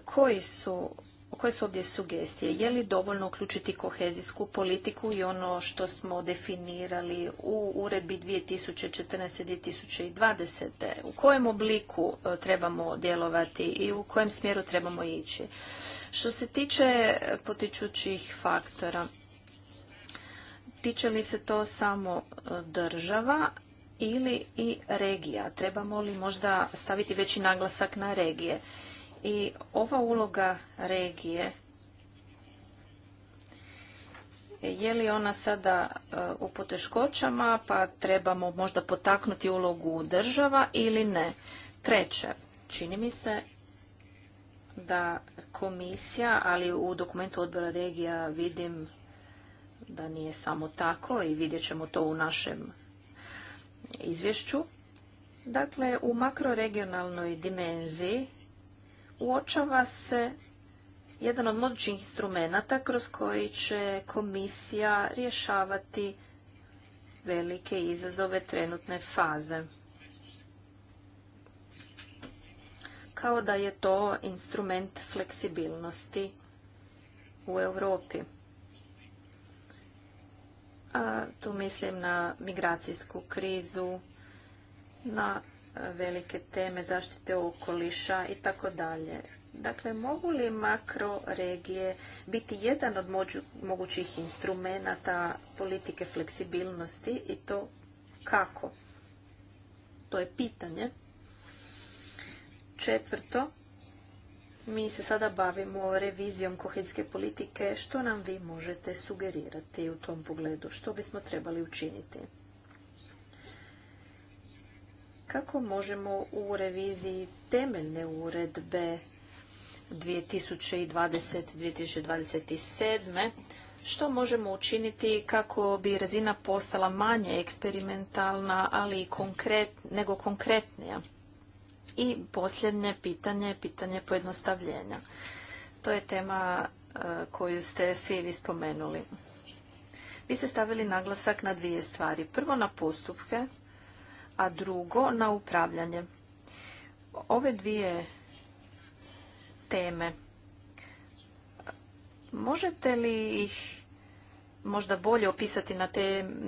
[SPEAKER 1] koji su koje su ovdje sugestije? Je li dovoljno uključiti kohezijsku politiku i ono što smo definirali u uredbi 2014-2020? U kojem obliku e, trebamo djelovati i u kojem smjeru trebamo ići? Što se tiče potičućih faktora, tiče li se to samo e, država ili i regija? Trebamo li možda staviti veći naglasak na regije? I ova uloga regije, je li ona sada e, u poteškoćama pa trebamo možda potaknuti ulogu država ili ne? Treće, čini mi se da komisija, ali u dokumentu odbora regija vidim da nije samo tako i vidjet ćemo to u našem izvješću. Dakle, u makroregionalnoj dimenziji uočava se jedan od mogućih instrumenata kroz koji će komisija rješavati velike izazove trenutne faze. Kao da je to instrument fleksibilnosti u Europi. Tu mislim na migracijsku krizu, na e, velike teme zaštite okoliša i tako dalje. Dakle, mogu li makroregije biti jedan od mogućih instrumenata politike fleksibilnosti i to kako? To je pitanje. Četvrto, mi se sada bavimo revizijom kohezijske politike. Što nam vi možete sugerirati u tom pogledu? Što bismo trebali učiniti? Kako možemo u reviziji temeljne uredbe 2020-2027 što možemo učiniti kako bi razina postala manje eksperimentalna, ali i konkret, nego konkretnija? I posljednje pitanje je pitanje pojednostavljenja. To je tema e, koju ste svi vi spomenuli. Vi ste stavili naglasak na dvije stvari. Prvo na postupke, a drugo na upravljanje. Ove dvije teme, možete li ih možda bolje opisati na,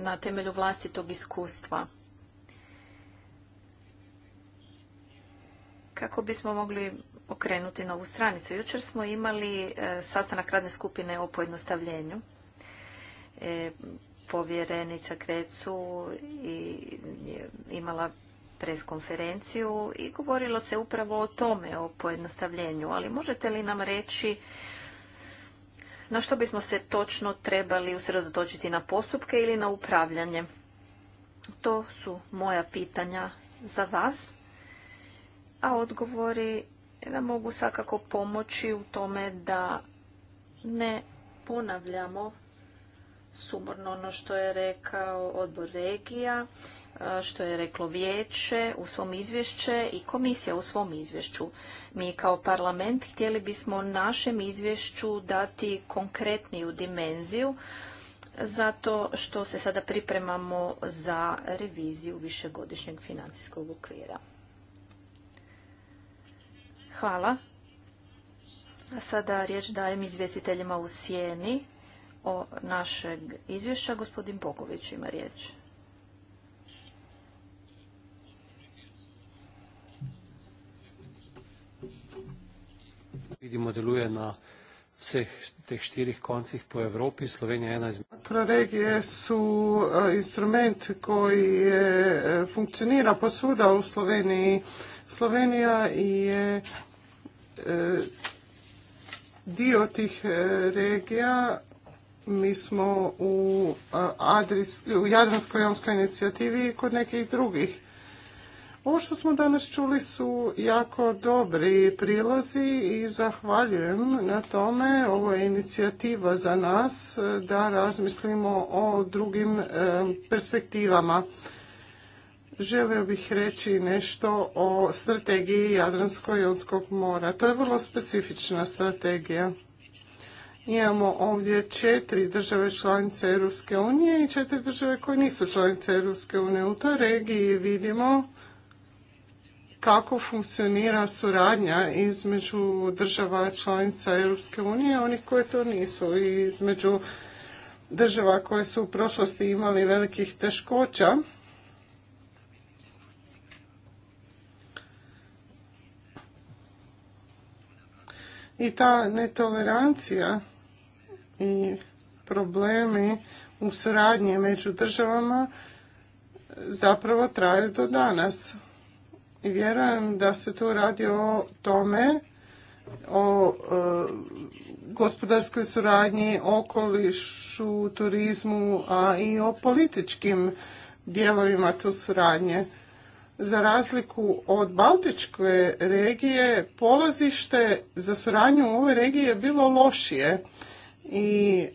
[SPEAKER 1] na temelju vlastitog iskustva? kako bismo mogli okrenuti novu stranicu. Jučer smo imali e, sastanak radne skupine o pojednostavljenju. E, povjerenica Krecu i imala preskonferenciju i govorilo se upravo o tome, o pojednostavljenju. Ali možete li nam reći na što bismo se točno trebali usredotočiti na postupke ili na upravljanje? To su moja pitanja za vas a odgovori da mogu svakako pomoći u tome da ne ponavljamo sumorno ono što je rekao odbor regija, što je reklo vijeće u svom izvješće i komisija u svom izvješću. Mi kao parlament htjeli bismo našem izvješću dati konkretniju dimenziju zato što se sada pripremamo za reviziju višegodišnjeg financijskog okvira. Hvala. A sada riječ dajem izvjestiteljima u sjeni o našeg izvješća. Gospodin Poković ima riječ.
[SPEAKER 4] Vidimo, deluje na vseh teh štirih koncih po Evropi. Slovenija je ena iz...
[SPEAKER 3] Makroregije su e, instrument koji e, funkcionira posuda u Sloveniji. Slovenija je E, dio tih e, regija mi smo u, e, Adris, u jadransko jomskoj inicijativi i kod nekih drugih. Ovo što smo danas čuli su jako dobri prilozi i zahvaljujem na tome. Ovo je inicijativa za nas da razmislimo o drugim perspektivama želio bih reći nešto o strategiji Jadransko-Jonskog mora. To je vrlo specifična strategija. Imamo ovdje četiri države članice Europske unije i četiri države koje nisu članice Europske unije. U toj regiji vidimo kako funkcionira suradnja između država članica Europske unije, onih koje to nisu i između država koje su u prošlosti imali velikih teškoća I ta netolerancija i problemi u suradnji među državama zapravo traju do danas. I vjerujem da se tu radi o tome, o e, gospodarskoj suradnji, okolišu, turizmu, a i o političkim dijelovima tu suradnje za razliku od Baltičke regije, polazište za suradnju u ovoj regiji je bilo lošije i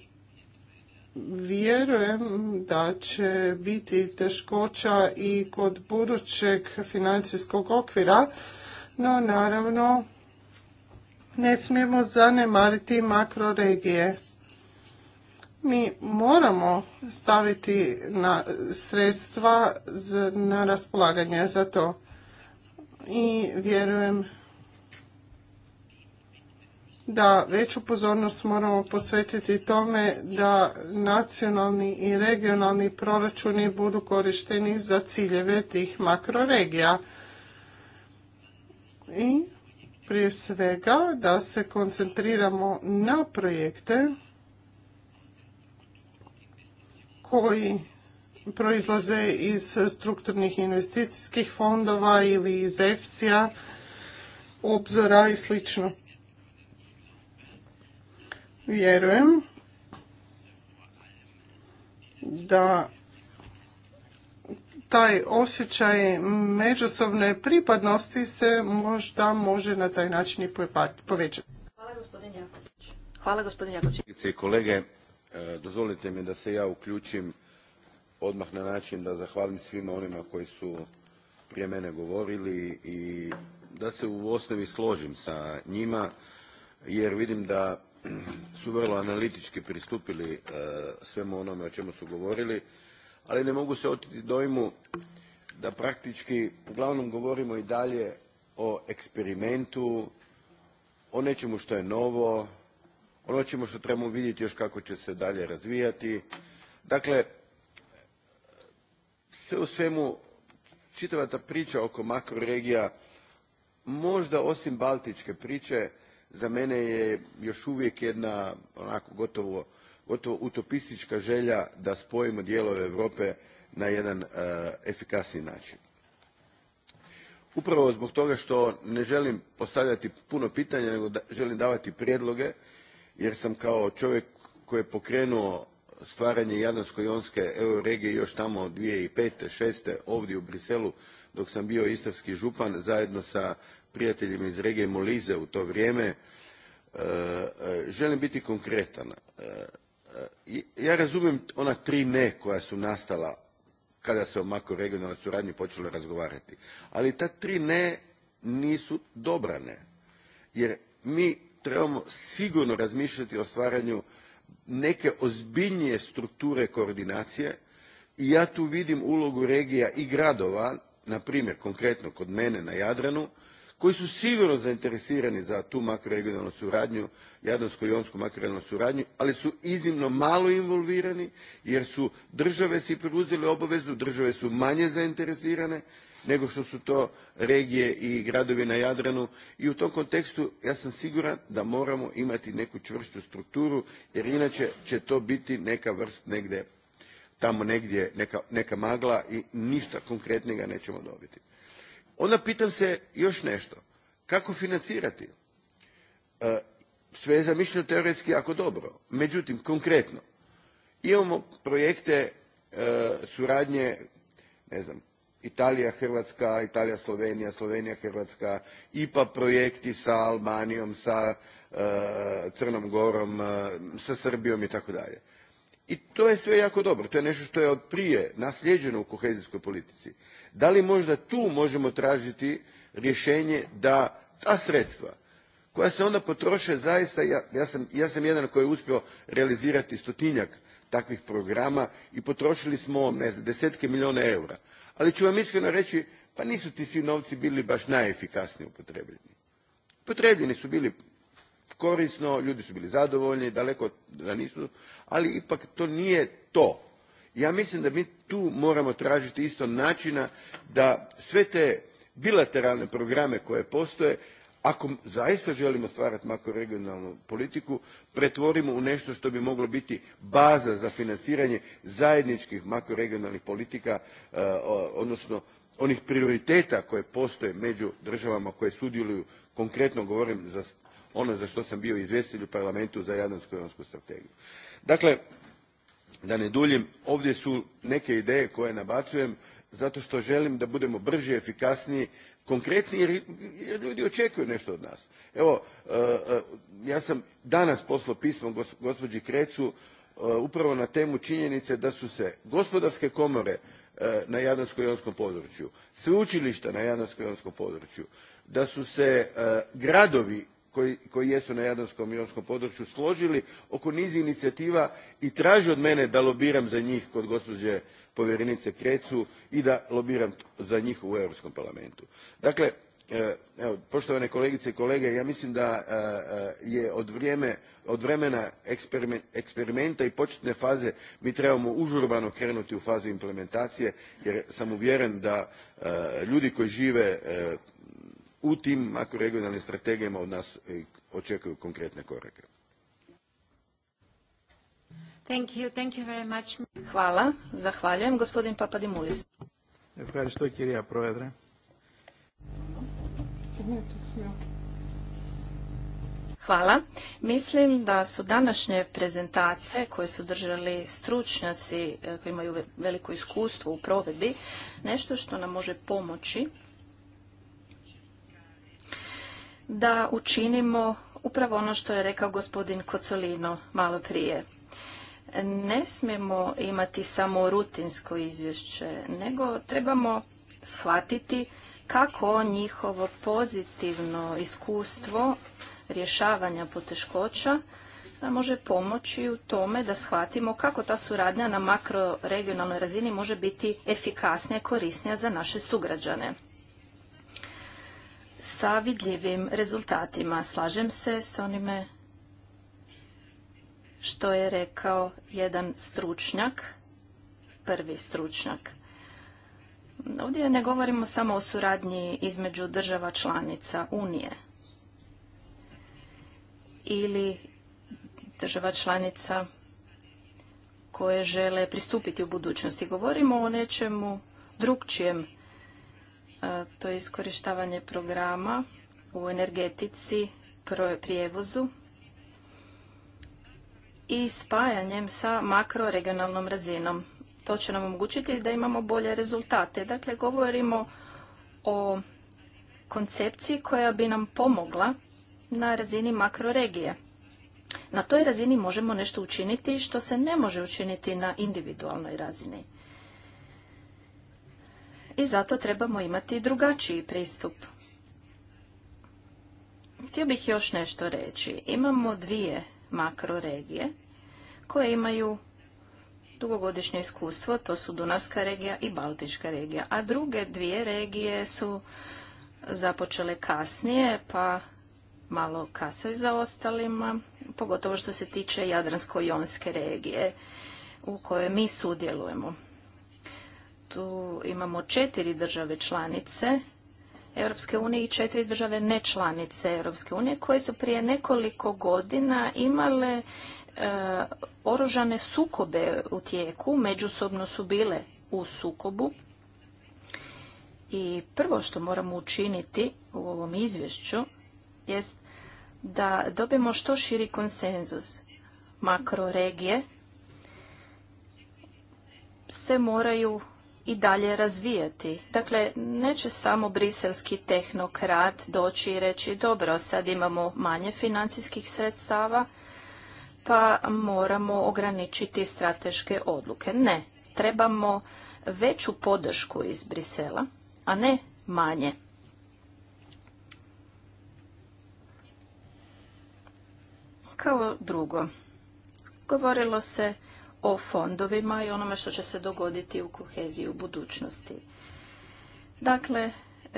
[SPEAKER 3] vjerujem da će biti teškoća i kod budućeg financijskog okvira, no naravno ne smijemo zanemariti makroregije mi moramo staviti na sredstva na raspolaganje za to. I vjerujem da veću pozornost moramo posvetiti tome da nacionalni i regionalni proračuni budu korišteni za ciljeve tih makroregija. I prije svega da se koncentriramo na projekte koji proizlaze iz strukturnih investicijskih fondova ili iz EFSI-a, obzora i sl. Vjerujem da taj osjećaj međusobne pripadnosti se možda može na taj način i povećati.
[SPEAKER 1] Hvala gospodin Jaković. Hvala
[SPEAKER 5] Kolege, dozvolite mi da se ja uključim odmah na način da zahvalim svima onima koji su prije mene govorili i da se u osnovi složim sa njima jer vidim da su vrlo analitički pristupili e, svemu onome o čemu su govorili ali ne mogu se oteti dojmu da praktički uglavnom govorimo i dalje o eksperimentu o nečemu što je novo ono ćemo što trebamo vidjeti još kako će se dalje razvijati. Dakle, sve u svemu, čitava ta priča oko makroregija, možda osim baltičke priče, za mene je još uvijek jedna onako gotovo, utopistička želja da spojimo dijelove Europe na jedan e, efikasniji način. Upravo zbog toga što ne želim postavljati puno pitanja, nego želim davati prijedloge, jer sam kao čovjek koji je pokrenuo stvaranje jadransko jonske euroregije još tamo dvije tisuće pet šest ovdje u Briselu dok sam bio istarski župan zajedno sa prijateljima iz regije molise u to vrijeme e, e, želim biti konkretan e, ja razumijem ona tri ne koja su nastala kada se o makroregionalnoj suradnji počelo razgovarati ali ta tri ne nisu dobra ne jer mi trebamo sigurno razmišljati o stvaranju neke ozbiljnije strukture koordinacije i ja tu vidim ulogu regija i gradova na primjer konkretno kod mene na jadranu koji su sigurno zainteresirani za tu makroregionalnu suradnju jadransko jonsku makroregionalnu suradnju ali su iznimno malo involvirani jer su države si preuzele obavezu države su manje zainteresirane nego što su to regije i gradovi na Jadranu i u tom kontekstu ja sam siguran da moramo imati neku čvršću strukturu jer inače će to biti neka vrst negdje tamo negdje neka, magla i ništa konkretnega nećemo dobiti. Onda pitam se još nešto. Kako financirati? E, sve je zamišljeno teoretski jako dobro. Međutim, konkretno, imamo projekte e, suradnje ne znam, italija hrvatska italija slovenija slovenija hrvatska ipa projekti sa albanijom sa e, crnom gorom e, sa srbijom i tako dalje i to je sve jako dobro to je nešto što je od prije naslijeđeno u kohezijskoj politici da li možda tu možemo tražiti rješenje da ta sredstva koja se onda potroše zaista ja sam jedan koji je uspio realizirati stotinjak takvih programa i potrošili smo ne desetke milijuna eura. Ali ću vam iskreno reći, pa nisu ti svi novci bili baš najefikasnije upotrebljeni. Upotrebljeni su bili korisno, ljudi su bili zadovoljni, daleko da nisu, ali ipak to nije to. Ja mislim da mi tu moramo tražiti isto načina da sve te bilateralne programe koje postoje ako zaista želimo stvarati makroregionalnu politiku pretvorimo u nešto što bi moglo biti baza za financiranje zajedničkih makroregionalnih politika eh, odnosno onih prioriteta koji postoje među državama koje sudjeluju konkretno govorim za ono za što sam bio izvjestitelj u parlamentu za jadransko jonsku strategiju. dakle da ne duljim ovdje su neke ideje koje nabacujem zato što želim da budemo brži efikasniji konkretni jer ljudi očekuju nešto od nas. Evo, e, e, ja sam danas poslao pismo gospođi Krecu e, upravo na temu činjenice da su se gospodarske komore na jadransko jonskom području sveučilišta na jadransko jonskom području da su se gradovi koji, koji jesu na jadranskom i jonskom području složili oko nizi inicijativa i traži od mene da lobiram za njih kod gospođe povjerenice krecu i da lobiram za njih u europskom parlamentu. dakle e, evo, poštovane kolegice i kolege ja mislim da e, e, je od, vremena eksperimenta i početne faze mi trebamo užurbano krenuti u fazu implementacije jer sam uvjeren da ljudi koji žive u tim makroregionalnim strategijama od nas očekuju konkretne korake.
[SPEAKER 1] Hvala, zahvaljujem. Gospodin Papadimulis. Hvala. Mislim da su današnje prezentacije koje su držali stručnjaci e, koji imaju veliko iskustvo u provedbi nešto što nam može pomoći da učinimo upravo ono što je rekao gospodin Kocolino malo prije ne smijemo imati samo rutinsko izvješće, nego trebamo shvatiti kako njihovo pozitivno iskustvo rješavanja poteškoća nam može pomoći u tome da shvatimo kako ta suradnja na makroregionalnoj razini može biti efikasnija i korisnija za naše sugrađane. Sa vidljivim rezultatima slažem se s onime što je rekao jedan stručnjak, prvi stručnjak. Ovdje ne govorimo samo o suradnji između država članica Unije ili država članica koje žele pristupiti u budućnosti. Govorimo o nečemu drugčijem. E, to je iskorištavanje programa u energetici, prijevozu i spajanjem sa makroregionalnom razinom. To će nam omogućiti da imamo bolje rezultate. Dakle, govorimo o koncepciji koja bi nam pomogla na razini makroregije. Na toj razini možemo nešto učiniti što se ne može učiniti na individualnoj razini. I zato trebamo imati drugačiji pristup. Htio bih još nešto reći. Imamo dvije makroregije koje imaju dugogodišnje iskustvo, to su Dunavska regija i Baltička regija, a druge dvije regije su započele kasnije, pa malo kasaju za ostalima, pogotovo što se tiče Jadransko-Jonske regije u kojoj mi sudjelujemo. Tu imamo četiri države članice Europske unije i četiri države nečlanice Europske unije koje su prije nekoliko godina imale e, oružane sukobe u tijeku, međusobno su bile u sukobu. I prvo što moramo učiniti u ovom izvješću jest da dobijemo što širi konsenzus. Makroregije se moraju i dalje razvijati. Dakle, neće samo briselski tehnokrat doći i reći dobro, sad imamo manje financijskih sredstava, pa moramo ograničiti strateške odluke. Ne, trebamo veću podršku iz Brisela, a ne manje. Kao drugo, govorilo se o fondovima i onome što će se dogoditi u koheziji u budućnosti. Dakle,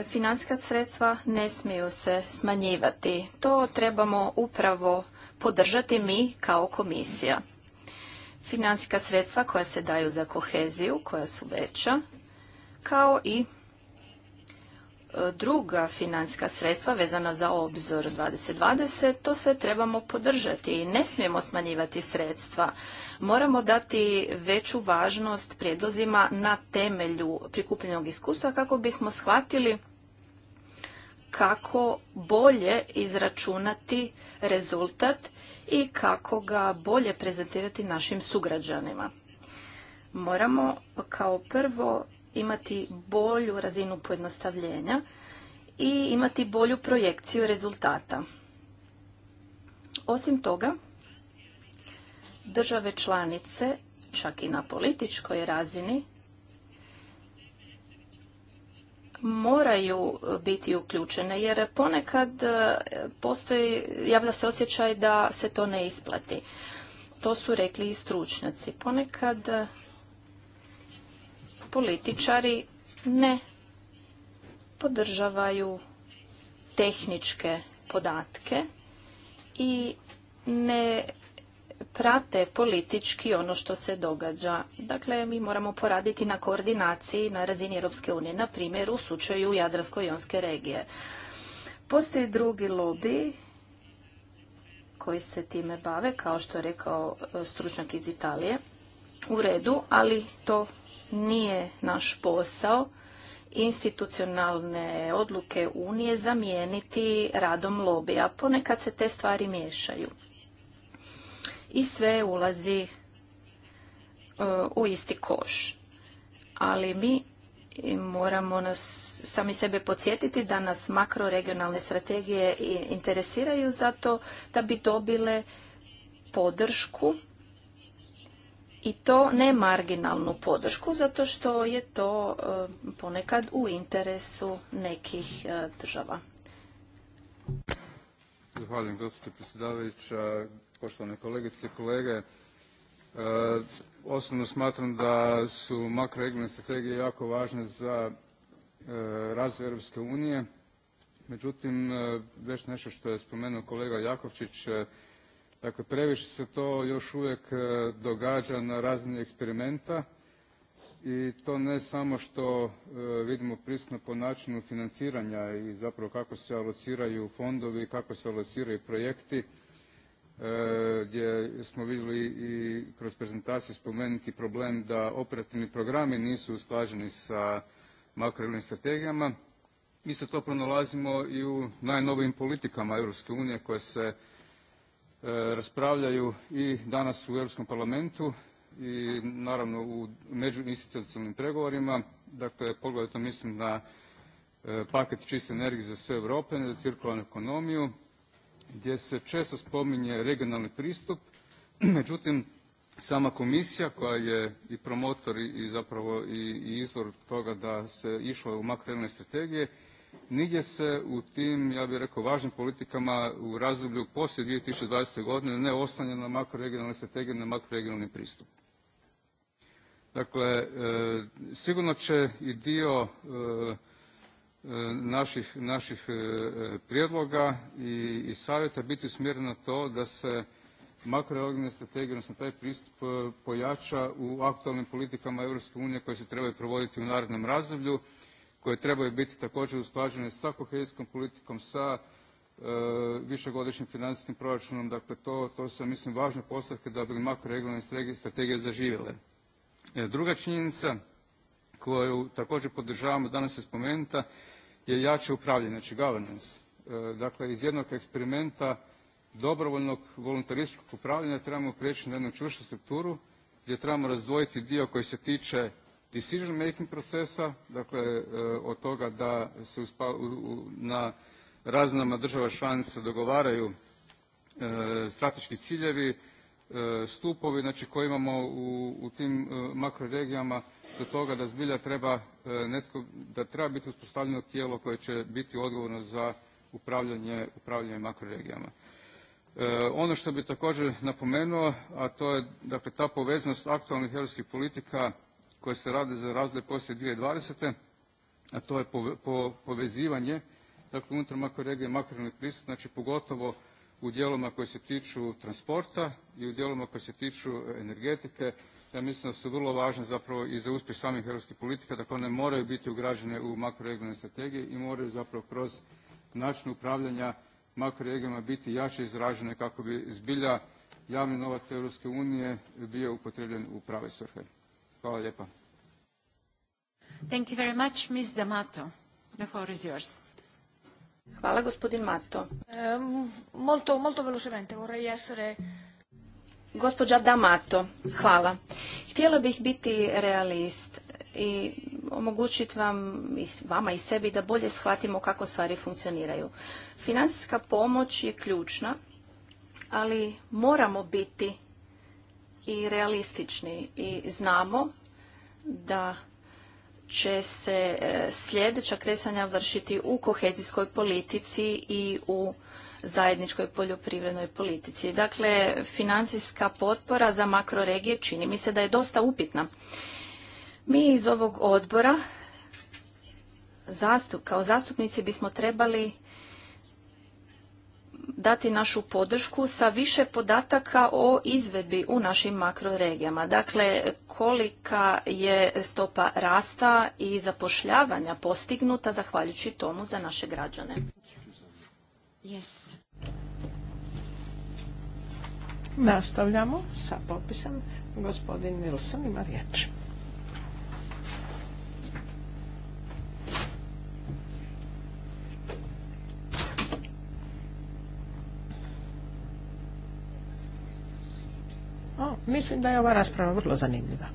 [SPEAKER 1] financijska sredstva ne smiju se smanjivati. To trebamo upravo podržati mi kao komisija. Financijska sredstva koja se daju za koheziju, koja su veća, kao i e, druga financijska sredstva vezana za obzor 2020, to sve trebamo podržati i ne smijemo smanjivati sredstva. Moramo dati veću važnost prijedlozima na temelju prikupljenog iskustva kako bismo shvatili kako bolje izračunati rezultat i kako ga bolje prezentirati našim sugrađanima. Moramo kao prvo imati bolju razinu pojednostavljenja i imati bolju projekciju rezultata. Osim toga, države članice, čak i na političkoj razini, moraju biti uključene jer ponekad e, postoji, javlja se osjećaj da se to ne isplati. To su rekli i stručnjaci. Ponekad e, političari ne podržavaju tehničke podatke i ne prate politički ono što se događa. Dakle, mi moramo poraditi na koordinaciji na razini Europske unije, na primjer u slučaju Jadransko-jonske regije. Postoji drugi lobby koji se time bave, kao što je rekao e, stručnjak iz Italije. U redu, ali to nije naš posao institucionalne odluke Unije zamijeniti radom lobija. Ponekad se te stvari miješaju i sve ulazi e, u isti koš. Ali mi moramo sami sebe podsjetiti da nas makroregionalne strategije interesiraju zato da bi dobile podršku i to ne marginalnu podršku zato što je to e, ponekad u interesu nekih e, država.
[SPEAKER 4] Zahvaljujem predsjedavajuća, poštovane kolegice i kolege. E, osobno smatram da su makroregionalne strategije jako važne za e, razvoj Europske unije. Međutim, e, već nešto što je spomenuo kolega Jakovčić, dakle previše se to još uvijek događa na razini eksperimenta i to ne samo što vidimo prisutno po načinu financiranja i zapravo kako se alociraju fondovi, kako se alociraju projekti, E, gdje smo vidjeli i kroz prezentaciju spomenuti problem da operativni programi nisu usklađeni sa makroelim strategijama. Isto to pronalazimo i u najnovijim politikama Europske unije koje se e, raspravljaju i danas u Europskom parlamentu i naravno u međuinstitucionalnim pregovorima. Dakle, poglavito mislim na e, paket čiste energije za sve Europe, za cirkularnu ekonomiju gdje se često spominje regionalni pristup, međutim sama komisija koja je i promotor i zapravo i izvor toga da se išlo u makroregionalne strategije, nigdje se u tim, ja bih rekao, važnim politikama u razdoblju poslije 2020. godine ne oslanja na makroregionalne strategije, na makroregionalni pristup. Dakle, e, sigurno će i dio e, naših, naših e, prijedloga i, i savjeta biti usmjeren na to da se makroregionalne strategije, odnosno taj pristup e, pojača u aktualnim politikama Europske unije koje se trebaju provoditi u narednom razdoblju, koje trebaju biti također usklađene sa kohezijskom politikom, sa e, višegodišnjim financijskim proračunom. Dakle, to, to su, mislim, važne postavke da bi makroregionalne strategije zaživjele. druga činjenica koju također podržavamo danas je spomenuta je jače upravljanje, znači governance. E, dakle, iz jednog eksperimenta dobrovoljnog voluntarističkog upravljanja trebamo prijeći na jednu čvršu strukturu gdje trebamo razdvojiti dio koji se tiče decision making procesa, dakle e, od toga da se na raznama država članica dogovaraju e, strateški ciljevi, stupovi znači koje imamo u, u tim makroregijama do toga da zbilja treba e, netko, da treba biti uspostavljeno tijelo koje će biti odgovorno za upravljanje, upravljanje makroregijama. E, ono što bi također napomenuo, a to je dakle ta poveznost aktualnih europskih politika koje se rade za razdoblje poslije 2020. a to je po, povezivanje dakle unutar makroregije makroregijalnih pristup, znači pogotovo u dijelovima koji se tiču transporta i u dijelovima koji se tiču energetike ja mislim da su vrlo važne zapravo i za uspjeh samih europskih politika, dakle one moraju biti ugrađene u makroregionalne strategije i moraju zapravo kroz način upravljanja makroregijama biti jače izražene kako bi zbilja javni novac Europske unije bio upotrebljen u prave svrhe. Hvala lijepa.
[SPEAKER 1] Hvala, gospodin Mato. Ehm, molto, Gospođa D'Amato, hvala. Htjela bih biti realist i omogućiti vam i vama i sebi da bolje shvatimo kako stvari funkcioniraju. Financijska pomoć je ključna, ali moramo biti i realistični i znamo da će se e, sljedeća kresanja vršiti u kohezijskoj politici i u zajedničkoj poljoprivrednoj politici. Dakle, financijska potpora za makroregije čini mi se da je dosta upitna. Mi iz ovog odbora kao zastupnici bismo trebali dati našu podršku sa više podataka o izvedbi u našim makroregijama. Dakle, kolika je stopa rasta i zapošljavanja postignuta zahvaljujući tomu za naše građane. Yes.
[SPEAKER 2] Nastavljamo sa popisom. Gospodin Wilson ima riječ. mislim da je ova rasprava vrlo zanimljiva.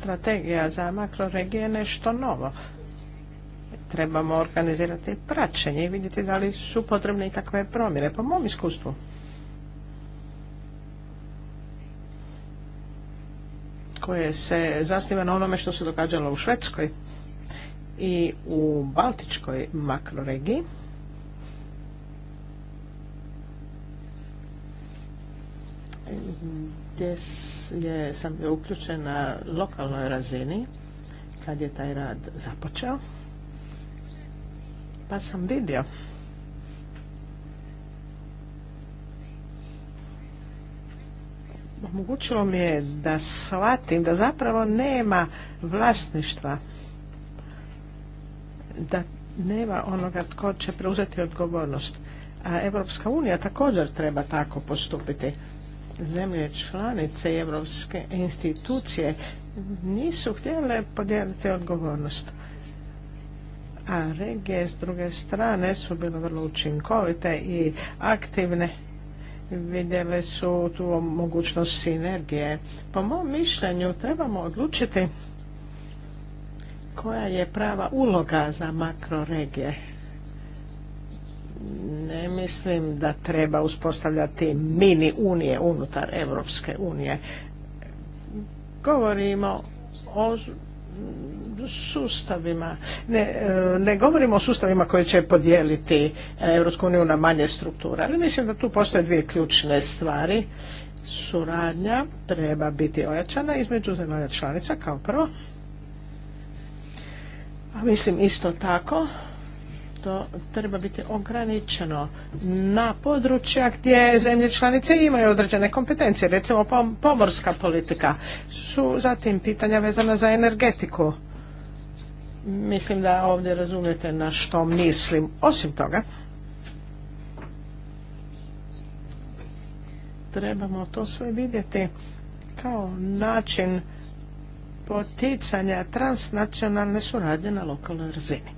[SPEAKER 2] strategija za makroregije nešto novo. Trebamo organizirati praćenje i vidjeti da li su potrebne i takve promjene, po mom iskustvu. koje se zasniva na onome što se događalo u Švedskoj i u Baltičkoj makroregiji. gdje sam bio uključen na lokalnoj razini kad je taj rad započeo pa sam vidio omogućilo mi je da shvatim da zapravo nema vlasništva da nema onoga tko će preuzeti odgovornost a Evropska unija također treba tako postupiti zemlje članice i evropske institucije nisu htjele podijeliti odgovornost. A regije s druge strane su bile vrlo učinkovite i aktivne. Vidjele su tu mogućnost sinergije. Po mom mišljenju trebamo odlučiti koja je prava uloga za makroregije ne mislim da treba uspostavljati mini unije unutar Europske unije. Govorimo o sustavima. Ne, e, ne govorimo o sustavima koji će podijeliti Evropsku uniju na manje strukture, ali mislim da tu postoje dvije ključne stvari. Suradnja treba biti ojačana između zemalja članica kao prvo. A mislim isto tako to treba biti ograničeno na područja gdje zemlje članice imaju određene kompetencije, recimo pomorska politika. Su zatim pitanja vezana za energetiku. Mislim da ovdje razumijete na što mislim. Osim toga, trebamo to sve vidjeti kao način poticanja transnacionalne suradnje na lokalnoj razini.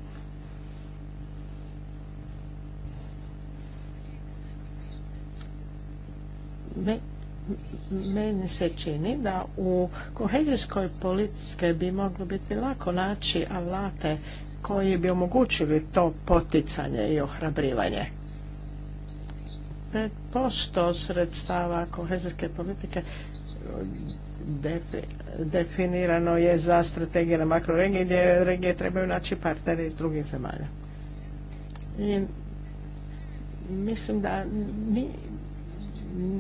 [SPEAKER 2] meni se čini da u kohezijskoj politici bi moglo biti lako naći alate koji bi omogućili to poticanje i ohrabrivanje. 5% sredstava kohezijske politike definirano je za strategije na makroregije gdje regije trebaju naći partneri iz drugih zemalja. mislim da mi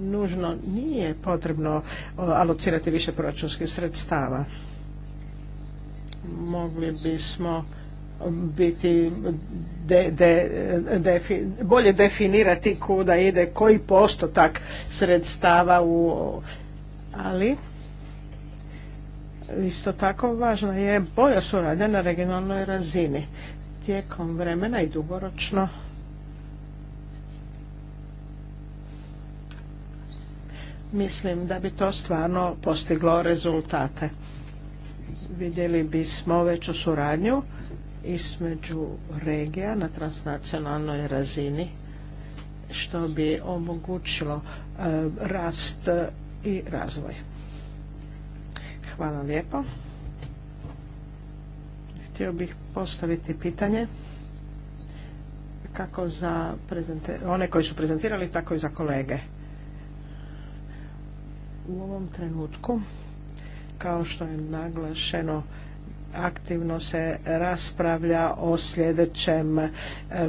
[SPEAKER 2] nužno nije potrebno alocirati više proračunskih sredstava. Mogli bismo biti bolje definirati kuda ide koji postotak sredstava u ali isto tako važno je bolja suradnja na regionalnoj razini tijekom vremena i dugoročno mislim da bi to stvarno postiglo rezultate. Vidjeli bismo veću suradnju između regija na transnacionalnoj razini što bi omogućilo e, rast i razvoj. Hvala lijepo. Htio bih postaviti pitanje kako za one koji su prezentirali, tako i za kolege. U ovom trenutku, kao što je naglašeno, aktivno se raspravlja o sljedećem e,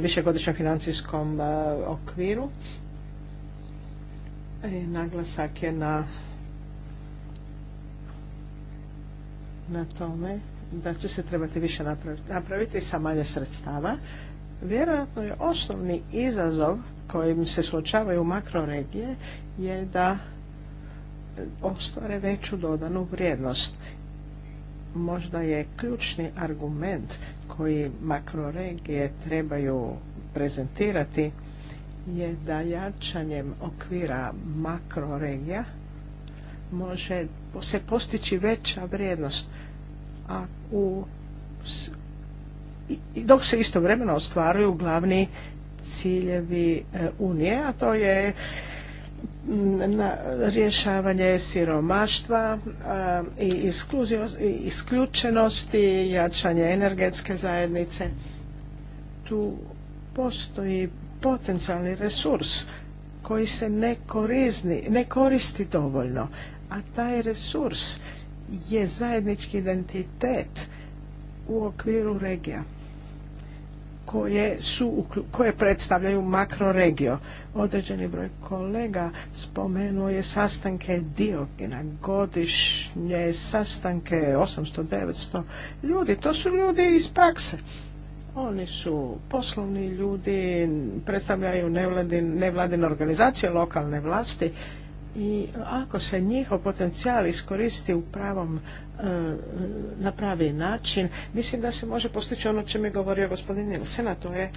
[SPEAKER 2] višegodišnjem financijskom e, okviru. E, naglasak je na na tome da će se trebati više napraviti, napraviti sa manje sredstava. Vjerojatno je osnovni izazov kojim se suočavaju makroregije je da ostvare veću dodanu vrijednost. Možda je ključni argument koji makroregije trebaju prezentirati je da jačanjem okvira makroregija može se postići veća vrijednost a dok se istovremeno ostvaruju glavni ciljevi e, Unije, a to je na rješavanje siromaštva i isključenosti, jačanje energetske zajednice. Tu postoji potencijalni resurs koji se ne, korizni, ne koristi dovoljno, a taj resurs je zajednički identitet u okviru regija koje, su, koje predstavljaju makroregio. Određeni broj kolega spomenuo je sastanke Diokina, godišnje sastanke 800-900 ljudi. To su ljudi iz prakse. Oni su poslovni ljudi, predstavljaju nevladine organizacije, lokalne vlasti i ako se njihov potencijal iskoristi u pravom e, na pravi način, mislim da se može postići ono čemu je govorio gospodin Nilsen, a to je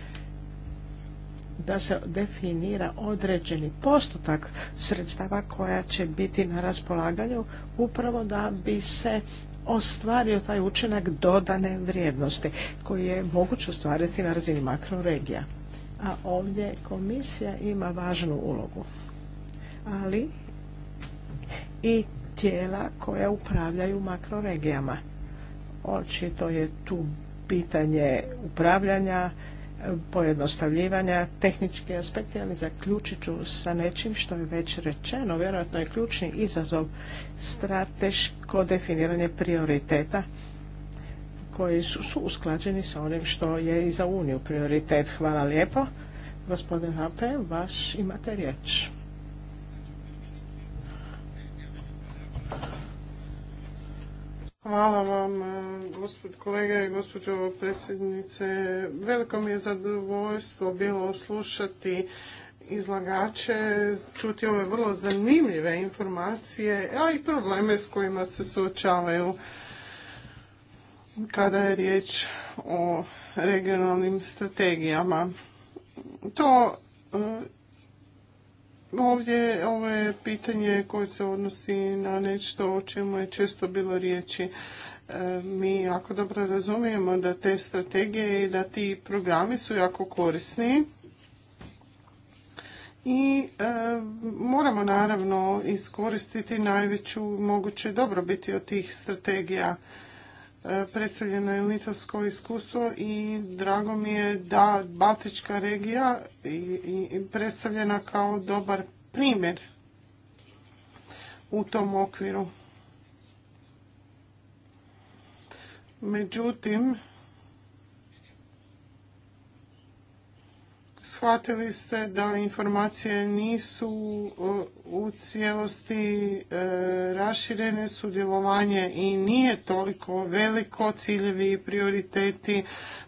[SPEAKER 2] da se definira određeni postotak sredstava koja će biti na raspolaganju upravo da bi se ostvario taj učinak dodane vrijednosti koji je moguće ostvariti na razini makroregija. A ovdje komisija ima važnu ulogu. Ali i tijela koja upravljaju makroregijama. Očito je tu pitanje upravljanja pojednostavljivanja, tehnički aspekti, ali zaključit ću sa nečim što je već rečeno. Vjerojatno je ključni izazov strateško definiranje prioriteta koji su, usklađeni sa onim što je i za Uniju prioritet. Hvala lijepo. Gospodin Hape, vaš imate riječ. Hvala
[SPEAKER 3] vam, e, gospod kolega i gospođo predsjednice. Veliko mi je zadovoljstvo bilo slušati izlagače, čuti ove vrlo zanimljive informacije, a i probleme s kojima se suočavaju kada je riječ o regionalnim strategijama. To e, Ovdje ovo je pitanje koje se odnosi na nešto o čemu je često bilo riječi. E, mi jako dobro razumijemo da te strategije i da ti programi su jako korisni i e, moramo naravno iskoristiti najveću moguće dobrobiti od tih strategija E, predstavljeno je litovsko iskustvo i drago mi je da Baltička regija je predstavljena kao dobar primjer u tom okviru. Međutim, shvatili ste da informacije nisu e, u cijelosti e, raširene, sudjelovanje i nije toliko veliko, ciljevi i prioriteti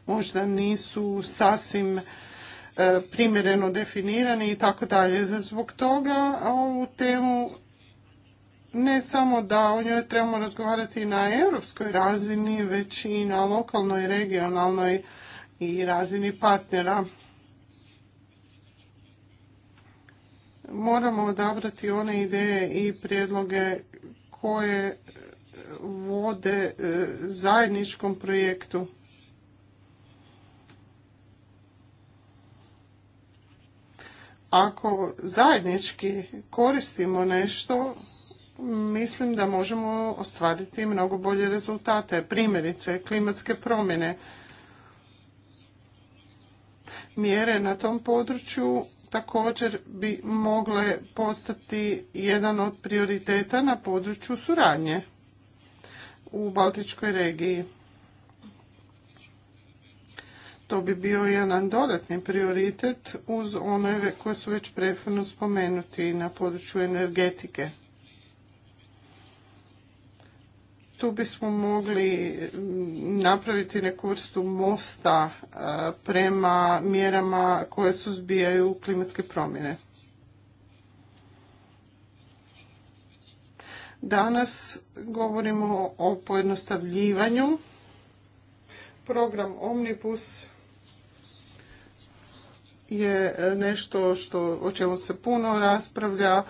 [SPEAKER 3] možda nisu sasvim e, primjereno definirani i tako dalje. Zbog toga ovu temu ne samo da o njoj trebamo razgovarati na europskoj razini, već i na lokalnoj, regionalnoj i razini partnera. moramo odabrati one ideje i prijedloge koje vode e, zajedničkom projektu. Ako zajednički koristimo nešto, mislim da možemo ostvariti mnogo bolje rezultate. Primjerice, klimatske promjene. Mjere na tom području također bi mogle postati jedan od prioriteta na području suradnje u Baltičkoj regiji. To bi bio jedan dodatni prioritet uz one koje su već prethodno spomenuti na području energetike. tu bismo mogli mm, napraviti neku vrstu mosta e, prema mjerama koje suzbijaju klimatske promjene. Danas govorimo o pojednostavljivanju. Program Omnibus je e, nešto što, o čemu se puno raspravlja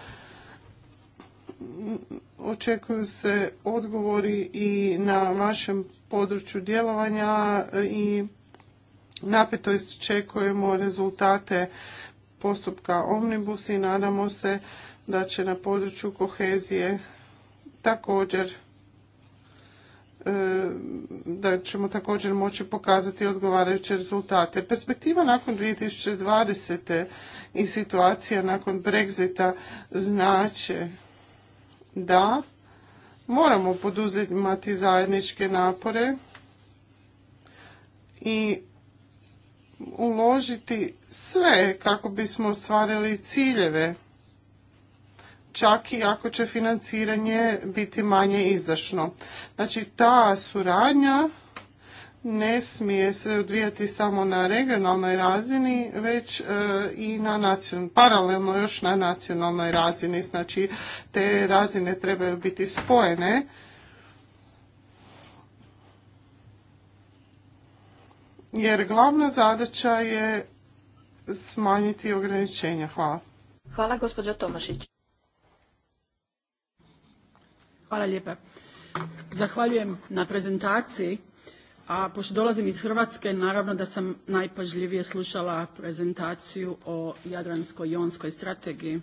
[SPEAKER 3] očekuju se odgovori i na vašem području djelovanja e, i napeto očekujemo rezultate postupka Omnibus i nadamo se da će na području kohezije također e, da ćemo također moći pokazati odgovarajuće rezultate. Perspektiva nakon 2020. i situacija nakon Brexita znače da moramo poduzimati zajedničke napore i uložiti sve kako bismo ostvarili ciljeve, čak i ako će financiranje biti manje izdašno. Znači ta suradnja ne smije se odvijati samo na regionalnoj razini, već e, i na nacionalnoj, paralelno još na nacionalnoj razini. Znači, te razine trebaju biti spojene. Jer glavna zadaća je smanjiti
[SPEAKER 6] ograničenja. Hvala. Hvala, gospođo Tomašić. Hvala lijepa. Zahvaljujem na prezentaciji a pošto dolazim iz Hrvatske, naravno da sam najpažljivije slušala prezentaciju o Jadransko-jonskoj strategiji.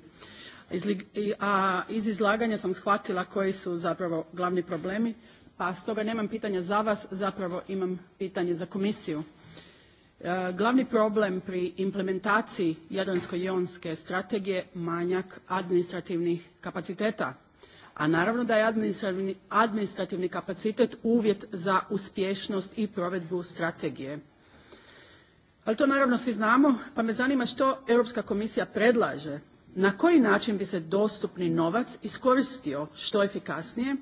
[SPEAKER 6] A iz izlaganja sam shvatila koji su zapravo glavni problemi, pa stoga nemam pitanja za vas, zapravo imam pitanje za komisiju. E, glavni problem pri implementaciji Jadransko-jonske strategije manjak administrativnih kapaciteta a naravno da je administrativni kapacitet uvjet za uspješnost i provedbu strategije. Ali to naravno svi znamo, pa me zanima što Europska komisija predlaže, na koji način bi se dostupni novac iskoristio što efikasnije,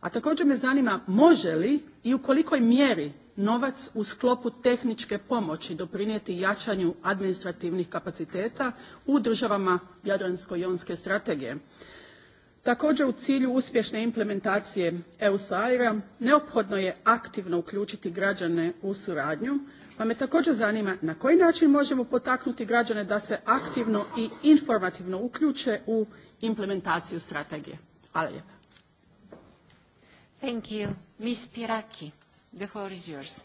[SPEAKER 6] a također me zanima može li i u kolikoj mjeri novac u sklopu tehničke pomoći doprinijeti jačanju administrativnih kapaciteta u državama Jadransko-jonske strategije. Također u cilju uspješne implementacije EUSAIR-a neophodno je aktivno uključiti građane u suradnju, pa me također zanima na koji način možemo potaknuti građane da se aktivno i informativno uključe u implementaciju strategije. Hvala lijepa.
[SPEAKER 1] Thank you. Ms. Piraki, the floor is yours.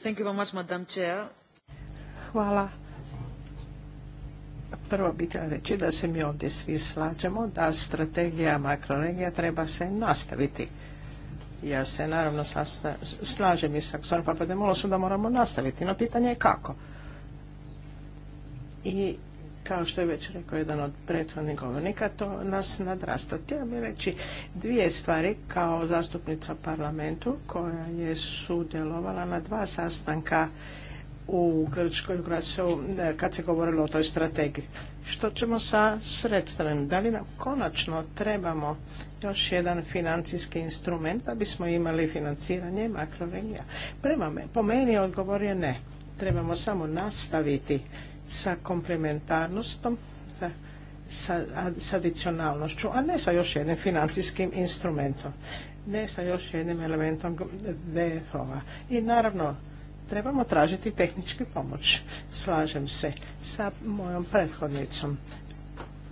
[SPEAKER 1] Thank you very much, Madam Chair.
[SPEAKER 2] Hvala Prvo bih htjela reći da se mi ovdje svi slažemo da strategija makroregija treba se nastaviti. Ja se naravno slažem i sa Ksorom Papademolosom da moramo nastaviti, no pitanje je kako. I kao što je već rekao jedan od prethodnih govornika, to nas nadrasta. Htjela bih reći dvije stvari kao zastupnica parlamentu koja je sudjelovala na dva sastanka u Grčkoj, e, kad se govorilo o toj strategiji. Što ćemo sa sredstvem? Da li nam konačno trebamo još jedan financijski instrument da bismo imali financiranje makroregija? Prema me, po meni odgovor je ne. Trebamo samo nastaviti sa komplementarnostom, sa, sa, sa adicionalnošću, a ne sa još jednim financijskim instrumentom. Ne sa još jednim elementom VF-ova. I naravno, trebamo tražiti tehnički pomoć. Slažem se sa mojom prethodnicom.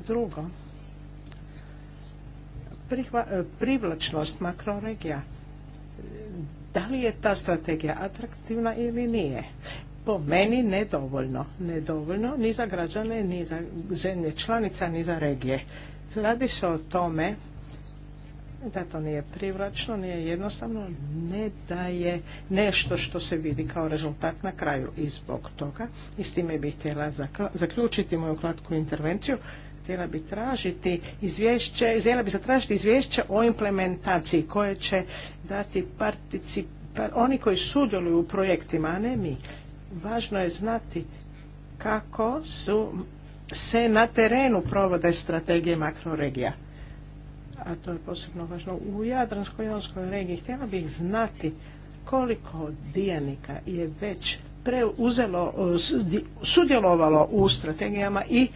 [SPEAKER 2] Drugo, e, privlačnost makroregija. Da li je ta strategija atraktivna ili nije? Po meni nedovoljno. Nedovoljno ni za građane, ni za zemlje članica, ni za regije. Radi se o tome da to nije privlačno, nije jednostavno, ne da je nešto što se vidi kao rezultat na kraju i zbog toga i s time bih htjela zaključiti moju kratku intervenciju htjela bi tražiti izvješće, htjela bi zatražiti izvješće o implementaciji koje će dati particip, oni koji sudjeluju u projektima, a ne mi. Važno je znati kako su se na terenu provode strategije makroregija a to je posebno važno, u Jadransko-Jonskoj regiji htjela bih znati koliko dijanika je već preuzelo, sudjelovalo u strategijama i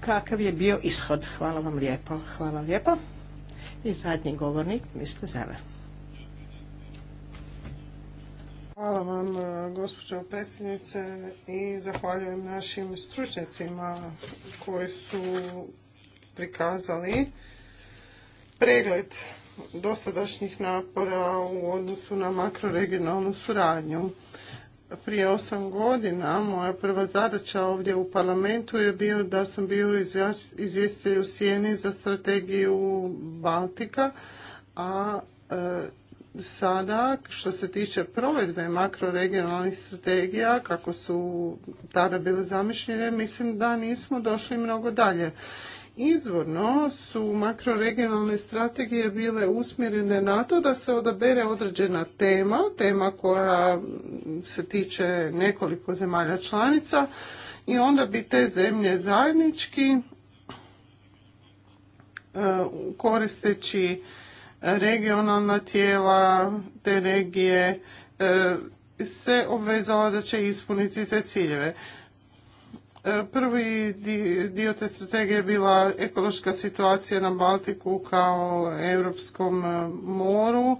[SPEAKER 2] kakav je bio ishod. Hvala vam lijepo. Hvala lijepo. I zadnji govornik, Mr. Zeller.
[SPEAKER 3] Hvala vam, e, gospođo predsjednice, i zahvaljujem našim stručnjacima koji su prikazali pregled dosadašnjih napora u odnosu na makroregionalnu suradnju. Prije osam godina moja prva zadaća ovdje u parlamentu je bio da sam bio izvjestitelj u Sijeni za strategiju Baltika, a e, sada što se tiče provedbe makroregionalnih strategija kako su tada bile zamišljene mislim da nismo došli mnogo dalje Izvorno su makroregionalne strategije bile usmjerene na to da se odabere određena tema, tema koja se tiče nekoliko zemalja članica i onda bi te zemlje zajednički e, koristeći regionalna tijela te regije e, se obvezala da će ispuniti te ciljeve. E, prvi dio te strategije je bila ekološka situacija na Baltiku kao Europskom e, moru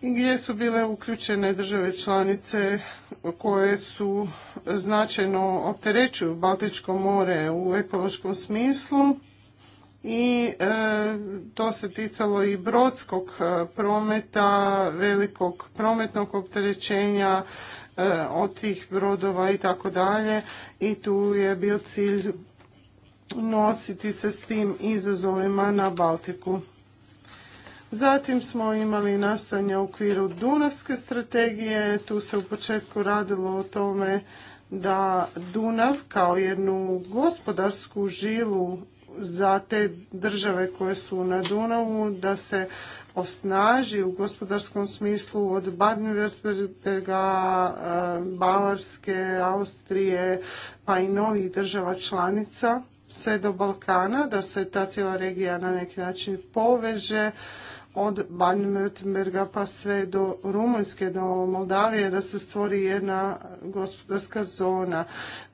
[SPEAKER 3] gdje su bile uključene države članice koje su značajno opterećuju Baltičko more u ekološkom smislu i e, to se ticalo i brodskog prometa, velikog prometnog opterećenja, E, od tih brodova i tako dalje i tu je bio cilj nositi se s tim izazovima na Baltiku. Zatim smo imali nastojanje u okviru Dunavske strategije. Tu se u početku radilo o tome da Dunav kao jednu gospodarsku žilu za te države koje su na Dunavu, da se osnaži u gospodarskom smislu od Baden-Württemberga, eh, Bavarske, Austrije pa i novih država članica sve do Balkana, da se ta cijela regija na neki način poveže od Baden-Württemberga pa sve do Rumunjske, do Moldavije, da se stvori jedna gospodarska zona.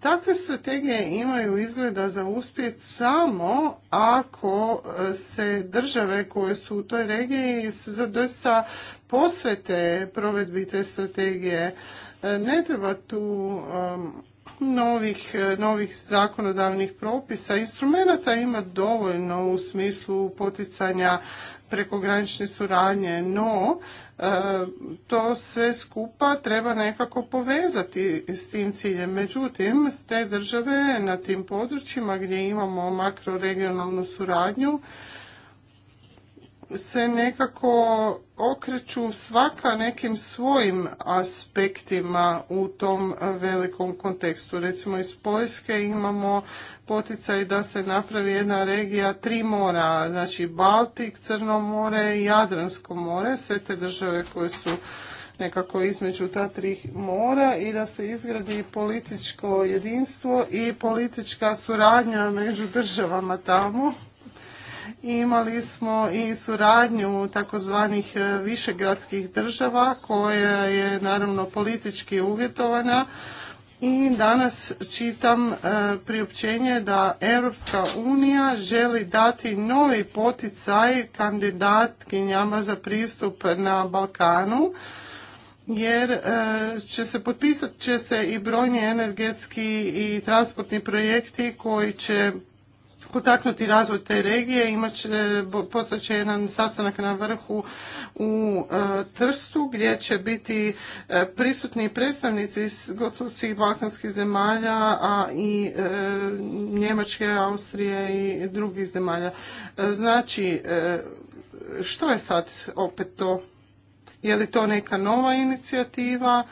[SPEAKER 3] Takve strategije imaju izgleda za uspjet samo ako se države koje su u toj regiji se doista posvete provedbi te strategije. Ne treba tu um, novih, novih zakonodavnih propisa. Instrumenata ima dovoljno u smislu poticanja prekogranične suradnje, no e, to sve skupa treba nekako povezati s tim ciljem. Međutim, te države na tim područjima gdje imamo makroregionalnu suradnju, se nekako okreću svaka nekim svojim aspektima u tom velikom kontekstu. Recimo iz Poljske imamo poticaj da se napravi jedna regija tri mora, znači Baltik, Crno more i Jadransko more, sve te države koje su nekako između ta tri mora i da se izgradi političko jedinstvo i politička suradnja među državama tamo imali smo i suradnju takozvanih e, višegradskih država koja je naravno politički uvjetovana i danas čitam e, priopćenje da Europska unija želi dati novi poticaj kandidatkinjama za pristup na Balkanu jer e, će se potpisati će se i brojni energetski i transportni projekti koji će potaknuti razvoj te regije. postoji će jedan sastanak na vrhu u e, Trstu gdje će biti e, prisutni predstavnici iz gotovo svih balkanskih zemalja, a i e, Njemačke, Austrije i drugih zemalja. Znači, što je sad opet to? Je li to neka nova inicijativa?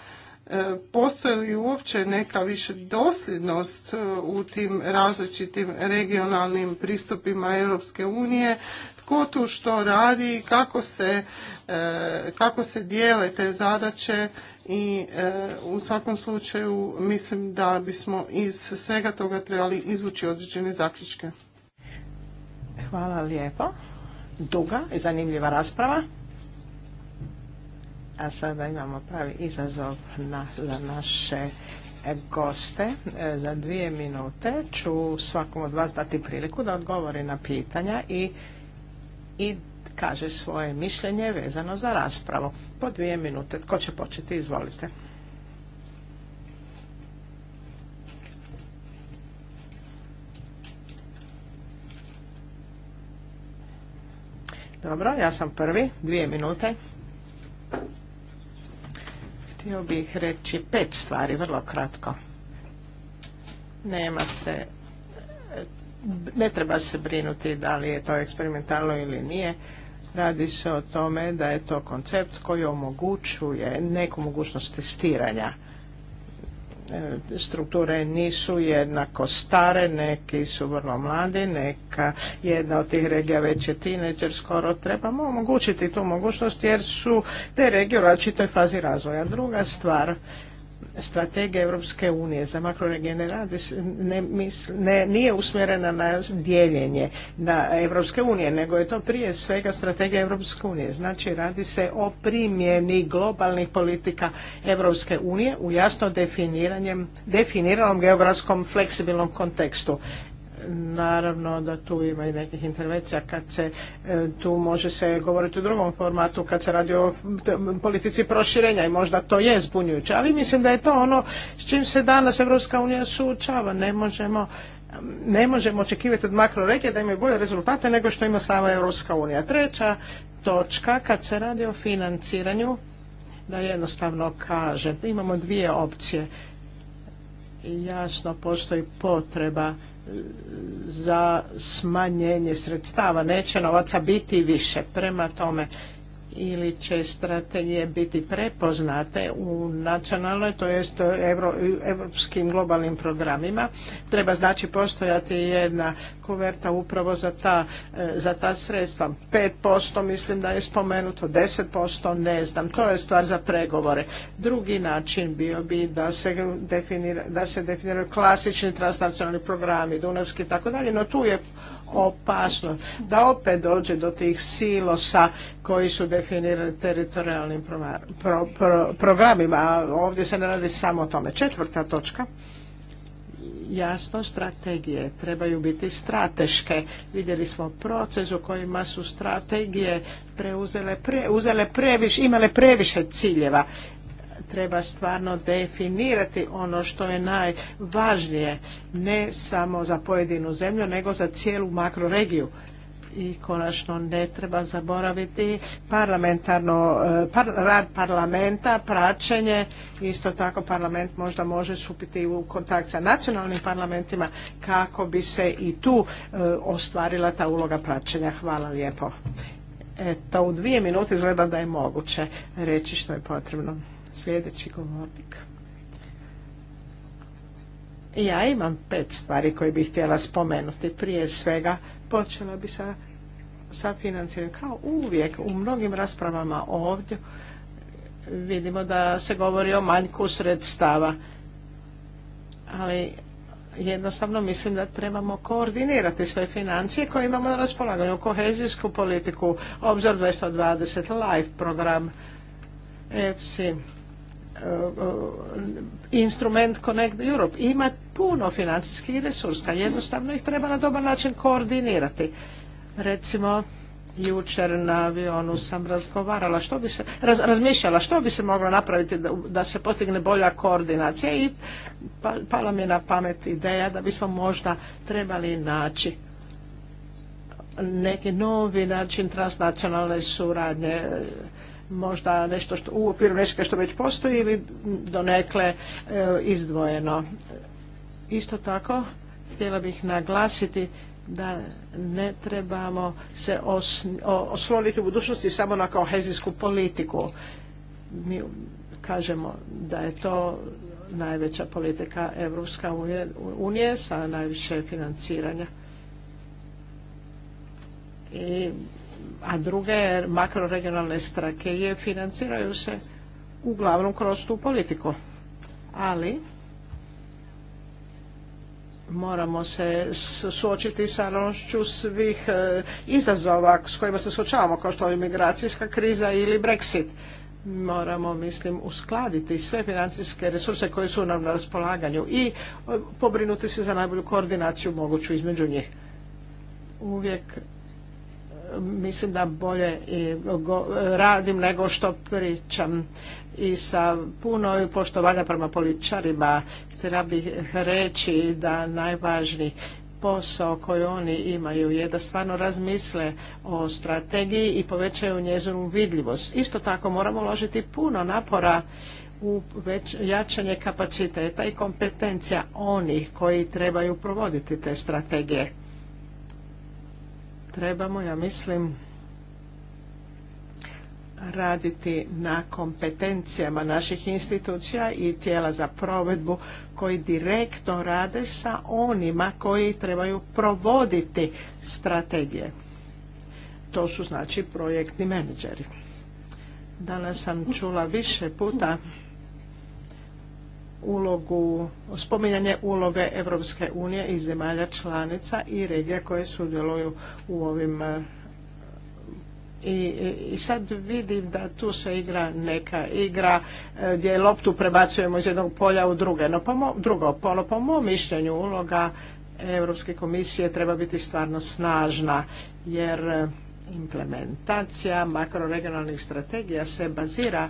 [SPEAKER 3] E, postoji li uopće neka više dosljednost e, u tim različitim regionalnim pristupima Europske unije, tko tu što radi, kako se, e, kako se dijele te zadaće i u svakom slučaju mislim da bismo iz svega toga trebali izvući određene zaključke.
[SPEAKER 2] Hvala lijepo. Duga i zanimljiva rasprava. A sada imamo pravi izazov za naše e, goste. E, za dvije minute ću svakom od vas dati priliku da odgovori na pitanja i, i kaže svoje mišljenje vezano za raspravu. Po dvije minute. Tko će početi? Izvolite. Dobro, ja sam prvi. Dvije minute. Htio bih reći pet stvari, vrlo kratko. Nema se, ne treba se brinuti da li je to eksperimentalno ili nije. Radi se o tome da je to koncept koji omogućuje neku mogućnost testiranja E, strukture nisu jednako stare, neki su vrlo mladi, neka jedna od tih regija već je tineđer skoro. Trebamo omogućiti tu mogućnost jer su te regije u različitoj fazi razvoja. Druga stvar, strategija Europske unije za makroregijene ne, nije usmjerena na dijeljenje na Europske unije, nego je to prije svega strategija Europske unije. Znači radi se o primjeni globalnih politika Europske unije u jasno definiranom geografskom fleksibilnom kontekstu. Naravno da tu ima i nekih intervencija kad se e, tu može se govoriti u drugom formatu kad se radi o politici proširenja i možda to je zbunjujuće, ali mislim da je to ono s čim se danas Evropska unija suočava. Ne možemo ne možemo očekivati od makro regije da imaju bolje rezultate nego što ima sama Europska unija. Treća točka kad se radi o financiranju da jednostavno kaže imamo dvije opcije jasno postoji potreba za smanjenje sredstava. Neće novaca biti više. Prema tome ili će strategije biti prepoznate u nacionalnoj, to jest europskim globalnim programima. Treba znači postojati jedna kuverta upravo za ta, za ta sredstva. 5% mislim da je spomenuto, 10% ne znam, to je stvar za pregovore. Drugi način bio bi da se, definira, da se definiraju klasični transnacionalni programi, dunavski i tako dalje, no tu je opasnost da opet dođe do tih silosa koji su definirani teritorijalnim programima, ovdje se ne radi samo o tome. Četvrta točka. Jasno, strategije trebaju biti strateške. Vidjeli smo proces u kojima su strategije preuzele pre, uzele previše, imale previše ciljeva treba stvarno definirati ono što je najvažnije, ne samo za pojedinu zemlju, nego za cijelu makroregiju i konačno ne treba zaboraviti parlamentarno eh, rad parlamenta, praćenje isto tako parlament možda može supiti u kontakt sa nacionalnim parlamentima kako bi se i tu eh, ostvarila ta uloga praćenja. Hvala lijepo. Eto, u dvije minute izgleda da je moguće reći što je potrebno sljedeći govornik. Ja imam pet stvari koje bih htjela spomenuti. Prije svega počela bi sa, sa financiranjem. Kao uvijek u mnogim raspravama ovdje vidimo da se govori o manjku sredstava. Ali jednostavno mislim da trebamo koordinirati sve financije koje imamo na raspolaganju. Kohezijsku politiku, obzor 220, live program, epsi Eh, instrument Connect Europe ima puno financijskih resursa, jednostavno ih treba na dobar način koordinirati. Recimo, jučer na avionu sam razgovarala, što bi se, raz, razmišljala što bi se moglo napraviti da, da se postigne bolja koordinacija i pa, pala mi je na pamet ideja da bismo možda trebali naći neki novi način transnacionalne suradnje možda nešto što, u okviru nečega što već postoji ili donekle e, izdvojeno. Isto tako htjela bih naglasiti da ne trebamo se osloniti u budućnosti samo na kohezijsku politiku. Mi kažemo da je to najveća politika Evropska unije sa najviše financiranja. I a druge makroregionalne strategije financiraju se uglavnom kroz tu politiku. Ali moramo se suočiti sa rošću svih e, izazova s kojima se suočavamo, kao što je migracijska kriza ili Brexit. Moramo, mislim, uskladiti sve financijske resurse koje su nam na raspolaganju i e, pobrinuti se za najbolju koordinaciju moguću između njih. Uvijek mislim da bolje radim nego što pričam i sa puno poštovanja prema političarima treba bih reći da najvažniji posao koji oni imaju je da stvarno razmisle o strategiji i povećaju njezinu vidljivost. Isto tako moramo uložiti puno napora u već jačanje kapaciteta i kompetencija onih koji trebaju provoditi te strategije trebamo, ja mislim, raditi na kompetencijama naših institucija i tijela za provedbu koji direktno rade sa onima koji trebaju provoditi strategije. To su znači projektni menadžeri. Danas sam čula više puta ulogu, spominjanje uloge Europske unije i zemalja članica i regija koje sudjeluju u ovim e, i, i sad vidim da tu se igra neka igra e, gdje loptu prebacujemo iz jednog polja u druge. No, po drugo, po, ono, po mom mišljenju uloga Europske komisije treba biti stvarno snažna jer e, implementacija makroregionalnih strategija se bazira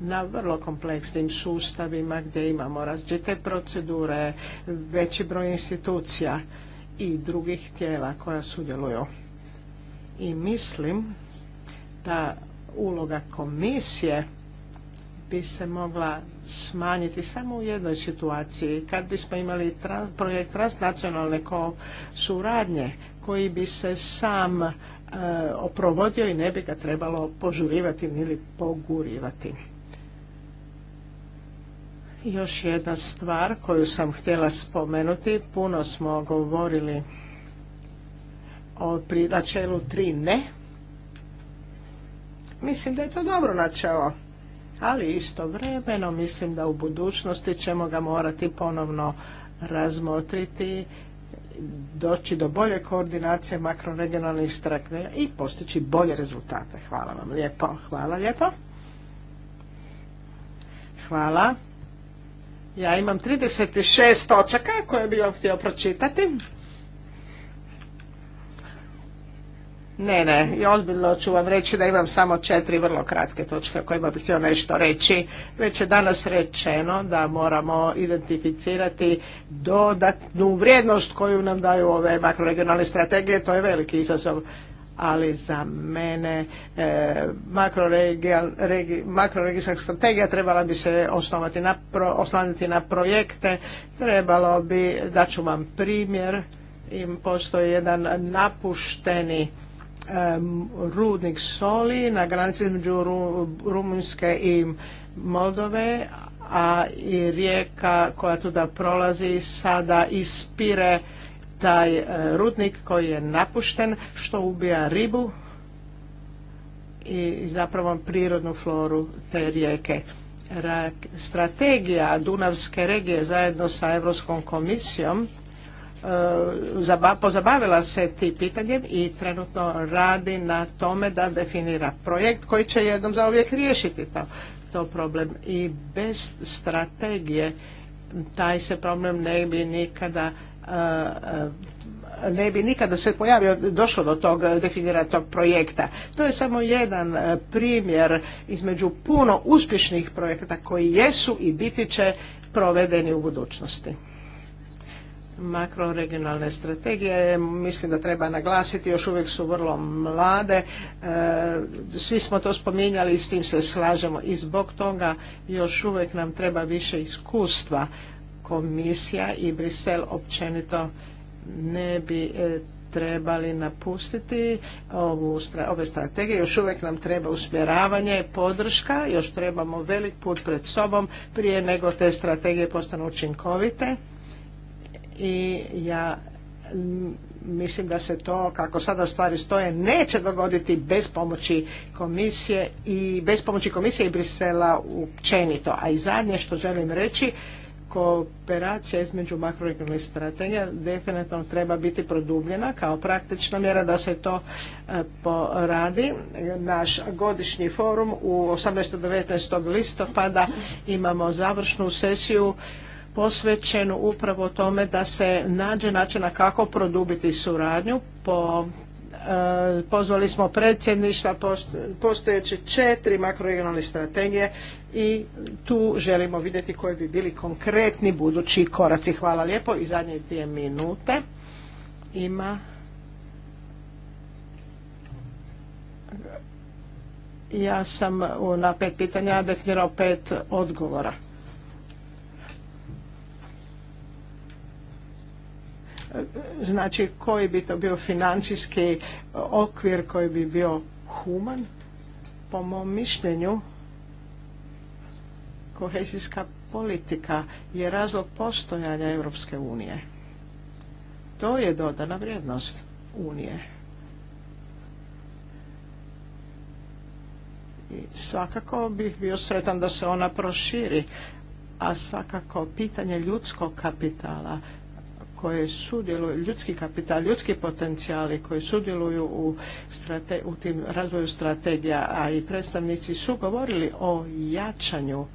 [SPEAKER 2] na vrlo kompleksnim sustavima gdje imamo različite procedure, veći broj institucija i drugih tijela koja sudjeluju. I mislim da uloga komisije bi se mogla smanjiti samo u jednoj situaciji kad bismo imali projekt transnacionalne ko suradnje koji bi se sam e, oprovodio i ne bi ga trebalo požurivati ili pogurivati. Još jedna stvar koju sam htjela spomenuti, puno smo govorili o pri načelu tri ne. Mislim da je to dobro načelo, ali istovremeno mislim da u budućnosti ćemo ga morati ponovno razmotriti, doći do bolje koordinacije makroregionalnih strategija i postići bolje rezultate. Hvala vam lijepo. Hvala lijepo. Hvala. Ja imam 36 točaka koje bih vam htio pročitati. Ne, ne, i ozbiljno ću vam reći da imam samo četiri vrlo kratke točke kojima bih htio nešto reći. Već je danas rečeno da moramo identificirati dodatnu vrijednost koju nam daju ove makroregionalne strategije, to je veliki izazov ali za mene e, strategija trebala bi se osnovati na, na projekte, trebalo bi, ću vam primjer, im postoji jedan napušteni e, rudnik soli na granici između Rumunjske i Moldove, a i rijeka koja tuda prolazi sada ispire taj e, rudnik koji je napušten što ubija ribu i zapravo prirodnu floru te rijeke. Strategija Dunavske regije zajedno sa Europskom komisijom e, pozabavila se ti pitanjem i trenutno radi na tome da definira projekt koji će jednom zauvijek riješiti to problem. I bez strategije taj se problem ne bi nikada ne bi nikada se pojavio, došlo do tog definiranja tog projekta. To je samo jedan e, primjer između puno uspješnih projekata koji jesu i biti će provedeni u budućnosti. Makroregionalne strategije, mislim da treba naglasiti, još uvijek su vrlo mlade, e, svi smo to spominjali i s tim se slažemo i zbog toga još uvijek nam treba više iskustva komisija i Brisel općenito ne bi e, trebali napustiti ovu, ove strategije. Još uvijek nam treba usmjeravanje, podrška, još trebamo velik put pred sobom prije nego te strategije postanu učinkovite i ja mislim da se to, kako sada stvari stoje, neće dogoditi bez pomoći komisije i bez pomoći komisije i Brisela općenito. A i zadnje što želim reći kooperacija između makroregionalnih strategija definitivno treba biti produbljena kao praktična mjera da se to e, poradi. Naš godišnji forum u 18. 19. listopada imamo završnu sesiju posvećenu upravo tome da se nađe načina kako produbiti suradnju po E, pozvali smo predsjedništva postojeće četiri makroregionalne strategije i tu želimo vidjeti koji bi bili konkretni budući koraci. Hvala lijepo i zadnje dvije minute ima ja sam na pet pitanja definirao pet odgovora. Znači koji bi to bio financijski okvir koji bi bio human? Po mom mišljenju kohezijska politika je razlog postojanja Europske unije. To je dodana vrijednost unije. I svakako bih bio sretan da se ona proširi, a svakako pitanje ljudskog kapitala koje sudjeluju, ljudski kapital, ljudski potencijali koji sudjeluju u, u tim razvoju strategija, a i predstavnici su govorili o jačanju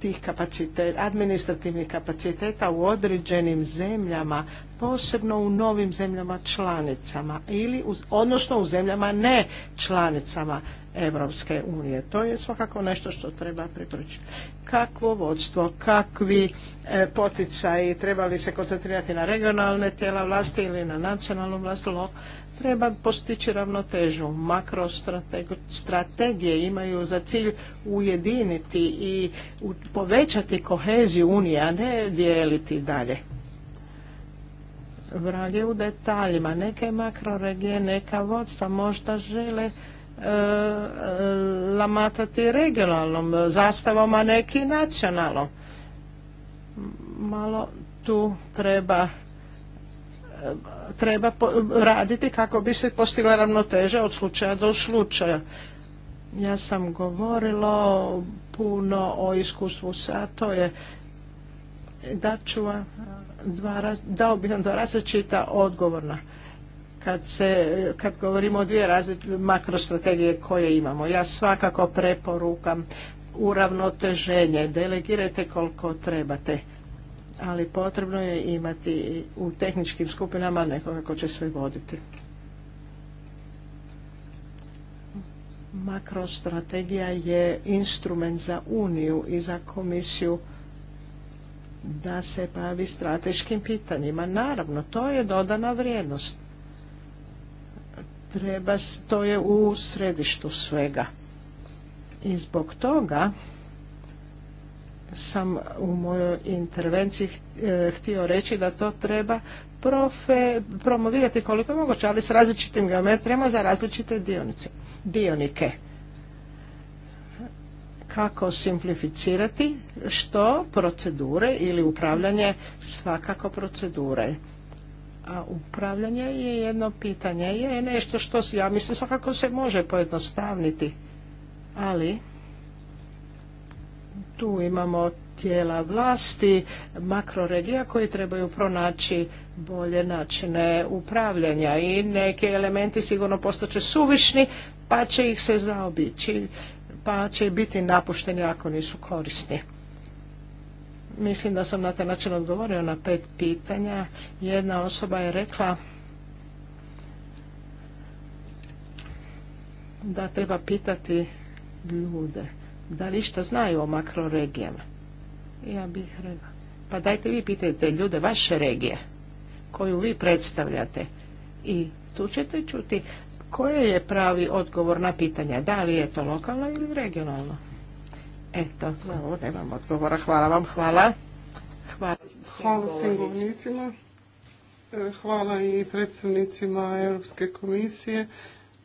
[SPEAKER 2] tih kapaciteta, administrativnih kapaciteta u određenim zemljama, posebno u novim zemljama članicama ili odnosno u zemljama ne članicama. Europske unije. To je svakako nešto što treba pripričati. Kakvo vodstvo, kakvi e, poticaji, treba li se koncentrirati na regionalne tijela vlasti ili na nacionalnu vlast, treba postići ravnotežu. Makrostrategije imaju za cilj ujediniti i povećati koheziju Unije, a ne dijeliti dalje. Vrag u detaljima. Neke makroregije, neka vodstva možda žele E, e, lamatati regionalnom zastavom, a neki nacionalnom. Malo tu treba e, treba raditi kako bi se postigla ravnoteža od slučaja do slučaja. Ja sam govorila puno o iskustvu sa, to je da ću vam dao bih vam dva različita odgovorna kad, se, kad govorimo o dvije različite makrostrategije koje imamo. Ja svakako preporukam uravnoteženje, delegirajte koliko trebate, ali potrebno je imati u tehničkim skupinama nekoga ko će sve voditi. Makrostrategija je instrument za Uniju i za komisiju da se bavi strateškim pitanjima. Naravno, to je dodana vrijednost treba, to je u središtu svega. I zbog toga sam u mojoj intervenciji e, htio reći da to treba profe, promovirati koliko je moguće, ali s različitim geometrijama za različite dionice, dionike. Kako simplificirati što procedure ili upravljanje svakako procedure. A upravljanje je jedno pitanje, je nešto što ja mislim svakako se može pojednostavniti, ali tu imamo tijela vlasti, makroregija koji trebaju pronaći bolje načine upravljanja i neki elementi sigurno postaće suvišni pa će ih se zaobići, pa će biti napušteni ako nisu korisni. Mislim da sam na taj način odgovorio na pet pitanja. Jedna osoba je rekla da treba pitati ljude da li što znaju o makroregijama. Ja bih rekla. Pa dajte vi pitajte ljude vaše regije koju vi predstavljate i tu ćete čuti koje je pravi odgovor na pitanja, da li je to lokalno ili regionalno. Eto, dobro, nemam odgovora. Hvala vam, hvala. Hvala svim govornicima.
[SPEAKER 3] E, hvala i predstavnicima Europske komisije.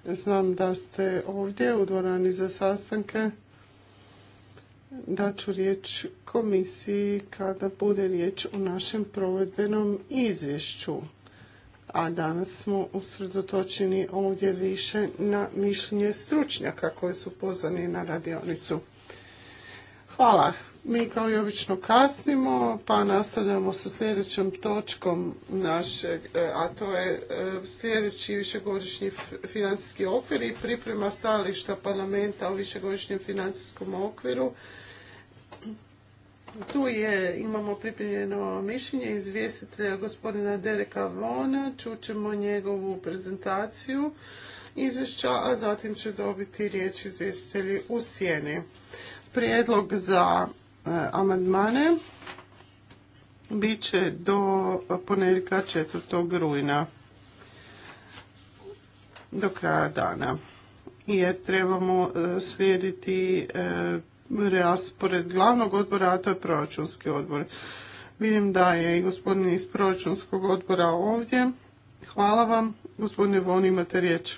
[SPEAKER 3] Znam da ste ovdje u dvorani za sastanke. Daću riječ komisiji kada bude riječ o našem provedbenom izvješću. A danas smo usredotočeni ovdje više na mišljenje stručnjaka koji su pozvani na radionicu. Hvala. Mi kao i obično kasnimo, pa nastavljamo sa sljedećom točkom našeg, e, a to je e, sljedeći višegodišnji financijski okvir i priprema stajališta parlamenta o višegodišnjem financijskom okviru. Tu je, imamo pripremljeno mišljenje izvjestitelja gospodina Dereka Vona, čućemo njegovu prezentaciju izvješća, a zatim će dobiti riječ izvjestitelji u sjeni. Prijedlog za e, amandmane bit će do ponedjeljka 4. rujna do kraja dana jer trebamo e, slijediti e, raspored glavnog odbora, a to je proračunski odbor. Vidim da je i gospodin iz proračunskog odbora ovdje. Hvala vam. Gospodine Voni, imate riječ.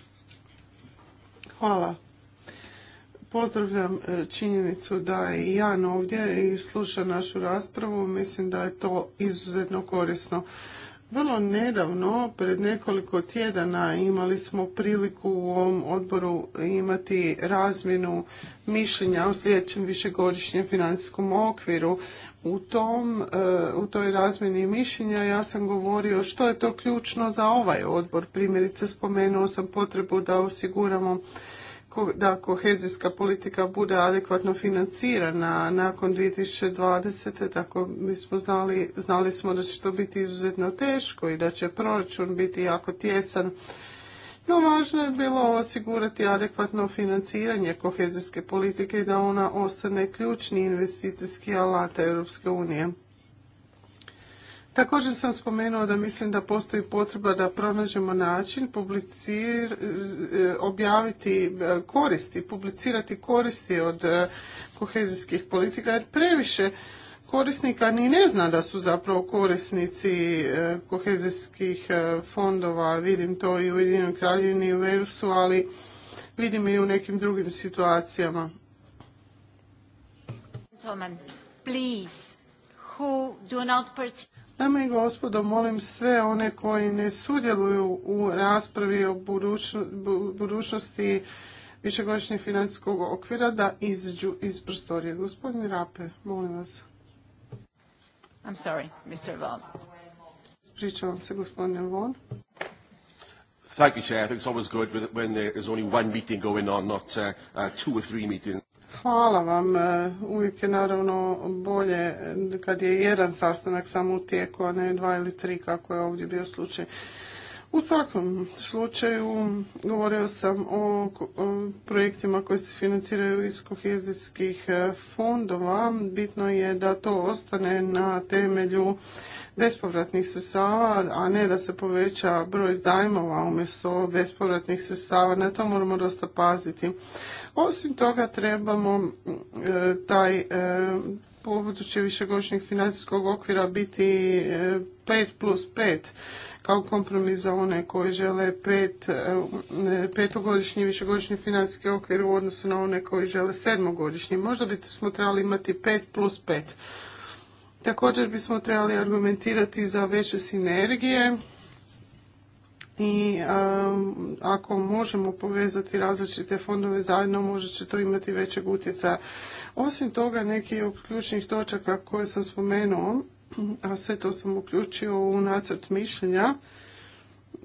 [SPEAKER 3] Hvala. Pozdravljam e, činjenicu da je Jan ovdje i sluša našu raspravu. Mislim da je to izuzetno korisno. Vrlo nedavno, pred nekoliko tjedana, imali smo priliku u ovom odboru imati razmjenu mišljenja o sljedećem višegodišnjem financijskom okviru. U, tom, e, u toj razmjeni mišljenja ja sam govorio što je to ključno za ovaj odbor. Primjerice spomenuo sam potrebu da osiguramo da kohezijska politika bude adekvatno financirana nakon 2020. Tako mi smo znali, znali smo da će to biti izuzetno teško i da će proračun biti jako tjesan. No važno je bilo osigurati adekvatno financiranje kohezijske politike i da ona ostane ključni investicijski alat Europske unije. Također sam spomenuo da mislim da postoji potreba da pronađemo način publicir, e, objaviti e, koristi, publicirati koristi od e, kohezijskih politika jer previše korisnika ni ne zna da su zapravo korisnici kohezijskih fondova. Vidim to i u Jedinoj Kraljevini i u Walesu, ali vidim i u nekim drugim situacijama.
[SPEAKER 1] Please,
[SPEAKER 3] who do not Dame i gospodo, molim sve one koji ne sudjeluju u raspravi o budućnosti višegodišnjeg financijskog okvira da izđu iz prostorije. Gospodin Rape, molim vas. I'm sorry, Mr. Vaughan. Ispričavam se, gospodine Vaughan.
[SPEAKER 5] Thank you, Chair. I think it's always good when there is only one meeting going on, not uh, uh, two or three meetings.
[SPEAKER 3] Hvala vam. E, uvijek je naravno bolje kad je jedan sastanak samo u tijeku, a ne dva ili tri kako je ovdje bio slučaj. U svakom slučaju govorio sam o projektima koji se financiraju iz kohezijskih e, fondova. Bitno je da to ostane na temelju bespovratnih sredstava, a ne da se poveća broj zajmova umjesto bespovratnih sredstava. Na to moramo dosta paziti. Osim toga trebamo e, taj e, će višegodišnjeg financijskog okvira biti 5 e, plus 5 kao kompromis za one koji žele pet, e, petogodišnji višegodišnji financijski okvir u odnosu na one koji žele sedmogodišnji. Možda bi smo trebali imati 5 plus 5. Također bismo trebali argumentirati za veće sinergije i ako možemo povezati različite fondove zajedno možda će to imati većeg utjecaja. Osim toga neki od ključnih točaka koje sam spomenuo, a sve to sam uključio u nacrt mišljenja,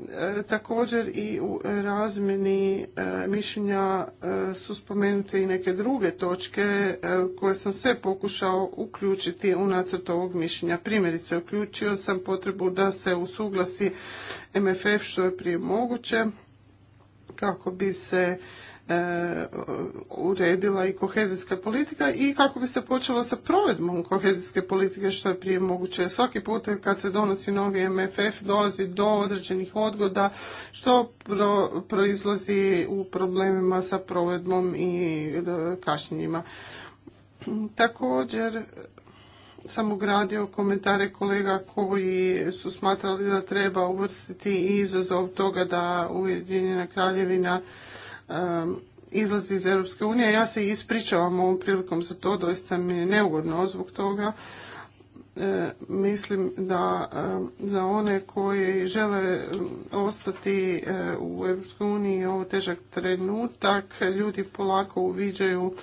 [SPEAKER 3] E, također i u razmjeni e, mišljenja e, su spomenute i neke druge točke koje sam sve pokušao uključiti u nacrt ovog mišljenja. Primjerice, uključio sam potrebu da se usuglasi MFF što je prije moguće kako bi se E, uredila i kohezijska politika i kako bi se počelo sa provedbom kohezijske politike što je prije moguće. Svaki put kad se donosi novi MFF dolazi do određenih odgoda što proizlazi u problemima sa provedbom i e, kašnjenjima. Također sam ugradio komentare kolega koji su smatrali da treba uvrstiti izazov toga da Ujedinjena kraljevina Um, izlazi iz Europske unije. Ja se ispričavam ovom prilikom za to, doista mi je neugodno zbog toga. E, mislim da um, za one koji žele um, ostati e, u EU je ovo težak trenutak. Ljudi polako uviđaju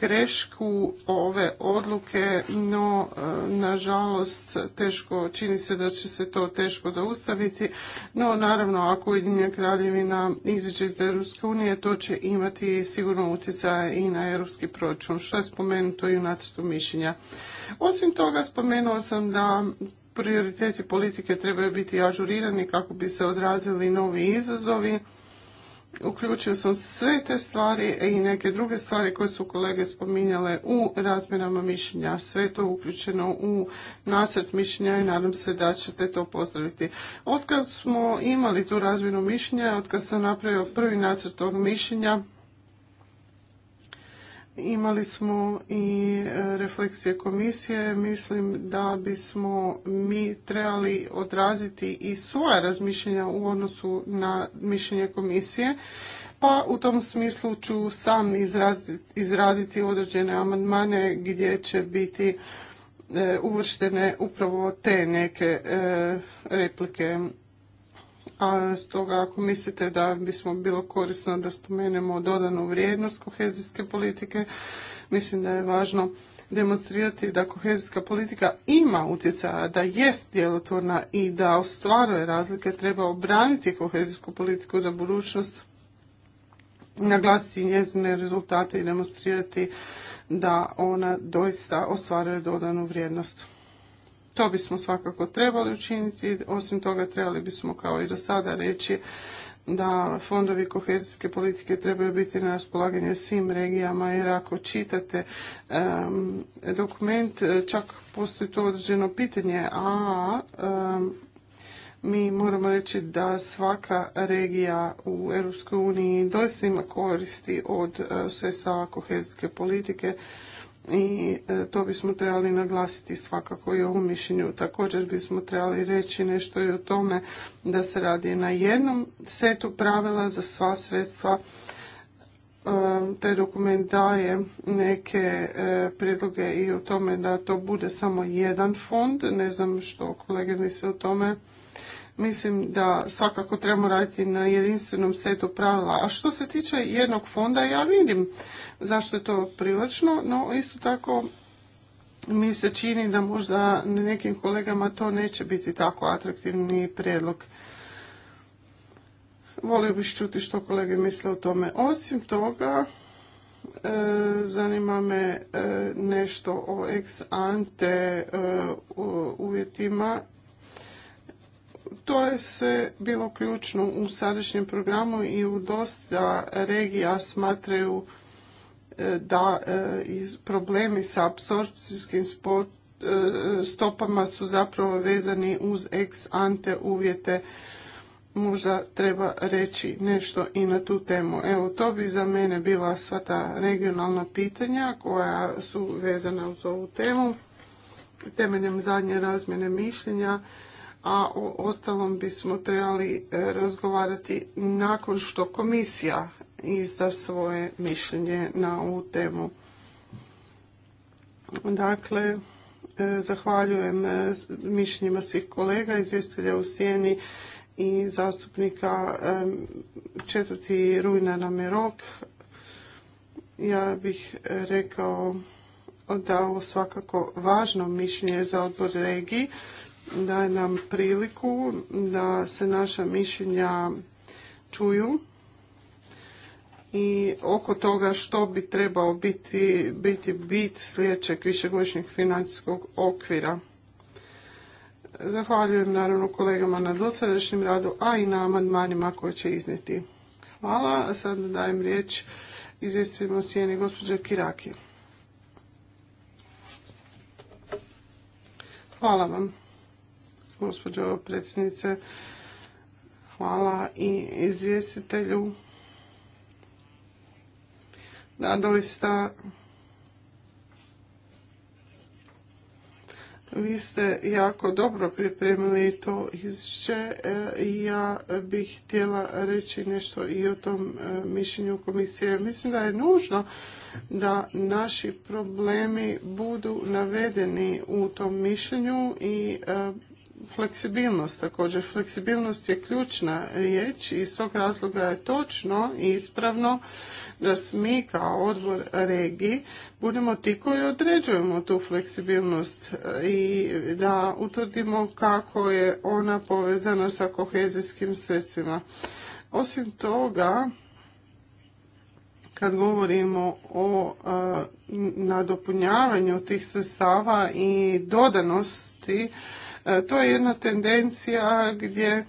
[SPEAKER 3] grešku ove odluke, no e, nažalost teško, čini se da će se to teško zaustaviti, no naravno ako ujedinja kraljevina iziđe iz Europske unije, to će imati sigurno utjecaj i na europski proračun, što je spomenuto i u nacrtu mišljenja. Osim toga spomenuo sam da prioriteti politike trebaju biti ažurirani kako bi se odrazili novi izazovi uključio sam sve te stvari i neke druge stvari koje su kolege spominjale u razmjerama mišljenja. Sve je to uključeno u nacrt mišljenja i nadam se da ćete to pozdraviti. Otkad smo imali tu razmjenu mišljenja, otkad sam napravio prvi nacrt tog mišljenja, Imali smo i e, refleksije komisije. Mislim da bismo mi trebali odraziti i svoja razmišljenja u odnosu na mišljenje komisije. Pa u tom smislu ću sam izraditi određene amandmane gdje će biti e, uvrštene upravo te neke e, replike a stoga ako mislite da bismo bilo korisno da spomenemo dodanu vrijednost kohezijske politike, mislim da je važno demonstrirati da kohezijska politika ima utjecaja, da jest djelotvorna i da ostvaruje razlike, treba obraniti kohezijsku politiku za budućnost, naglasiti njezine rezultate i demonstrirati da ona doista ostvaruje dodanu vrijednost. To bismo svakako trebali učiniti. Osim toga trebali bismo kao i do sada reći da fondovi kohezijske politike trebaju biti na raspolaganje svim regijama jer ako čitate dokument čak postoji to određeno pitanje a mi moramo reći da svaka regija u EU doista ima koristi od e, sredstava kohezijske politike i e, to bismo trebali naglasiti svakako i u ovom mišljenju. Također bismo trebali reći nešto i o tome da se radi na jednom setu pravila za sva sredstva. E, taj dokument daje neke e, prijedloge i o tome da to bude samo jedan fond. Ne znam što kolege misle o tome. Mislim da svakako trebamo raditi na jedinstvenom setu pravila. A što se tiče jednog fonda, ja vidim zašto je to privlačno, no isto tako mi se čini da možda nekim kolegama to neće biti tako atraktivni prijedlog. Volio bih čuti što kolege misle o tome. Osim toga, e, zanima me e, nešto o ex ante e, uvjetima to je sve bilo ključno u sadašnjem programu i u dosta regija smatraju e, da e, problemi sa apsorpcijskim e, stopama su zapravo vezani uz ex ante uvjete. Možda treba reći nešto i na tu temu. Evo, to bi za mene bila sva ta regionalna pitanja koja su vezana uz ovu temu. Temeljem zadnje razmjene mišljenja a o ostalom bismo trebali e, razgovarati nakon što komisija izda svoje mišljenje na ovu temu. Dakle, e, zahvaljujem e, mišljenjima svih kolega, izvjestitelja u sjeni i zastupnika. četvrti rujna nam je rok. Ja bih rekao da ovo svakako važno mišljenje za odbor regiji daje nam priliku da se naša mišljenja čuju i oko toga što bi trebao biti, biti bit sljedećeg višegodišnjeg financijskog okvira. Zahvaljujem naravno kolegama na dosadašnjem radu, a i na amandmanima koje će iznijeti. Hvala, a dajem riječ o sjeni gospođa Kiraki. Hvala vam gospođo predsjednice. Hvala i izvjestitelju. Da, doista Vi ste jako dobro pripremili to izvješće e, i ja bih htjela reći nešto i o tom e, mišljenju komisije. Mislim da je nužno da naši problemi budu navedeni u tom mišljenju i e, fleksibilnost također. Fleksibilnost je ključna riječ i iz tog razloga je točno i ispravno da mi kao odbor regiji budemo ti koji određujemo tu fleksibilnost i da utvrdimo kako je ona povezana sa kohezijskim sredstvima. Osim toga, kad govorimo o nadopunjavanju tih sredstava i dodanosti E, to je jedna tendencija gdje e,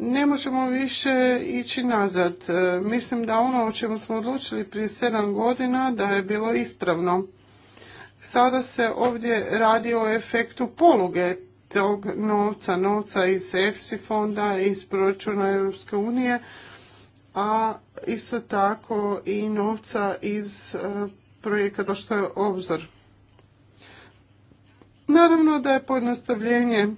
[SPEAKER 3] ne možemo više ići nazad. E, mislim da ono o čemu smo odlučili prije sedam godina da je bilo ispravno. Sada se ovdje radi o efektu poluge tog novca, novca iz EFSI fonda, iz proračuna Europske unije, a isto tako i novca iz projekata što je obzor. Naravno da je pojednostavljenje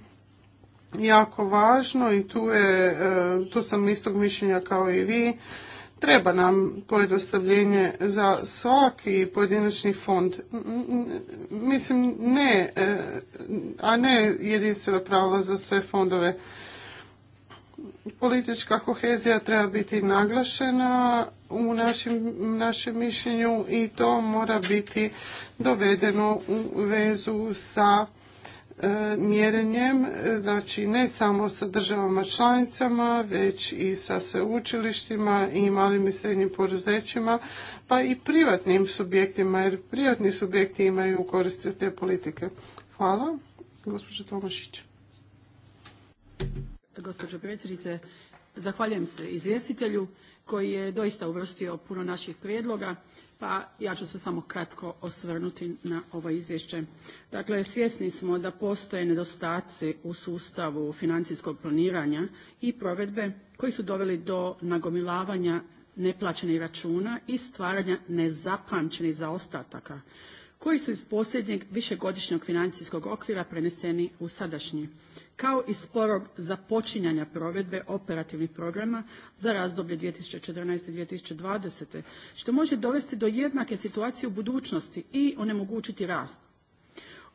[SPEAKER 3] jako važno i tu, je, e, tu sam istog mišljenja kao i vi. Treba nam pojednostavljenje za svaki pojedinačni fond. Mislim, ne, e, a ne jedinstvena prava za sve fondove politička kohezija treba biti naglašena u našem, našem mišljenju i to mora biti dovedeno u vezu sa e, mjerenjem, znači ne samo sa državama članicama, već i sa sveučilištima i malim i srednjim poduzećima, pa i privatnim subjektima, jer privatni subjekti imaju koristi od te politike. Hvala. Gospođa Tomašić
[SPEAKER 6] gospođo predsjednice. Zahvaljujem se izvjestitelju koji je doista uvrstio puno naših prijedloga, pa ja ću se samo kratko osvrnuti na ovo izvješće. Dakle, svjesni smo da postoje nedostaci u sustavu financijskog planiranja i provedbe koji su doveli do nagomilavanja neplaćenih računa i stvaranja nezapamćenih zaostataka koji su iz posljednjeg višegodišnjeg financijskog okvira preneseni u sadašnji, kao i sporog započinjanja provedbe operativnih programa za razdoblje 2014. 2020. što može dovesti do jednake situacije u budućnosti i onemogućiti rast.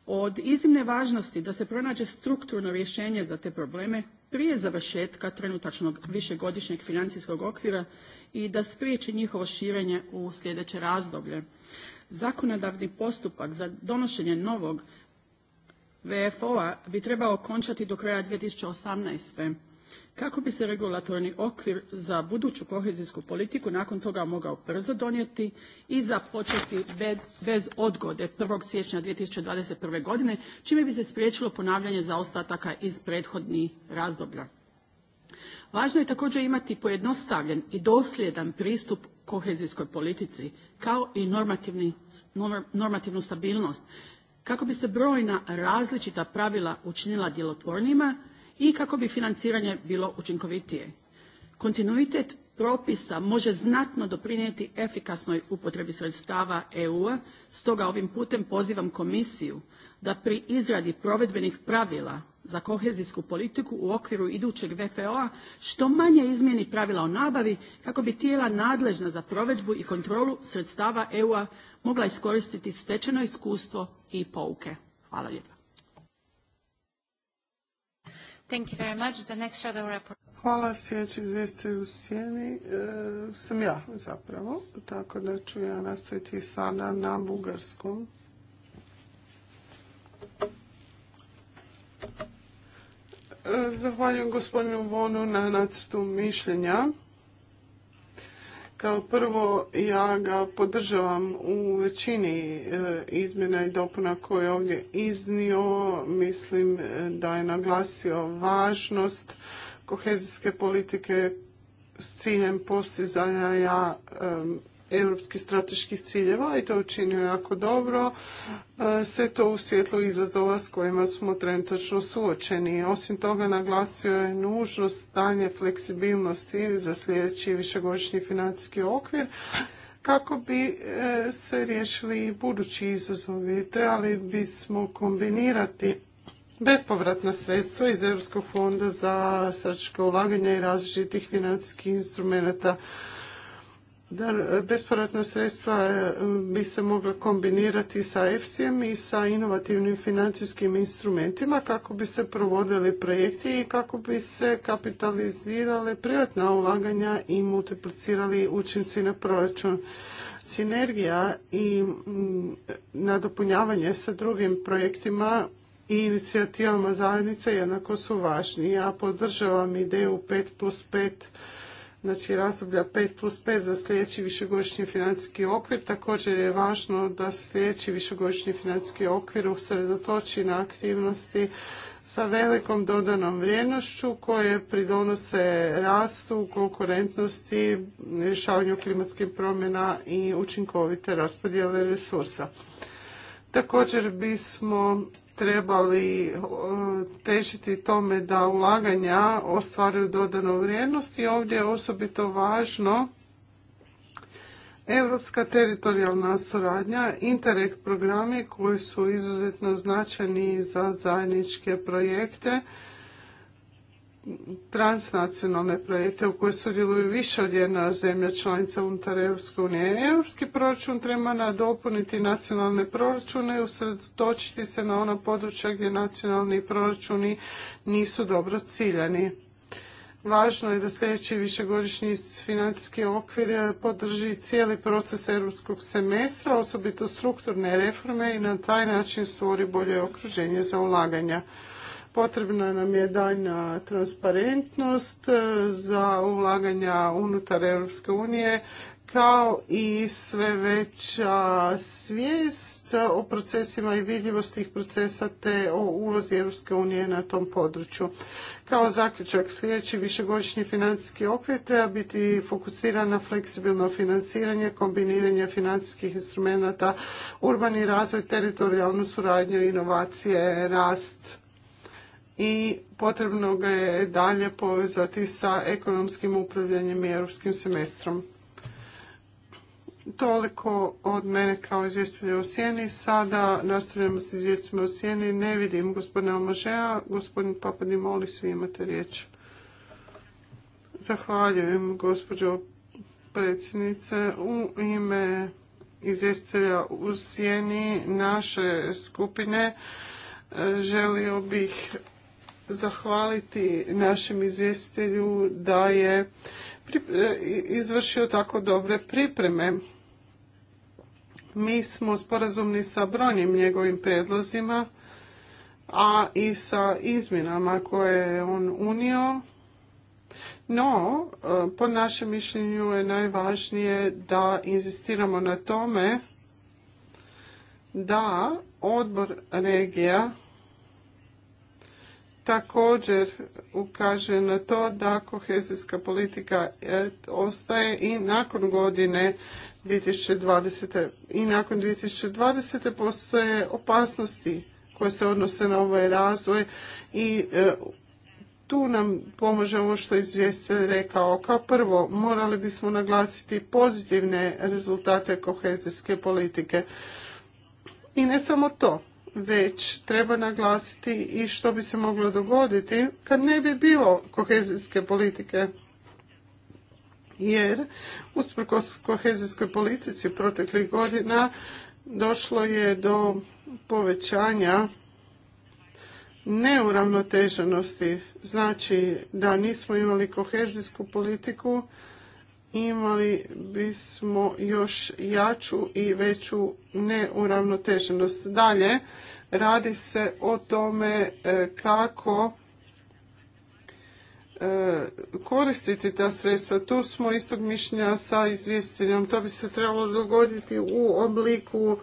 [SPEAKER 6] Od iznimne važnosti da se pronađe strukturno rješenje za te probleme prije završetka trenutačnog višegodišnjeg financijskog okvira i da spriječi njihovo širenje u sljedeće razdoblje zakonodavni postupak za donošenje novog VFO-a bi trebao okončati do kraja 2018. Kako bi se regulatorni okvir za buduću kohezijsku politiku nakon toga mogao brzo donijeti i započeti bez odgode 1. siječnja 2021. godine, čime bi se spriječilo ponavljanje zaostataka iz prethodnih razdoblja. Važno je također imati pojednostavljen i dosljedan pristup kohezijskoj politici, kao i normativnu stabilnost, kako bi se brojna različita pravila učinila djelotvornima i kako bi financiranje bilo učinkovitije. Kontinuitet propisa može znatno doprinijeti efikasnoj upotrebi sredstava EU-a, stoga ovim putem pozivam komisiju da pri izradi provedbenih pravila za kohezijsku politiku u okviru idućeg VFO-a što manje izmjeni pravila o nabavi kako bi tijela nadležna za provedbu i kontrolu sredstava EU-a mogla iskoristiti stečeno iskustvo i pouke. Hvala lijepa.
[SPEAKER 1] Thank you very much. The next
[SPEAKER 3] Hvala, u sjeni e, sam ja zapravo, tako da ću ja nastaviti sada na bugarskom. Zahvaljujem gospodinu Vonu na nacrtu mišljenja. Kao prvo, ja ga podržavam u većini e, izmjena i dopuna koje je ovdje iznio. Mislim da je naglasio važnost kohezijske politike s ciljem postizanja europskih strateških ciljeva i to učinio jako dobro. E, sve to u svjetlu izazova s kojima smo trenutačno suočeni. Osim toga naglasio je nužnost stanje fleksibilnosti za sljedeći višegodišnji financijski okvir kako bi e, se riješili budući izazovi. Trebali bismo kombinirati bespovratna sredstva iz Europskog fonda za srčko ulaganje i različitih financijskih instrumenta da bespovratna sredstva e, bi se mogla kombinirati sa efsi i sa inovativnim financijskim instrumentima kako bi se provodili projekti i kako bi se kapitalizirale privatna ulaganja i multiplicirali učinci na proračun. Sinergija i nadopunjavanje sa drugim projektima i inicijativama zajednice jednako su važni. Ja podržavam ideju 5 plus 5 znači razdoblja 5 plus 5 za sljedeći višegodišnji financijski okvir. Također je važno da sljedeći višegodišnji financijski okvir usredotoči na aktivnosti sa velikom dodanom vrijednošću koje pridonose rastu, konkurentnosti, rješavanju klimatskih promjena i učinkovite raspodjele resursa. Također bismo trebali težiti tome da ulaganja ostvaruju dodanu vrijednost i ovdje je osobito važno Europska teritorijalna suradnja, Interreg programi koji su izuzetno značajni za zajedničke projekte transnacionalne projekte u koje sudjeluju više od jedna zemlja članica unutar Europske unije. Europski proračun treba nadopuniti nacionalne proračune i usredotočiti se na ona područja gdje nacionalni proračuni nisu dobro ciljani. Važno je da sljedeći višegodišnji financijski okvir podrži cijeli proces europskog semestra, osobito strukturne reforme i na taj način stvori bolje okruženje za ulaganja. Potrebna nam je daljna transparentnost e, za ulaganja unutar Europske unije kao i sve veća svijest o procesima i vidljivosti tih procesa te o ulozi Europske unije na tom području. Kao zaključak sljedeći višegodišnji financijski okvir treba biti fokusiran na fleksibilno financiranje, kombiniranje financijskih instrumenata, urbani razvoj, teritorijalnu suradnju, inovacije, rast i potrebno ga je dalje povezati sa ekonomskim upravljanjem i europskim semestrom. Toliko od mene kao izvjestitelja o sjeni. Sada nastavljamo s izvjestima u sjeni. Ne vidim gospodina Omažeja. Gospodin Papadimoli, svi imate riječ. Zahvaljujem gospođo predsjednice. U ime izvjestitelja u sjeni naše skupine e, želio bih zahvaliti našem izvjestitelju da je e, izvršio tako dobre pripreme. Mi smo sporazumni sa brojnim njegovim predlozima a i sa izmjenama koje je on unio. No, e, po našem mišljenju je najvažnije da inzistiramo na tome da odbor regija također ukaže na to da kohezijska politika e, ostaje i nakon godine 2020. I nakon 2020. postoje opasnosti koje se odnose na ovaj razvoj i e, tu nam pomaže ono što izvijeste rekao. Kao prvo, morali bismo naglasiti pozitivne rezultate kohezijske politike. I ne samo to, već treba naglasiti i što bi se moglo dogoditi kad ne bi bilo kohezijske politike. Jer usprkos kohezijskoj politici proteklih godina došlo je do povećanja neuravnoteženosti. Znači da nismo imali kohezijsku politiku imali bismo još jaču i veću neuravnoteženost. Dalje, radi se o tome e, kako e, koristiti ta sredstva. Tu smo istog mišljenja sa izvjestiteljom. To bi se trebalo dogoditi u obliku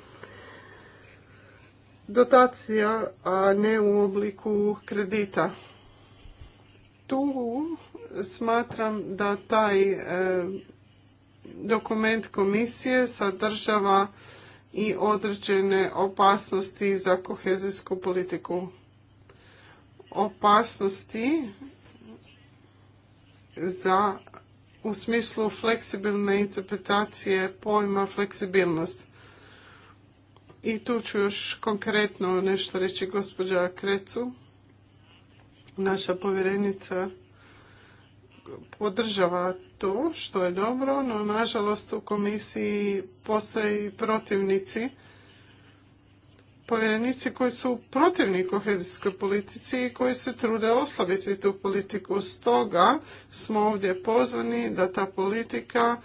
[SPEAKER 3] dotacija, a ne u obliku kredita. Tu smatram da taj e, dokument komisije sadržava i određene opasnosti za kohezijsku politiku. Opasnosti za u smislu fleksibilne interpretacije pojma fleksibilnost. I tu ću još konkretno nešto reći gospođa Krecu, naša povjerenica podržava to što je dobro, no nažalost u komisiji postoje i protivnici, povjerenici koji su protivni kohezijskoj politici i koji se trude oslabiti tu politiku. Stoga smo ovdje pozvani da ta politika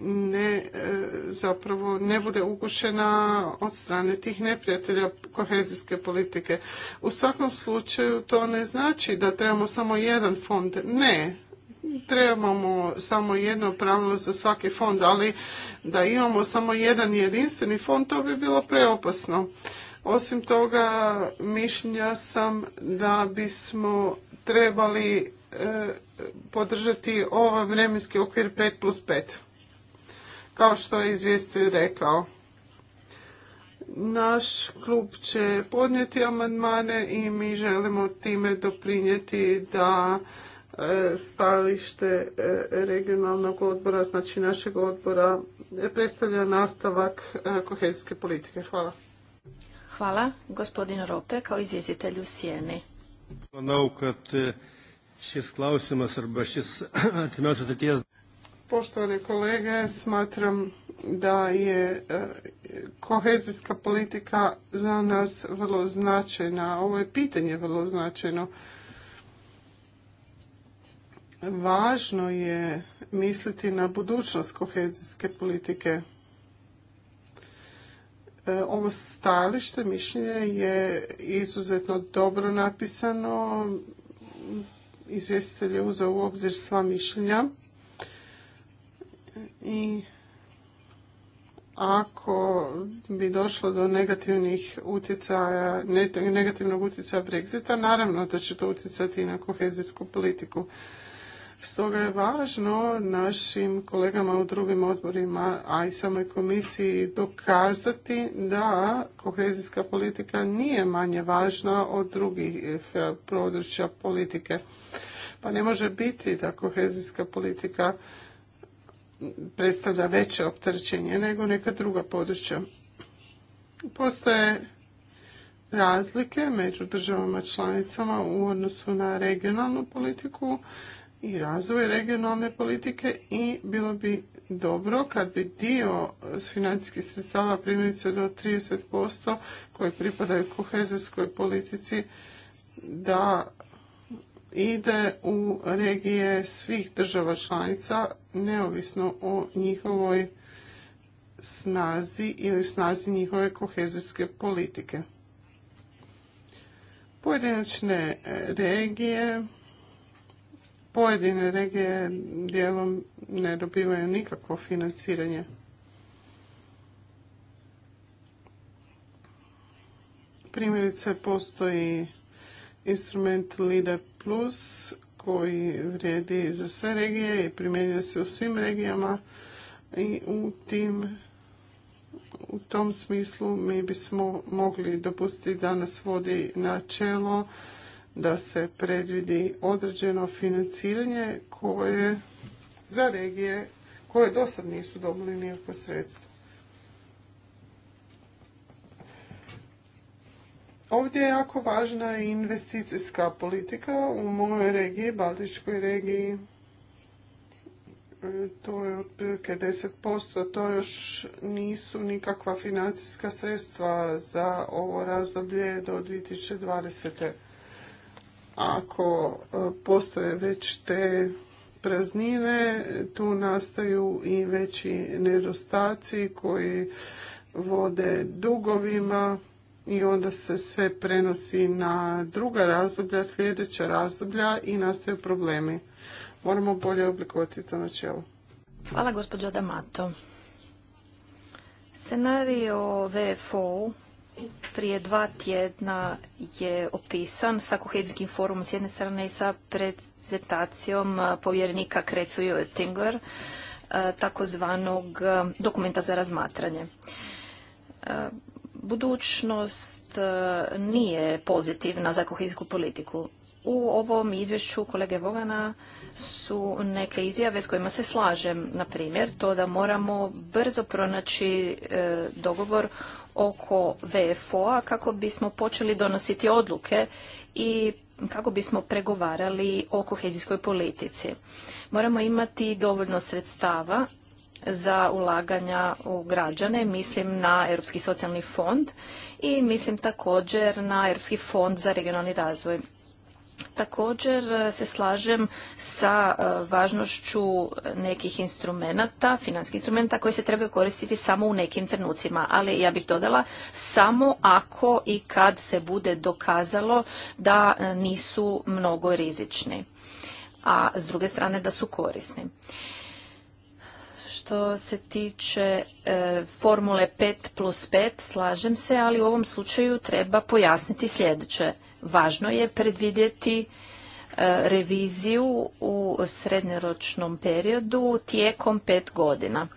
[SPEAKER 3] ne, e, zapravo ne bude ugušena od strane tih neprijatelja kohezijske politike. U svakom slučaju to ne znači da trebamo samo jedan fond. Ne, trebamo samo jedno pravilo za svaki fond, ali da imamo samo jedan jedinstveni fond, to bi bilo preopasno. Osim toga, mišljenja sam da bismo trebali e, podržati ovaj vremenski okvir 5 plus 5 kao što je izvjestitelj rekao. Naš klub će podnijeti amandmane i mi želimo time doprinijeti da e, stajalište e, regionalnog odbora, znači našeg odbora, predstavlja nastavak e, kohezijske politike. Hvala.
[SPEAKER 1] Hvala. Gospodin Rope, kao izvjestitelj u Sijeni.
[SPEAKER 5] Hvala kad šis srba
[SPEAKER 1] Poštovane kolege,
[SPEAKER 3] smatram da je e, kohezijska politika za nas vrlo značajna. Ovo je pitanje vrlo značajno. Važno je misliti na budućnost kohezijske politike. E, ovo stajalište mišljenje je izuzetno dobro napisano. Izvjestitelj je uzeo u obzir sva mišljenja i ako bi došlo do negativnih utjecaja, negativnog utjecaja Brexita, naravno da će to utjecati i na kohezijsku politiku. Stoga je važno našim kolegama u drugim odborima, a i samoj komisiji dokazati da kohezijska politika nije manje važna od drugih eh, područja politike. Pa ne može biti da kohezijska politika predstavlja veće opterećenje nego neka druga područja. Postoje razlike među državama članicama u odnosu na regionalnu politiku i razvoj regionalne politike i bilo bi dobro kad bi dio financijskih sredstava primjerice do 30% koji pripadaju kohezijskoj politici da ide u regije svih država članica neovisno o njihovoj snazi ili snazi njihove kohezijske politike. Pojedinačne e, regije, pojedine regije dijelom ne dobivaju nikakvo financiranje. Primjerice postoji instrument LIDE Plus koji vrijedi za sve regije i primjenjuje se u svim regijama i u tim u tom smislu mi bismo mogli dopustiti da nas vodi načelo da se predvidi određeno financiranje koje za regije koje do sad nisu dobili nikakva sredstva. Ovdje je jako važna investicijska politika u mojoj regiji, Baltičkoj regiji. E, to je otprilike 10%, to još nisu nikakva financijska sredstva za ovo razdoblje do 2020. Ako e, postoje već te praznine, tu nastaju i veći nedostaci koji vode dugovima, i onda se sve prenosi na druga razdoblja, sljedeća razdoblja i nastaju problemi. Moramo bolje oblikovati to načelo.
[SPEAKER 1] Hvala gospođo D'Amato. Scenario VFO prije dva tjedna je opisan sa kohezijskim forumom s jedne strane i sa prezentacijom povjerenika Krecu i e, takozvanog e, dokumenta za razmatranje. E, budućnost e, nije pozitivna za kohezijsku politiku. U ovom izvješću kolege Vogana su neke izjave s kojima se slažem, na primjer, to da moramo brzo pronaći e, dogovor oko VFO-a kako bismo počeli donositi odluke i kako bismo pregovarali o kohezijskoj politici. Moramo imati dovoljno sredstava za ulaganja u građane, mislim na Europski socijalni fond i mislim također na Europski fond za regionalni razvoj. Također e, se slažem sa e, važnošću nekih instrumenata, finanskih instrumenta koji se trebaju koristiti samo u nekim trenucima, ali ja bih dodala samo ako i kad se bude dokazalo da e, nisu mnogo rizični, a s druge strane da su korisni. Što se tiče e, formule 5 plus 5, slažem se, ali u ovom slučaju treba pojasniti sljedeće. Važno je predvidjeti e, reviziju u srednjoročnom periodu tijekom pet godina.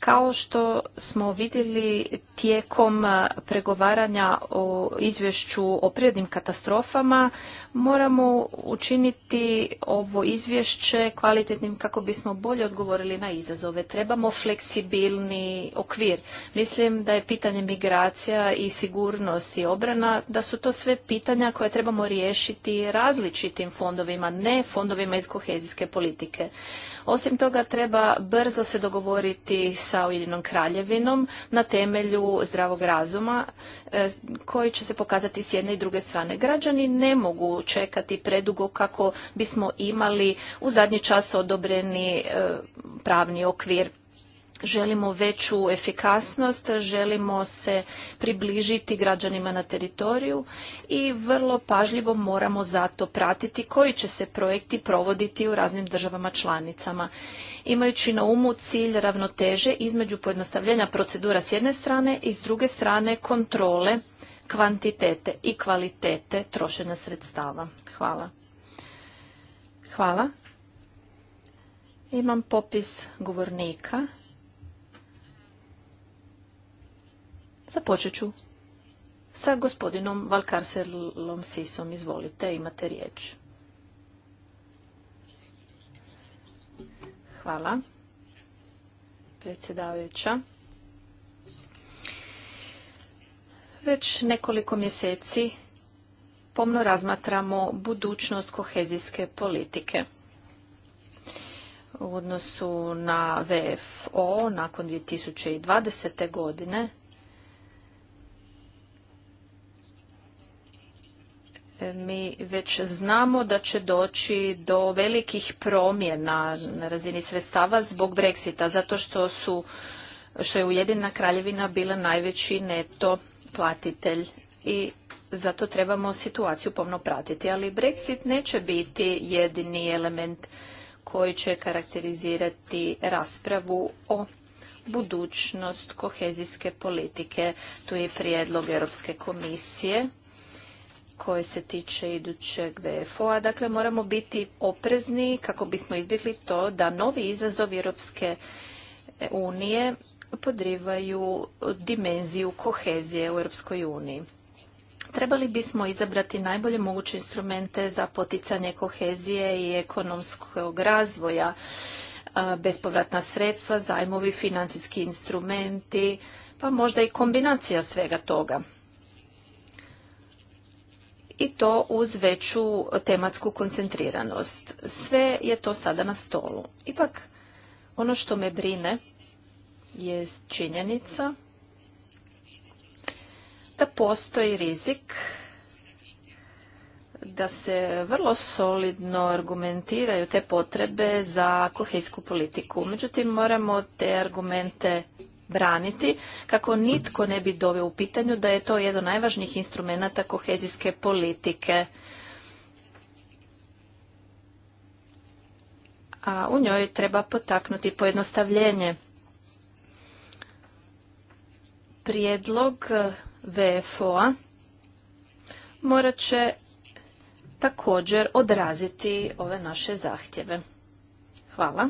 [SPEAKER 1] Kao što smo vidjeli tijekom pregovaranja o izvješću o prirodnim katastrofama, moramo učiniti ovo izvješće kvalitetnim kako bismo bolje odgovorili na izazove. Trebamo fleksibilni okvir. Mislim da je pitanje migracija i sigurnost i obrana, da su to sve pitanja koje trebamo riješiti različitim fondovima, ne fondovima iz kohezijske politike. Osim toga treba brzo se dogovoriti sa Ujedinom kraljevinom na temelju zdravog razuma e, koji će se pokazati s jedne i druge strane. Građani ne mogu čekati predugo kako bismo imali u zadnji čas odobreni e, pravni okvir želimo veću efikasnost, želimo se približiti građanima na teritoriju i vrlo pažljivo moramo zato pratiti koji će se projekti provoditi u raznim državama članicama. Imajući na umu cilj ravnoteže između pojednostavljenja procedura s jedne strane i s druge strane kontrole kvantitete i kvalitete trošenja sredstava. Hvala. Hvala. Imam popis govornika. Započet ću sa gospodinom Valkarselom Sisom. Izvolite, imate riječ. Hvala. Predsjedavajuća. Već nekoliko mjeseci pomno razmatramo budućnost kohezijske politike u odnosu na VFO nakon 2020. godine. Mi već znamo da će doći do velikih promjena na razini sredstava zbog Brexita, zato što su što je Ujedina kraljevina bila najveći neto platitelj i zato trebamo situaciju pomno pratiti. Ali Brexit neće biti jedini element koji će karakterizirati raspravu o budućnost kohezijske politike. Tu je prijedlog Europske komisije koje se tiče idućeg VFO-a. Dakle, moramo biti oprezni kako bismo izbjegli to da novi izazov Europske unije podrivaju dimenziju kohezije u Europskoj uniji. Trebali bismo izabrati najbolje moguće instrumente za poticanje kohezije i ekonomskog razvoja, bespovratna sredstva, zajmovi, financijski instrumenti, pa možda i kombinacija svega toga. I to uz veću tematsku koncentriranost. Sve je to sada na stolu. Ipak, ono što me brine je činjenica da postoji rizik da se vrlo solidno argumentiraju te potrebe za kohejsku politiku. Međutim, moramo te argumente braniti kako nitko ne bi doveo u pitanju da je to jedan od najvažnijih instrumenata kohezijske politike. A u njoj treba potaknuti pojednostavljenje prijedlog e, VFO-a morat će također odraziti ove naše zahtjeve. Hvala.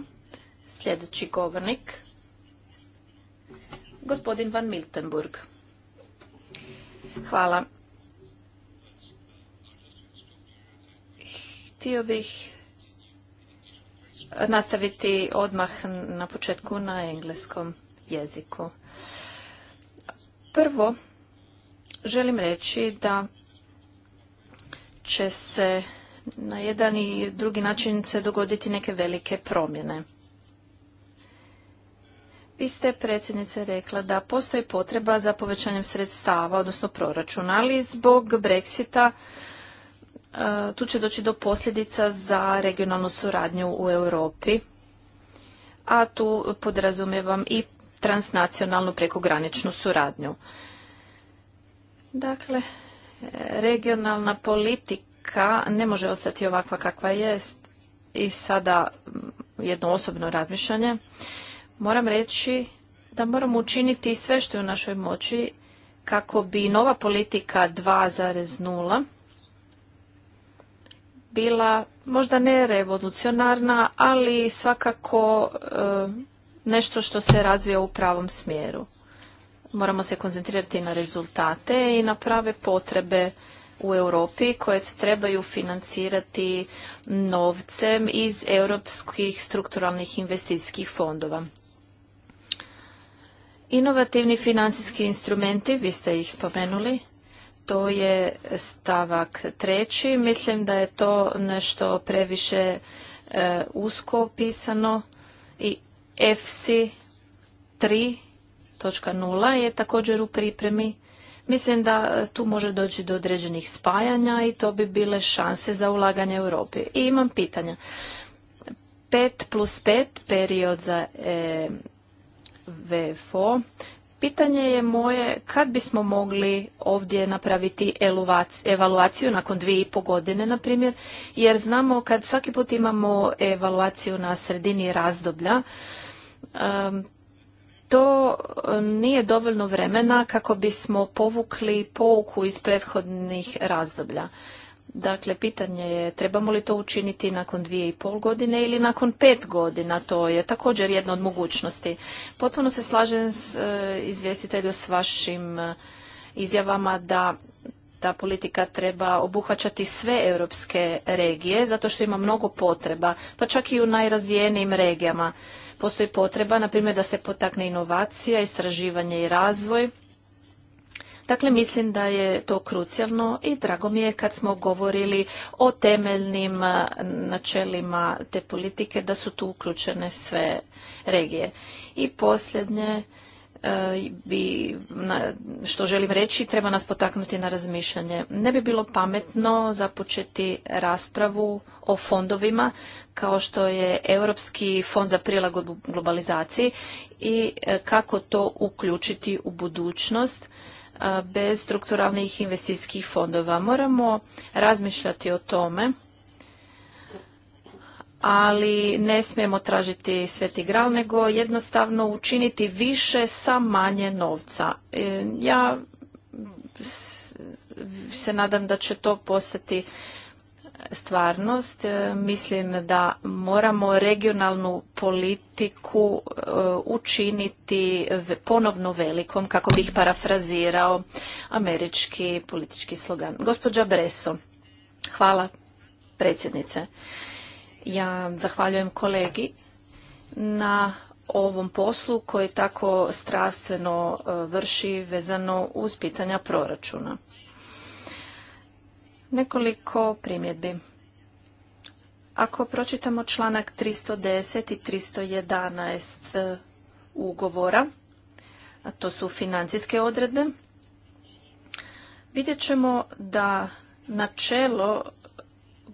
[SPEAKER 1] Sljedeći govornik, gospodin Van Miltenburg. Hvala. Htio bih nastaviti odmah na početku na engleskom jeziku. Prvo, želim reći da će se na jedan i drugi način se dogoditi neke velike promjene. Vi ste predsjednice rekla da postoji potreba za povećanjem sredstava, odnosno proračuna, ali zbog Brexita e, tu će doći do posljedica za regionalnu suradnju u Europi, a tu podrazumijevam i transnacionalnu prekograničnu suradnju. Dakle, regionalna politika ne može ostati ovakva kakva jest. I sada mm, jedno osobno razmišljanje. Moram reći da moramo učiniti sve što je u našoj moći kako bi nova politika 2.0 bila možda ne revolucionarna, ali svakako e, nešto što se razvija u pravom smjeru. Moramo se koncentrirati na rezultate i na prave potrebe u Europi koje se trebaju financirati novcem iz europskih strukturalnih investicijskih fondova. Inovativni financijski instrumenti, vi ste ih spomenuli, to je stavak treći. Mislim da je to nešto previše e, usko opisano i fc 3.0 je također u pripremi. Mislim da e, tu može doći do određenih spajanja i to bi bile šanse za ulaganje Europi. I imam pitanja. 5 plus 5 period za e, VFO. Pitanje je moje kad bismo mogli ovdje napraviti evaluaciju nakon dvije i po godine, na primjer, jer znamo kad svaki put imamo evaluaciju na sredini razdoblja, to nije dovoljno vremena kako bismo povukli pouku iz prethodnih razdoblja. Dakle, pitanje je trebamo li to učiniti nakon dvije i pol godine ili nakon pet godina, to je također jedna od mogućnosti. Potpuno se slažem s e, izvjestiteljom, s vašim e, izjavama da ta politika treba obuhvaćati sve europske regije, zato što ima mnogo potreba, pa čak i u najrazvijenijim regijama postoji potreba, na primjer, da se potakne inovacija, istraživanje i razvoj. Dakle, mislim da je to krucijalno i drago mi je kad smo govorili o temeljnim načelima te politike, da su tu uključene sve regije. I posljednje, E, bi, što želim reći, treba nas potaknuti na razmišljanje. Ne bi bilo pametno započeti raspravu o fondovima kao što je Europski fond za prilagodbu globalizaciji i e, kako to uključiti u budućnost e, bez strukturalnih investicijskih fondova. Moramo razmišljati o tome ali ne smijemo tražiti sveti gral, nego jednostavno učiniti više sa manje novca. E, ja se nadam da će to postati stvarnost. E, mislim da moramo regionalnu politiku e, učiniti ponovno velikom, kako bih parafrazirao američki politički slogan. Gospođa Breso, hvala predsjednice. Ja zahvaljujem kolegi na ovom poslu koji tako strastveno e, vrši vezano uz pitanja proračuna. Nekoliko primjedbi. Ako pročitamo članak 310 i 311 e, ugovora, a to su financijske odredbe, vidjet ćemo da načelo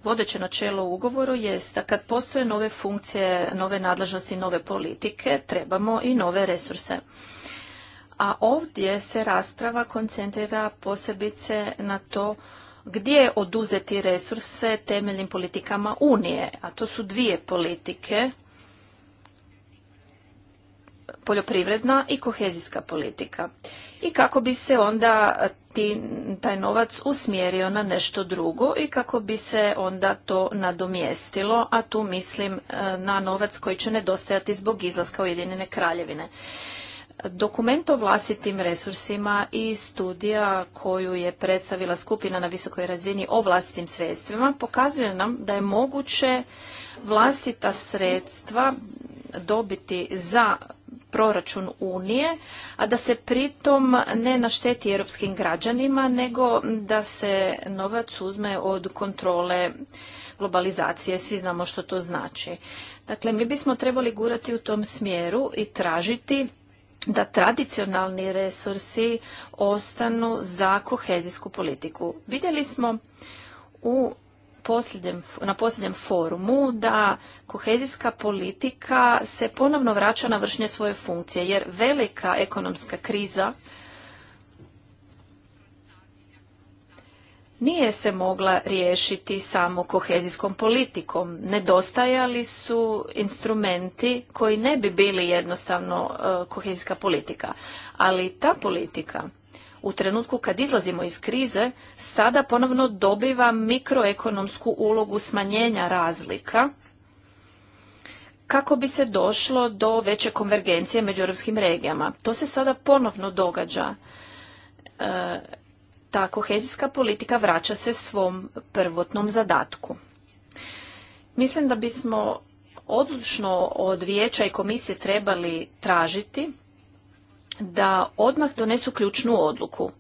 [SPEAKER 1] vodeće načelo u ugovoru jest da kad postoje nove funkcije, nove nadležnosti, nove politike, trebamo i nove resurse. A ovdje se rasprava koncentrira posebice na to gdje oduzeti resurse temeljnim politikama Unije, a to su dvije politike poljoprivredna i kohezijska politika i kako bi se onda ti, taj novac usmjerio na nešto drugo i kako bi se onda to nadomjestilo, a tu mislim e, na novac koji će nedostajati zbog izlaska Ujedinjene kraljevine. Dokument o vlastitim resursima i studija koju je predstavila skupina na visokoj razini o vlastitim sredstvima pokazuje nam da je moguće vlastita sredstva dobiti za proračun Unije, a da se pritom ne našteti europskim građanima, nego da se novac uzme od kontrole globalizacije. Svi znamo što to znači. Dakle, mi bismo trebali gurati u tom smjeru i tražiti da tradicionalni resursi ostanu za kohezijsku politiku. Vidjeli smo u na posljednjem forumu da kohezijska politika se ponovno vraća na vršnje svoje funkcije, jer velika ekonomska kriza nije se mogla riješiti samo kohezijskom politikom. Nedostajali su instrumenti koji ne bi bili jednostavno e, kohezijska politika. Ali ta politika u trenutku kad izlazimo iz krize sada ponovno dobiva mikroekonomsku ulogu smanjenja razlika kako bi se došlo do veće konvergencije među europskim regijama. To se sada ponovno događa. E, ta kohezijska politika vraća se svom prvotnom zadatku. Mislim da bismo odlučno od vijeća i komisije trebali tražiti da odmah donesu ključnu odluku.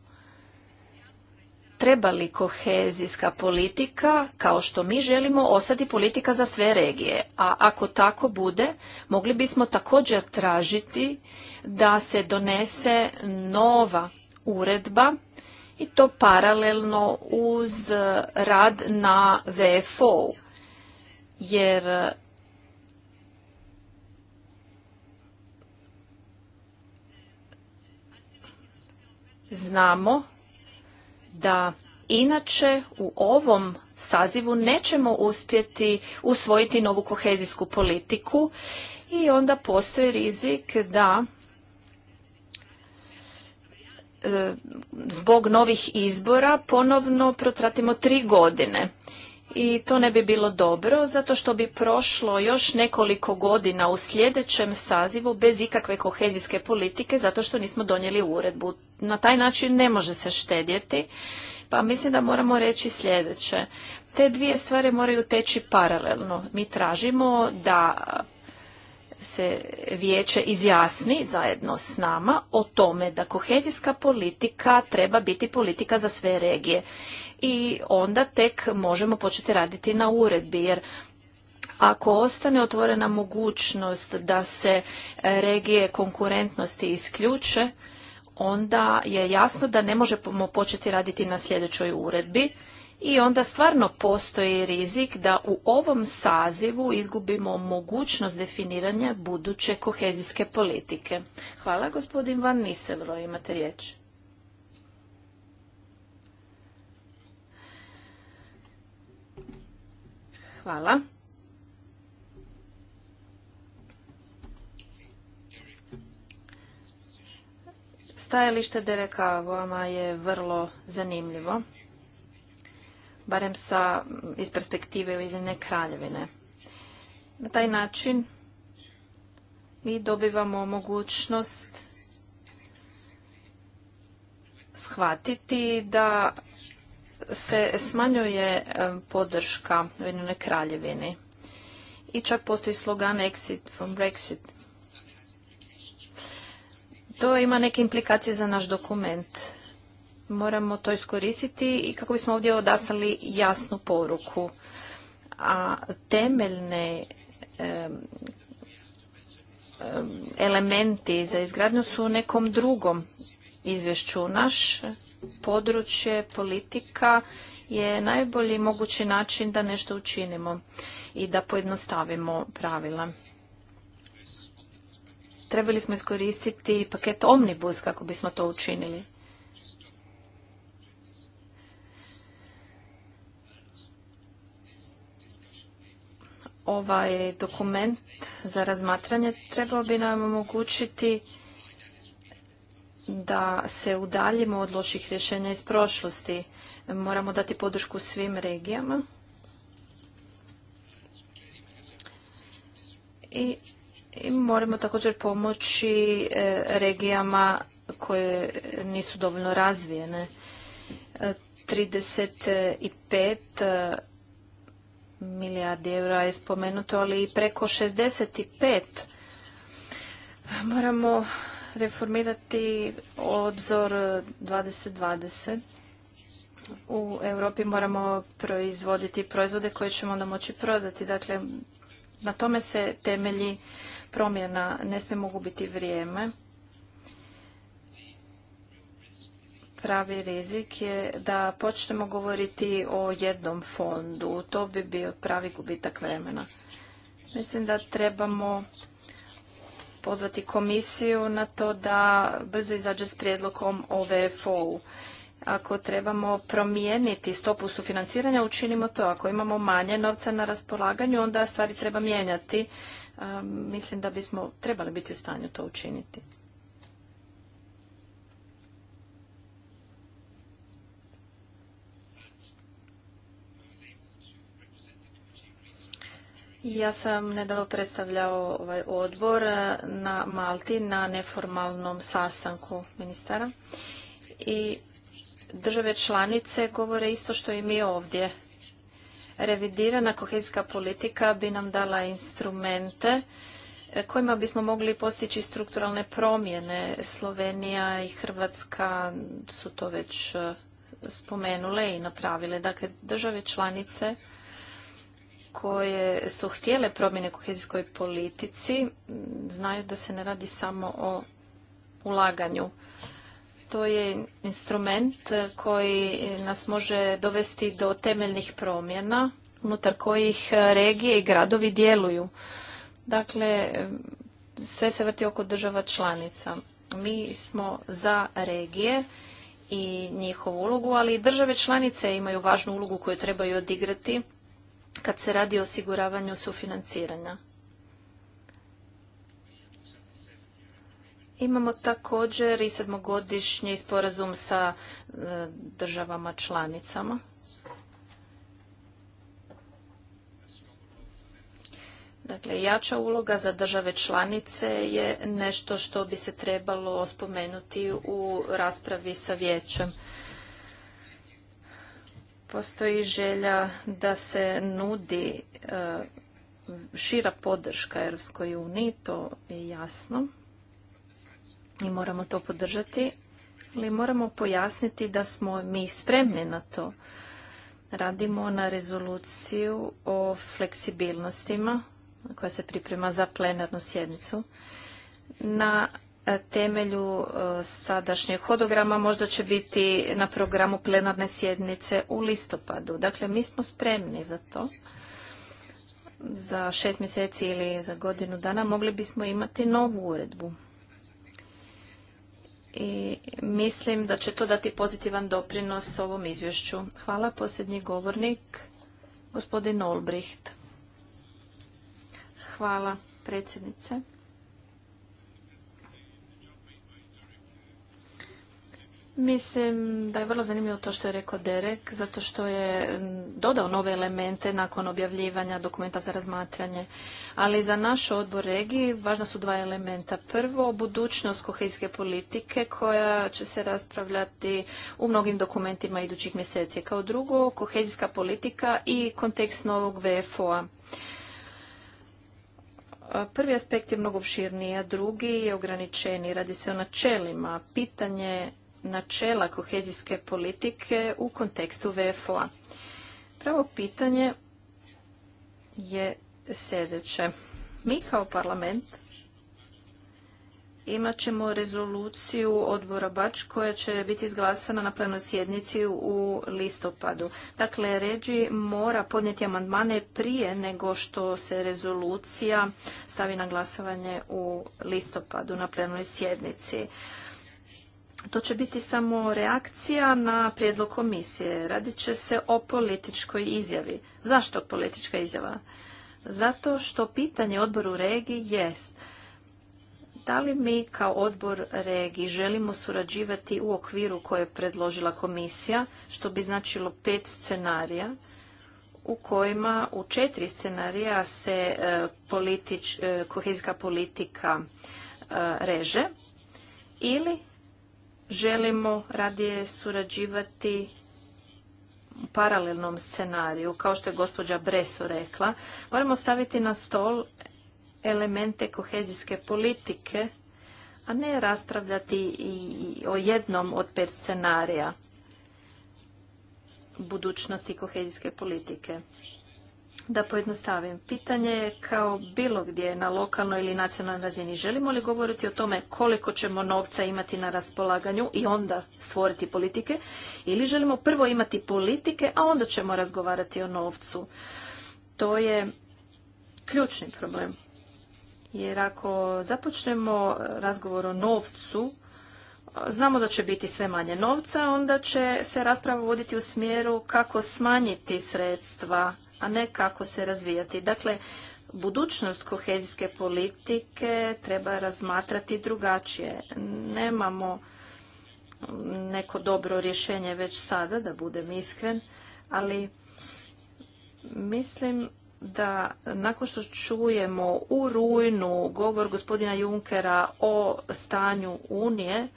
[SPEAKER 1] Treba li kohezijska politika, kao što mi želimo, ostati politika za sve regije? A ako tako bude, mogli bismo također tražiti da se donese nova uredba i to paralelno uz rad na VFO-u. Jer znamo da inače u ovom sazivu nećemo uspjeti usvojiti novu kohezijsku politiku i onda postoji rizik da e, zbog novih izbora ponovno protratimo tri godine i to ne bi bilo dobro zato što bi prošlo još nekoliko godina u sljedećem sazivu bez ikakve kohezijske politike zato što nismo donijeli uredbu. Na taj način ne može se štedjeti, pa mislim da moramo reći sljedeće. Te dvije stvari moraju teći paralelno. Mi tražimo da se vijeće izjasni zajedno s nama o tome da kohezijska politika treba biti politika za sve regije i onda tek možemo početi raditi na uredbi jer ako ostane otvorena mogućnost da se e, regije konkurentnosti isključe, onda je jasno da ne možemo početi raditi na sljedećoj uredbi i onda stvarno postoji rizik da u ovom sazivu izgubimo mogućnost definiranja buduće kohezijske politike. Hvala gospodin Van Nistelro, imate riječ. Hvala. Stajalište Dereka Voama je vrlo zanimljivo, barem sa, iz perspektive Ujedinjene kraljevine. Na taj način mi dobivamo mogućnost shvatiti da se smanjuje e, podrška jednoj kraljevini. I čak postoji slogan Exit from Brexit. To ima neke implikacije za naš dokument. Moramo to iskoristiti i kako bismo ovdje odasali jasnu poruku. A temeljne e, e, elementi za izgradnju su u nekom drugom izvješću. Naš područje politika je najbolji mogući način da nešto učinimo i da pojednostavimo pravila. Trebali smo iskoristiti paket Omnibus kako bismo to učinili. Ovaj dokument za razmatranje trebao bi nam omogućiti da se udaljimo od loših rješenja iz prošlosti. Moramo dati podršku svim regijama. I, moramo također pomoći e, regijama koje nisu dovoljno razvijene. 35 e, e, milijardi eura je spomenuto, ali i preko 65. Moramo reformirati obzor 2020. U Europi moramo proizvoditi proizvode koje ćemo onda moći prodati. Dakle, na tome se temelji promjena. Ne smijemo gubiti vrijeme. pravi rizik je da počnemo govoriti o jednom fondu. To bi bio pravi gubitak vremena. Mislim da trebamo pozvati komisiju na to da brzo izađe s prijedlogom o VFO-u. Ako trebamo promijeniti stopu sufinanciranja, učinimo to. Ako imamo manje novca na raspolaganju, onda stvari treba mijenjati. Mislim da bismo trebali biti u stanju to učiniti. Ja sam nedavno predstavljao ovaj odbor eh, na Malti na neformalnom sastanku ministara i države članice govore isto što i mi ovdje. Revidirana kohezijska politika bi nam dala instrumente eh, kojima bismo mogli postići strukturalne promjene. Slovenija i Hrvatska su to već eh, spomenule i napravile. Dakle, države članice koje su htjele promjene kohezijskoj politici znaju da se ne radi samo o ulaganju. To je instrument koji nas može dovesti do temeljnih promjena unutar kojih regije i gradovi djeluju. Dakle, sve se vrti oko država članica. Mi smo za regije i njihovu ulogu, ali i države članice imaju važnu ulogu koju trebaju odigrati kad se radi o osiguravanju sufinanciranja. Imamo također i sedmogodišnji sporazum sa e, državama članicama. Dakle, jača uloga za države članice je nešto što bi se trebalo spomenuti u raspravi sa vijećem postoji želja da se nudi e, šira podrška Europskoj uniji, to je jasno i moramo to podržati, ali moramo pojasniti da smo mi spremni na to. Radimo na rezoluciju o fleksibilnostima koja se priprema za plenarnu sjednicu. Na temelju e, sadašnjeg hodograma možda će biti na programu plenarne sjednice u listopadu. Dakle, mi smo spremni za to. Za šest mjeseci ili za godinu dana mogli bismo imati novu uredbu. I mislim da će to dati pozitivan doprinos ovom izvješću. Hvala. Posljednji govornik, gospodin Olbricht. Hvala, predsjednice. Mislim da je vrlo zanimljivo to što je rekao Derek, zato što je dodao nove elemente nakon objavljivanja dokumenta za razmatranje. Ali za naš odbor regiji važna su dva elementa. Prvo, budućnost kohezijske politike koja će se raspravljati u mnogim dokumentima idućih mjeseci. Kao drugo, kohezijska politika i kontekst novog VFO-a. Prvi aspekt je mnogo obširniji, a drugi je ograničeni. Radi se o načelima. Pitanje načela kohezijske politike u kontekstu VFO-a? Pravo pitanje je sljedeće. Mi kao parlament imat ćemo rezoluciju odbora Bač koja će biti izglasana na plenoj sjednici u listopadu. Dakle, Ređi mora podnijeti amandmane prije nego što se rezolucija stavi na glasovanje u listopadu na plenoj sjednici to će biti samo reakcija na prijedlog komisije. Radit će se o političkoj izjavi. Zašto politička izjava? Zato što pitanje odboru regiji jest da li mi kao odbor regiji želimo surađivati u okviru koje je predložila komisija, što bi značilo pet scenarija u kojima u četiri scenarija se e, politič, e, kohezijska politika e, reže ili želimo radije surađivati u paralelnom scenariju, kao što je gospođa Breso rekla. Moramo staviti na stol elemente kohezijske politike, a ne raspravljati i o jednom od pet scenarija budućnosti kohezijske politike. Da pojednostavim, pitanje je kao bilo gdje na lokalnoj ili nacionalnoj razini. Želimo li govoriti o tome koliko ćemo novca imati na raspolaganju i onda stvoriti politike ili želimo prvo imati politike, a onda ćemo razgovarati o novcu? To je ključni problem. Jer ako započnemo razgovor o novcu, znamo da će biti sve manje novca, onda će se rasprava voditi u smjeru kako smanjiti sredstva, a ne kako se razvijati. Dakle, budućnost kohezijske politike treba razmatrati drugačije. Nemamo neko dobro rješenje već sada, da budem iskren, ali mislim da nakon što čujemo u rujnu govor gospodina Junkera o stanju Unije,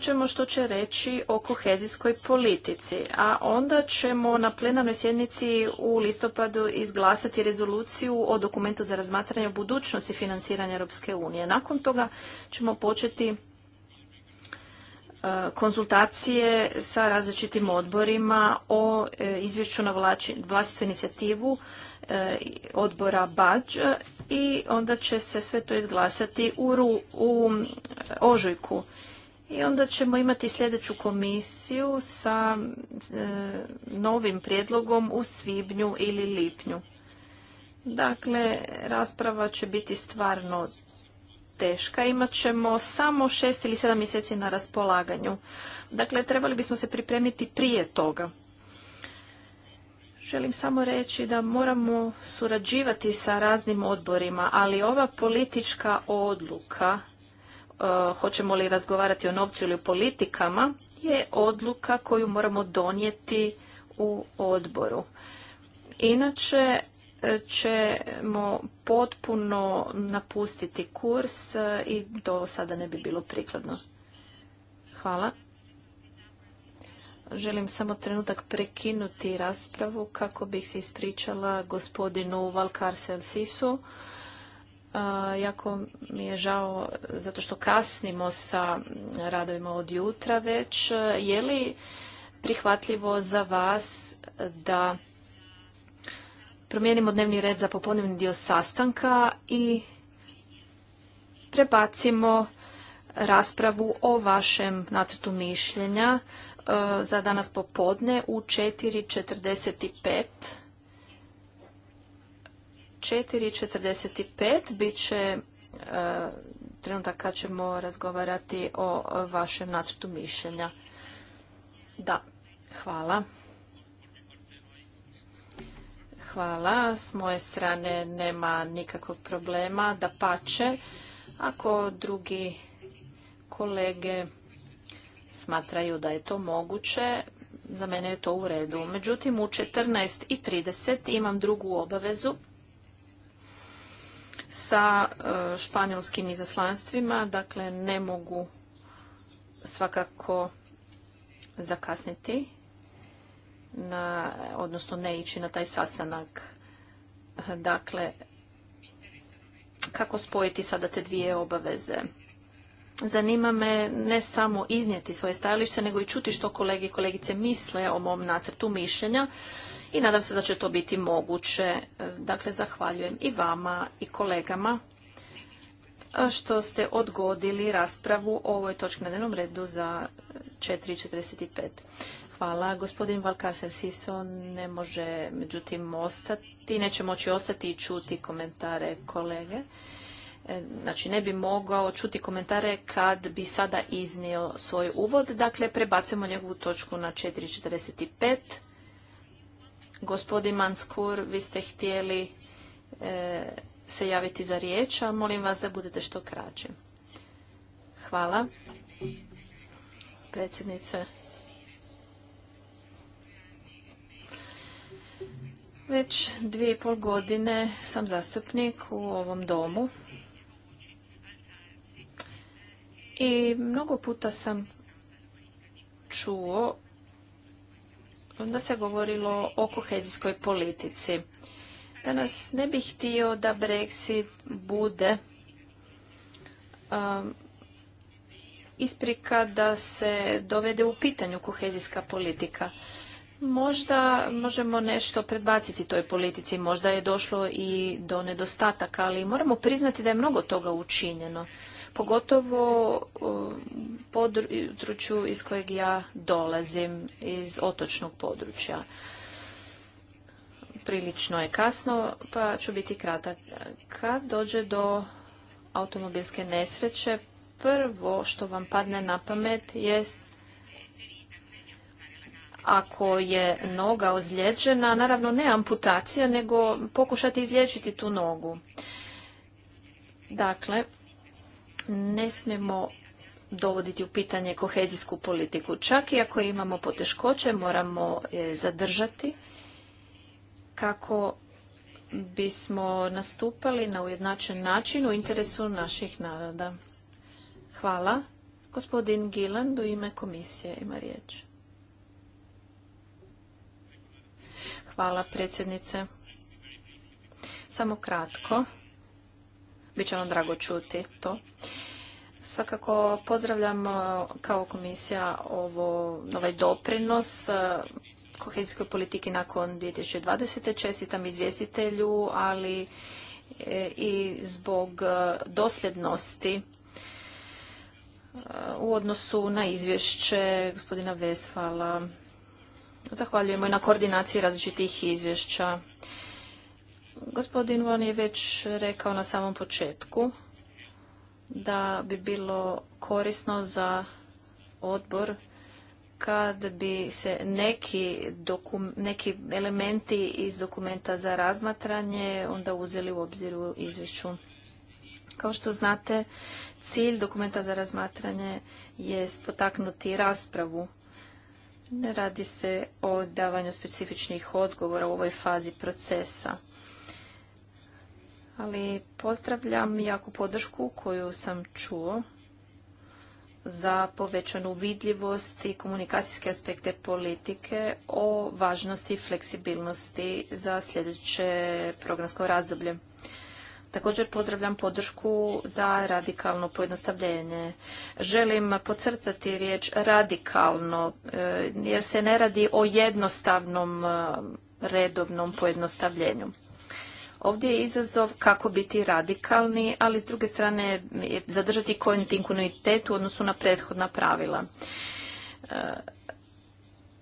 [SPEAKER 1] ćemo što će reći o kohezijskoj politici, a onda ćemo na plenarnoj sjednici u listopadu izglasati rezoluciju o dokumentu za razmatranje budućnosti financiranja Europske unije. Nakon toga ćemo početi e, konzultacije sa različitim odborima o e, izvješću na vlastitu inicijativu e, odbora BAđ i onda će se sve to izglasati u, u ožujku. I onda ćemo imati sljedeću komisiju sa e, novim prijedlogom u svibnju ili lipnju. Dakle, rasprava će biti stvarno teška. Imat ćemo samo šest ili sedam mjeseci na raspolaganju. Dakle, trebali bismo se pripremiti prije toga. Želim samo reći da moramo surađivati sa raznim odborima, ali ova politička odluka E, hoćemo li razgovarati o novcu ili o politikama, je odluka koju moramo donijeti u odboru. Inače e, ćemo potpuno napustiti kurs e, i to sada ne bi bilo prikladno. Hvala. Želim samo trenutak prekinuti raspravu kako bih se ispričala gospodinu Valkarse Sisu Jako mi je žao zato što kasnimo sa radovima od jutra već. Je li prihvatljivo za vas da promijenimo dnevni red za popodnevni dio sastanka i prebacimo raspravu o vašem nacrtu mišljenja e, za danas popodne u 4.45 4.45 bit će e, trenutak kad ćemo razgovarati o vašem nacrtu mišljenja. Da, hvala. Hvala. S moje strane nema nikakvog problema. Da pače, ako drugi kolege smatraju da je to moguće, za mene je to u redu. Međutim, u 14.30 imam drugu obavezu sa e, španjolskim izaslanstvima, dakle ne mogu svakako zakasniti, na, odnosno ne ići na taj sastanak. Dakle, kako spojiti sada te dvije obaveze? Zanima me ne samo iznijeti svoje stajalište, nego i čuti što kolege i kolegice misle o mom nacrtu mišljenja i nadam se da će to biti moguće. Dakle, zahvaljujem i vama i kolegama e, što ste odgodili raspravu o ovoj točki na dnevnom redu za 4.45. Hvala. Gospodin Valkarsen Siso ne može, međutim, ostati, neće moći ostati i čuti komentare kolege. E, znači, ne bi mogao čuti komentare kad bi sada iznio svoj uvod. Dakle, prebacujemo njegovu točku na 4.45. Gospodin Manskur, vi ste htjeli e, se javiti za riječ, a molim vas da budete što kraći. Hvala. Predsjednice. Već dvije i pol godine sam zastupnik u ovom domu i mnogo puta sam čuo onda se govorilo o kohezijskoj politici. Danas ne bih htio da Brexit bude um, isprika da se dovede u pitanju kohezijska politika. Možda možemo nešto predbaciti toj politici, možda je došlo i do nedostataka, ali moramo priznati da je mnogo toga učinjeno pogotovo području iz kojeg ja dolazim, iz otočnog područja. Prilično je kasno, pa ću biti kratak. Kad dođe do automobilske nesreće, prvo što vam padne na pamet jest ako je noga ozlijeđena, naravno ne amputacija, nego pokušati izliječiti tu nogu. Dakle, ne smijemo dovoditi u pitanje kohezijsku politiku. Čak i ako imamo poteškoće, moramo je zadržati kako bismo nastupali na ujednačen način u interesu naših naroda. Hvala. Gospodin Giland u ime komisije ima riječ. Hvala predsjednice. Samo kratko. Biće nam drago čuti to. Svakako pozdravljam e, kao komisija ovo, ovaj doprinos e, kohezijskoj politiki nakon 2020. Čestitam izvjestitelju, ali e, i zbog dosljednosti u odnosu na izvješće gospodina Vesfala. Zahvaljujemo i na koordinaciji različitih izvješća. Gospodin Von je već rekao na samom početku da bi bilo korisno za odbor kad bi se neki, neki elementi iz dokumenta za razmatranje onda uzeli u obzir u izvješću. Kao što znate, cilj dokumenta za razmatranje je potaknuti raspravu. Ne radi se o davanju specifičnih odgovora u ovoj fazi procesa ali pozdravljam jako podršku koju sam čuo za povećanu vidljivost i komunikacijske aspekte politike o važnosti i fleksibilnosti za sljedeće programsko razdoblje. Također pozdravljam podršku za radikalno pojednostavljenje. Želim pocrtati riječ radikalno, e, jer se ne radi o jednostavnom e, redovnom pojednostavljenju. Ovdje je izazov kako biti radikalni, ali s druge strane zadržati kontinuitet u odnosu na prethodna pravila. E,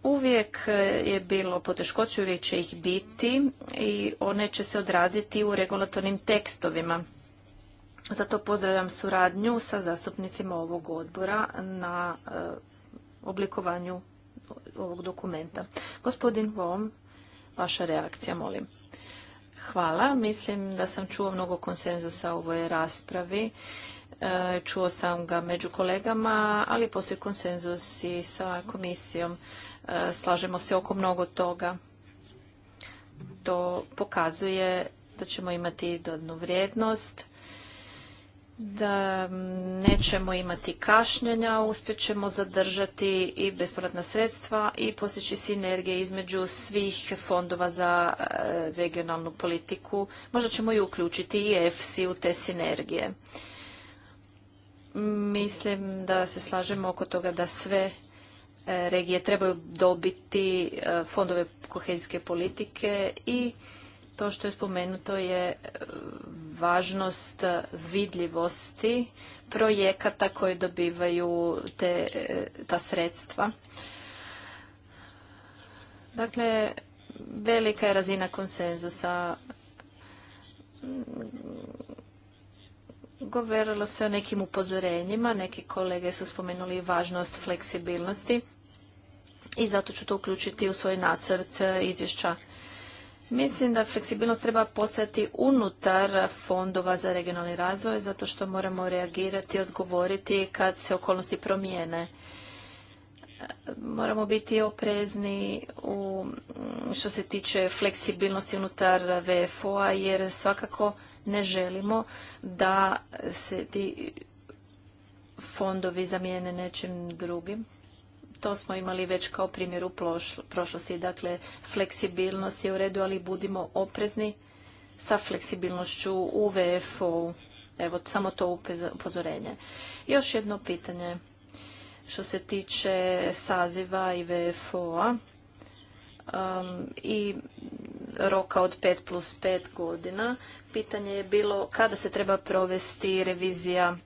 [SPEAKER 1] uvijek je bilo poteškoće, uvijek će ih biti i one će se odraziti u regulatornim tekstovima. Zato pozdravljam suradnju sa zastupnicima ovog odbora na e, oblikovanju ovog dokumenta. Gospodin Vom, vaša reakcija, molim. Hvala. Mislim da sam čuo mnogo konsenzusa u ovoj raspravi. E, čuo sam ga među kolegama, ali postoji konsenzus i sa komisijom. E, slažemo se oko mnogo toga. To pokazuje da ćemo imati dodnu vrijednost da nećemo imati kašnjenja, uspjet ćemo zadržati i bespovratna sredstva i postići sinergije između svih fondova za e, regionalnu politiku. Možda ćemo i uključiti i EFSI u te sinergije. Mislim da se slažemo oko toga da sve e, regije trebaju dobiti e, fondove kohezijske politike i to što je spomenuto je važnost vidljivosti projekata koje dobivaju te, e, ta sredstva. Dakle, velika je razina konsenzusa. Govorilo se o nekim upozorenjima, neki kolege su spomenuli važnost fleksibilnosti i zato ću to uključiti u svoj nacrt e, izvješća. Mislim da fleksibilnost treba postati unutar fondova za regionalni razvoj, zato što moramo reagirati i odgovoriti kad se okolnosti promijene. Moramo biti oprezni u, što se tiče fleksibilnosti unutar VFO-a, jer svakako ne želimo da se ti fondovi zamijene nečim drugim. To smo imali već kao primjer u prošlosti. Dakle, fleksibilnost je u redu, ali budimo oprezni sa fleksibilnošću u vfo Evo, samo to upozorenje. Još jedno pitanje što se tiče saziva i VFO-a um, i roka od 5 plus 5 godina. Pitanje je bilo kada se treba provesti revizija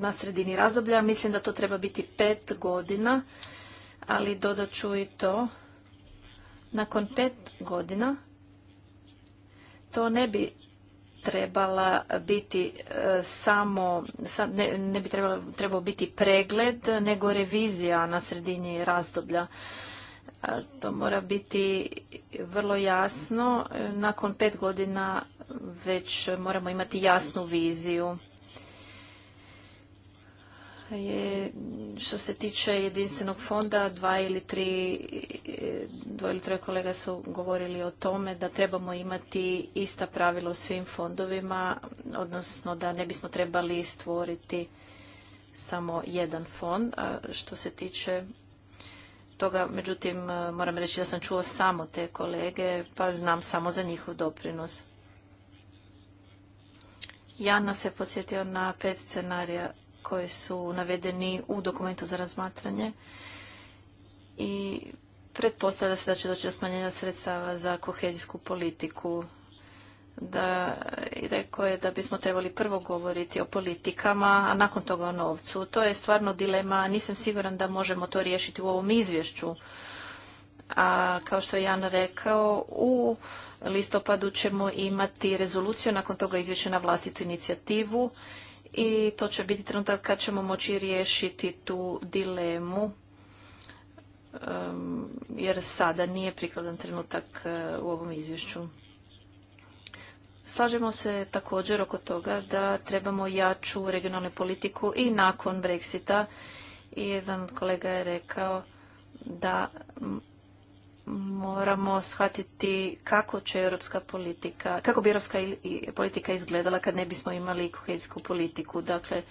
[SPEAKER 1] na sredini razdoblja. Mislim da to treba biti pet godina, ali dodat ću i to. Nakon pet godina to ne bi trebala biti e, samo, ne, bi trebalo, trebao biti pregled, nego revizija na sredini razdoblja. E, to mora biti vrlo jasno. E, nakon pet godina već moramo imati jasnu viziju je što se tiče jedinstvenog fonda, dva ili tri, dva ili troje kolega su govorili o tome da trebamo imati ista pravila u svim fondovima, odnosno da ne bismo trebali stvoriti samo jedan fond. A što se tiče toga, međutim, moram reći da sam čuo samo te kolege, pa znam samo za njihov doprinos. Jana se podsjetio na pet scenarija koji su navedeni u dokumentu za razmatranje i pretpostavlja se da će doći do smanjenja sredstava za kohezijsku politiku. Da, I rekao je da bismo trebali prvo govoriti o politikama, a nakon toga o novcu. To je stvarno dilema, nisam siguran da možemo to riješiti u ovom izvješću. A kao što je Jan rekao, u listopadu ćemo imati rezoluciju, nakon toga izvješće na vlastitu inicijativu i to će biti trenutak kad ćemo moći riješiti tu dilemu ehm, jer sada nije prikladan trenutak eh, u ovom izvješću. Slažemo se također oko toga da trebamo jaču regionalnu politiku i nakon Brexita. I jedan kolega je rekao da moramo shvatiti kako će europska politika, kako bi europska politika izgledala kad ne bismo imali kohezijsku politiku. Dakle,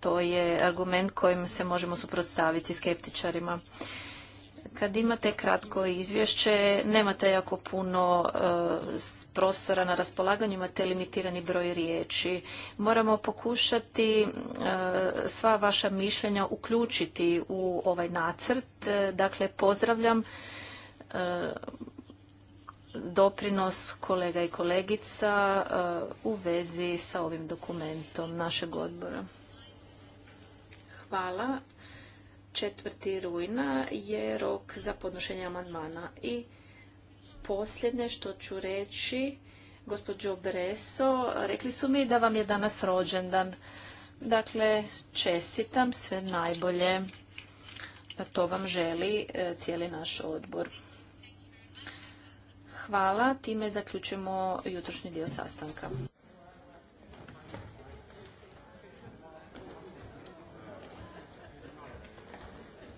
[SPEAKER 1] to je argument kojim se možemo suprotstaviti skeptičarima. Kad imate kratko izvješće, nemate jako puno e, prostora na raspolaganju, imate limitirani broj riječi. Moramo pokušati e, sva vaša mišljenja uključiti u ovaj nacrt. E, dakle, pozdravljam E, doprinos kolega i kolegica e, u vezi sa ovim dokumentom našeg odbora. Hvala. 4. rujna je rok za podnošenje amandmana. I posljedne što ću reći, gospođo Breso, rekli su mi da vam je danas rođendan. Dakle, čestitam sve najbolje. To vam želi e, cijeli naš odbor. Hvala, time zaključujemo jutrošnji dio sastanka.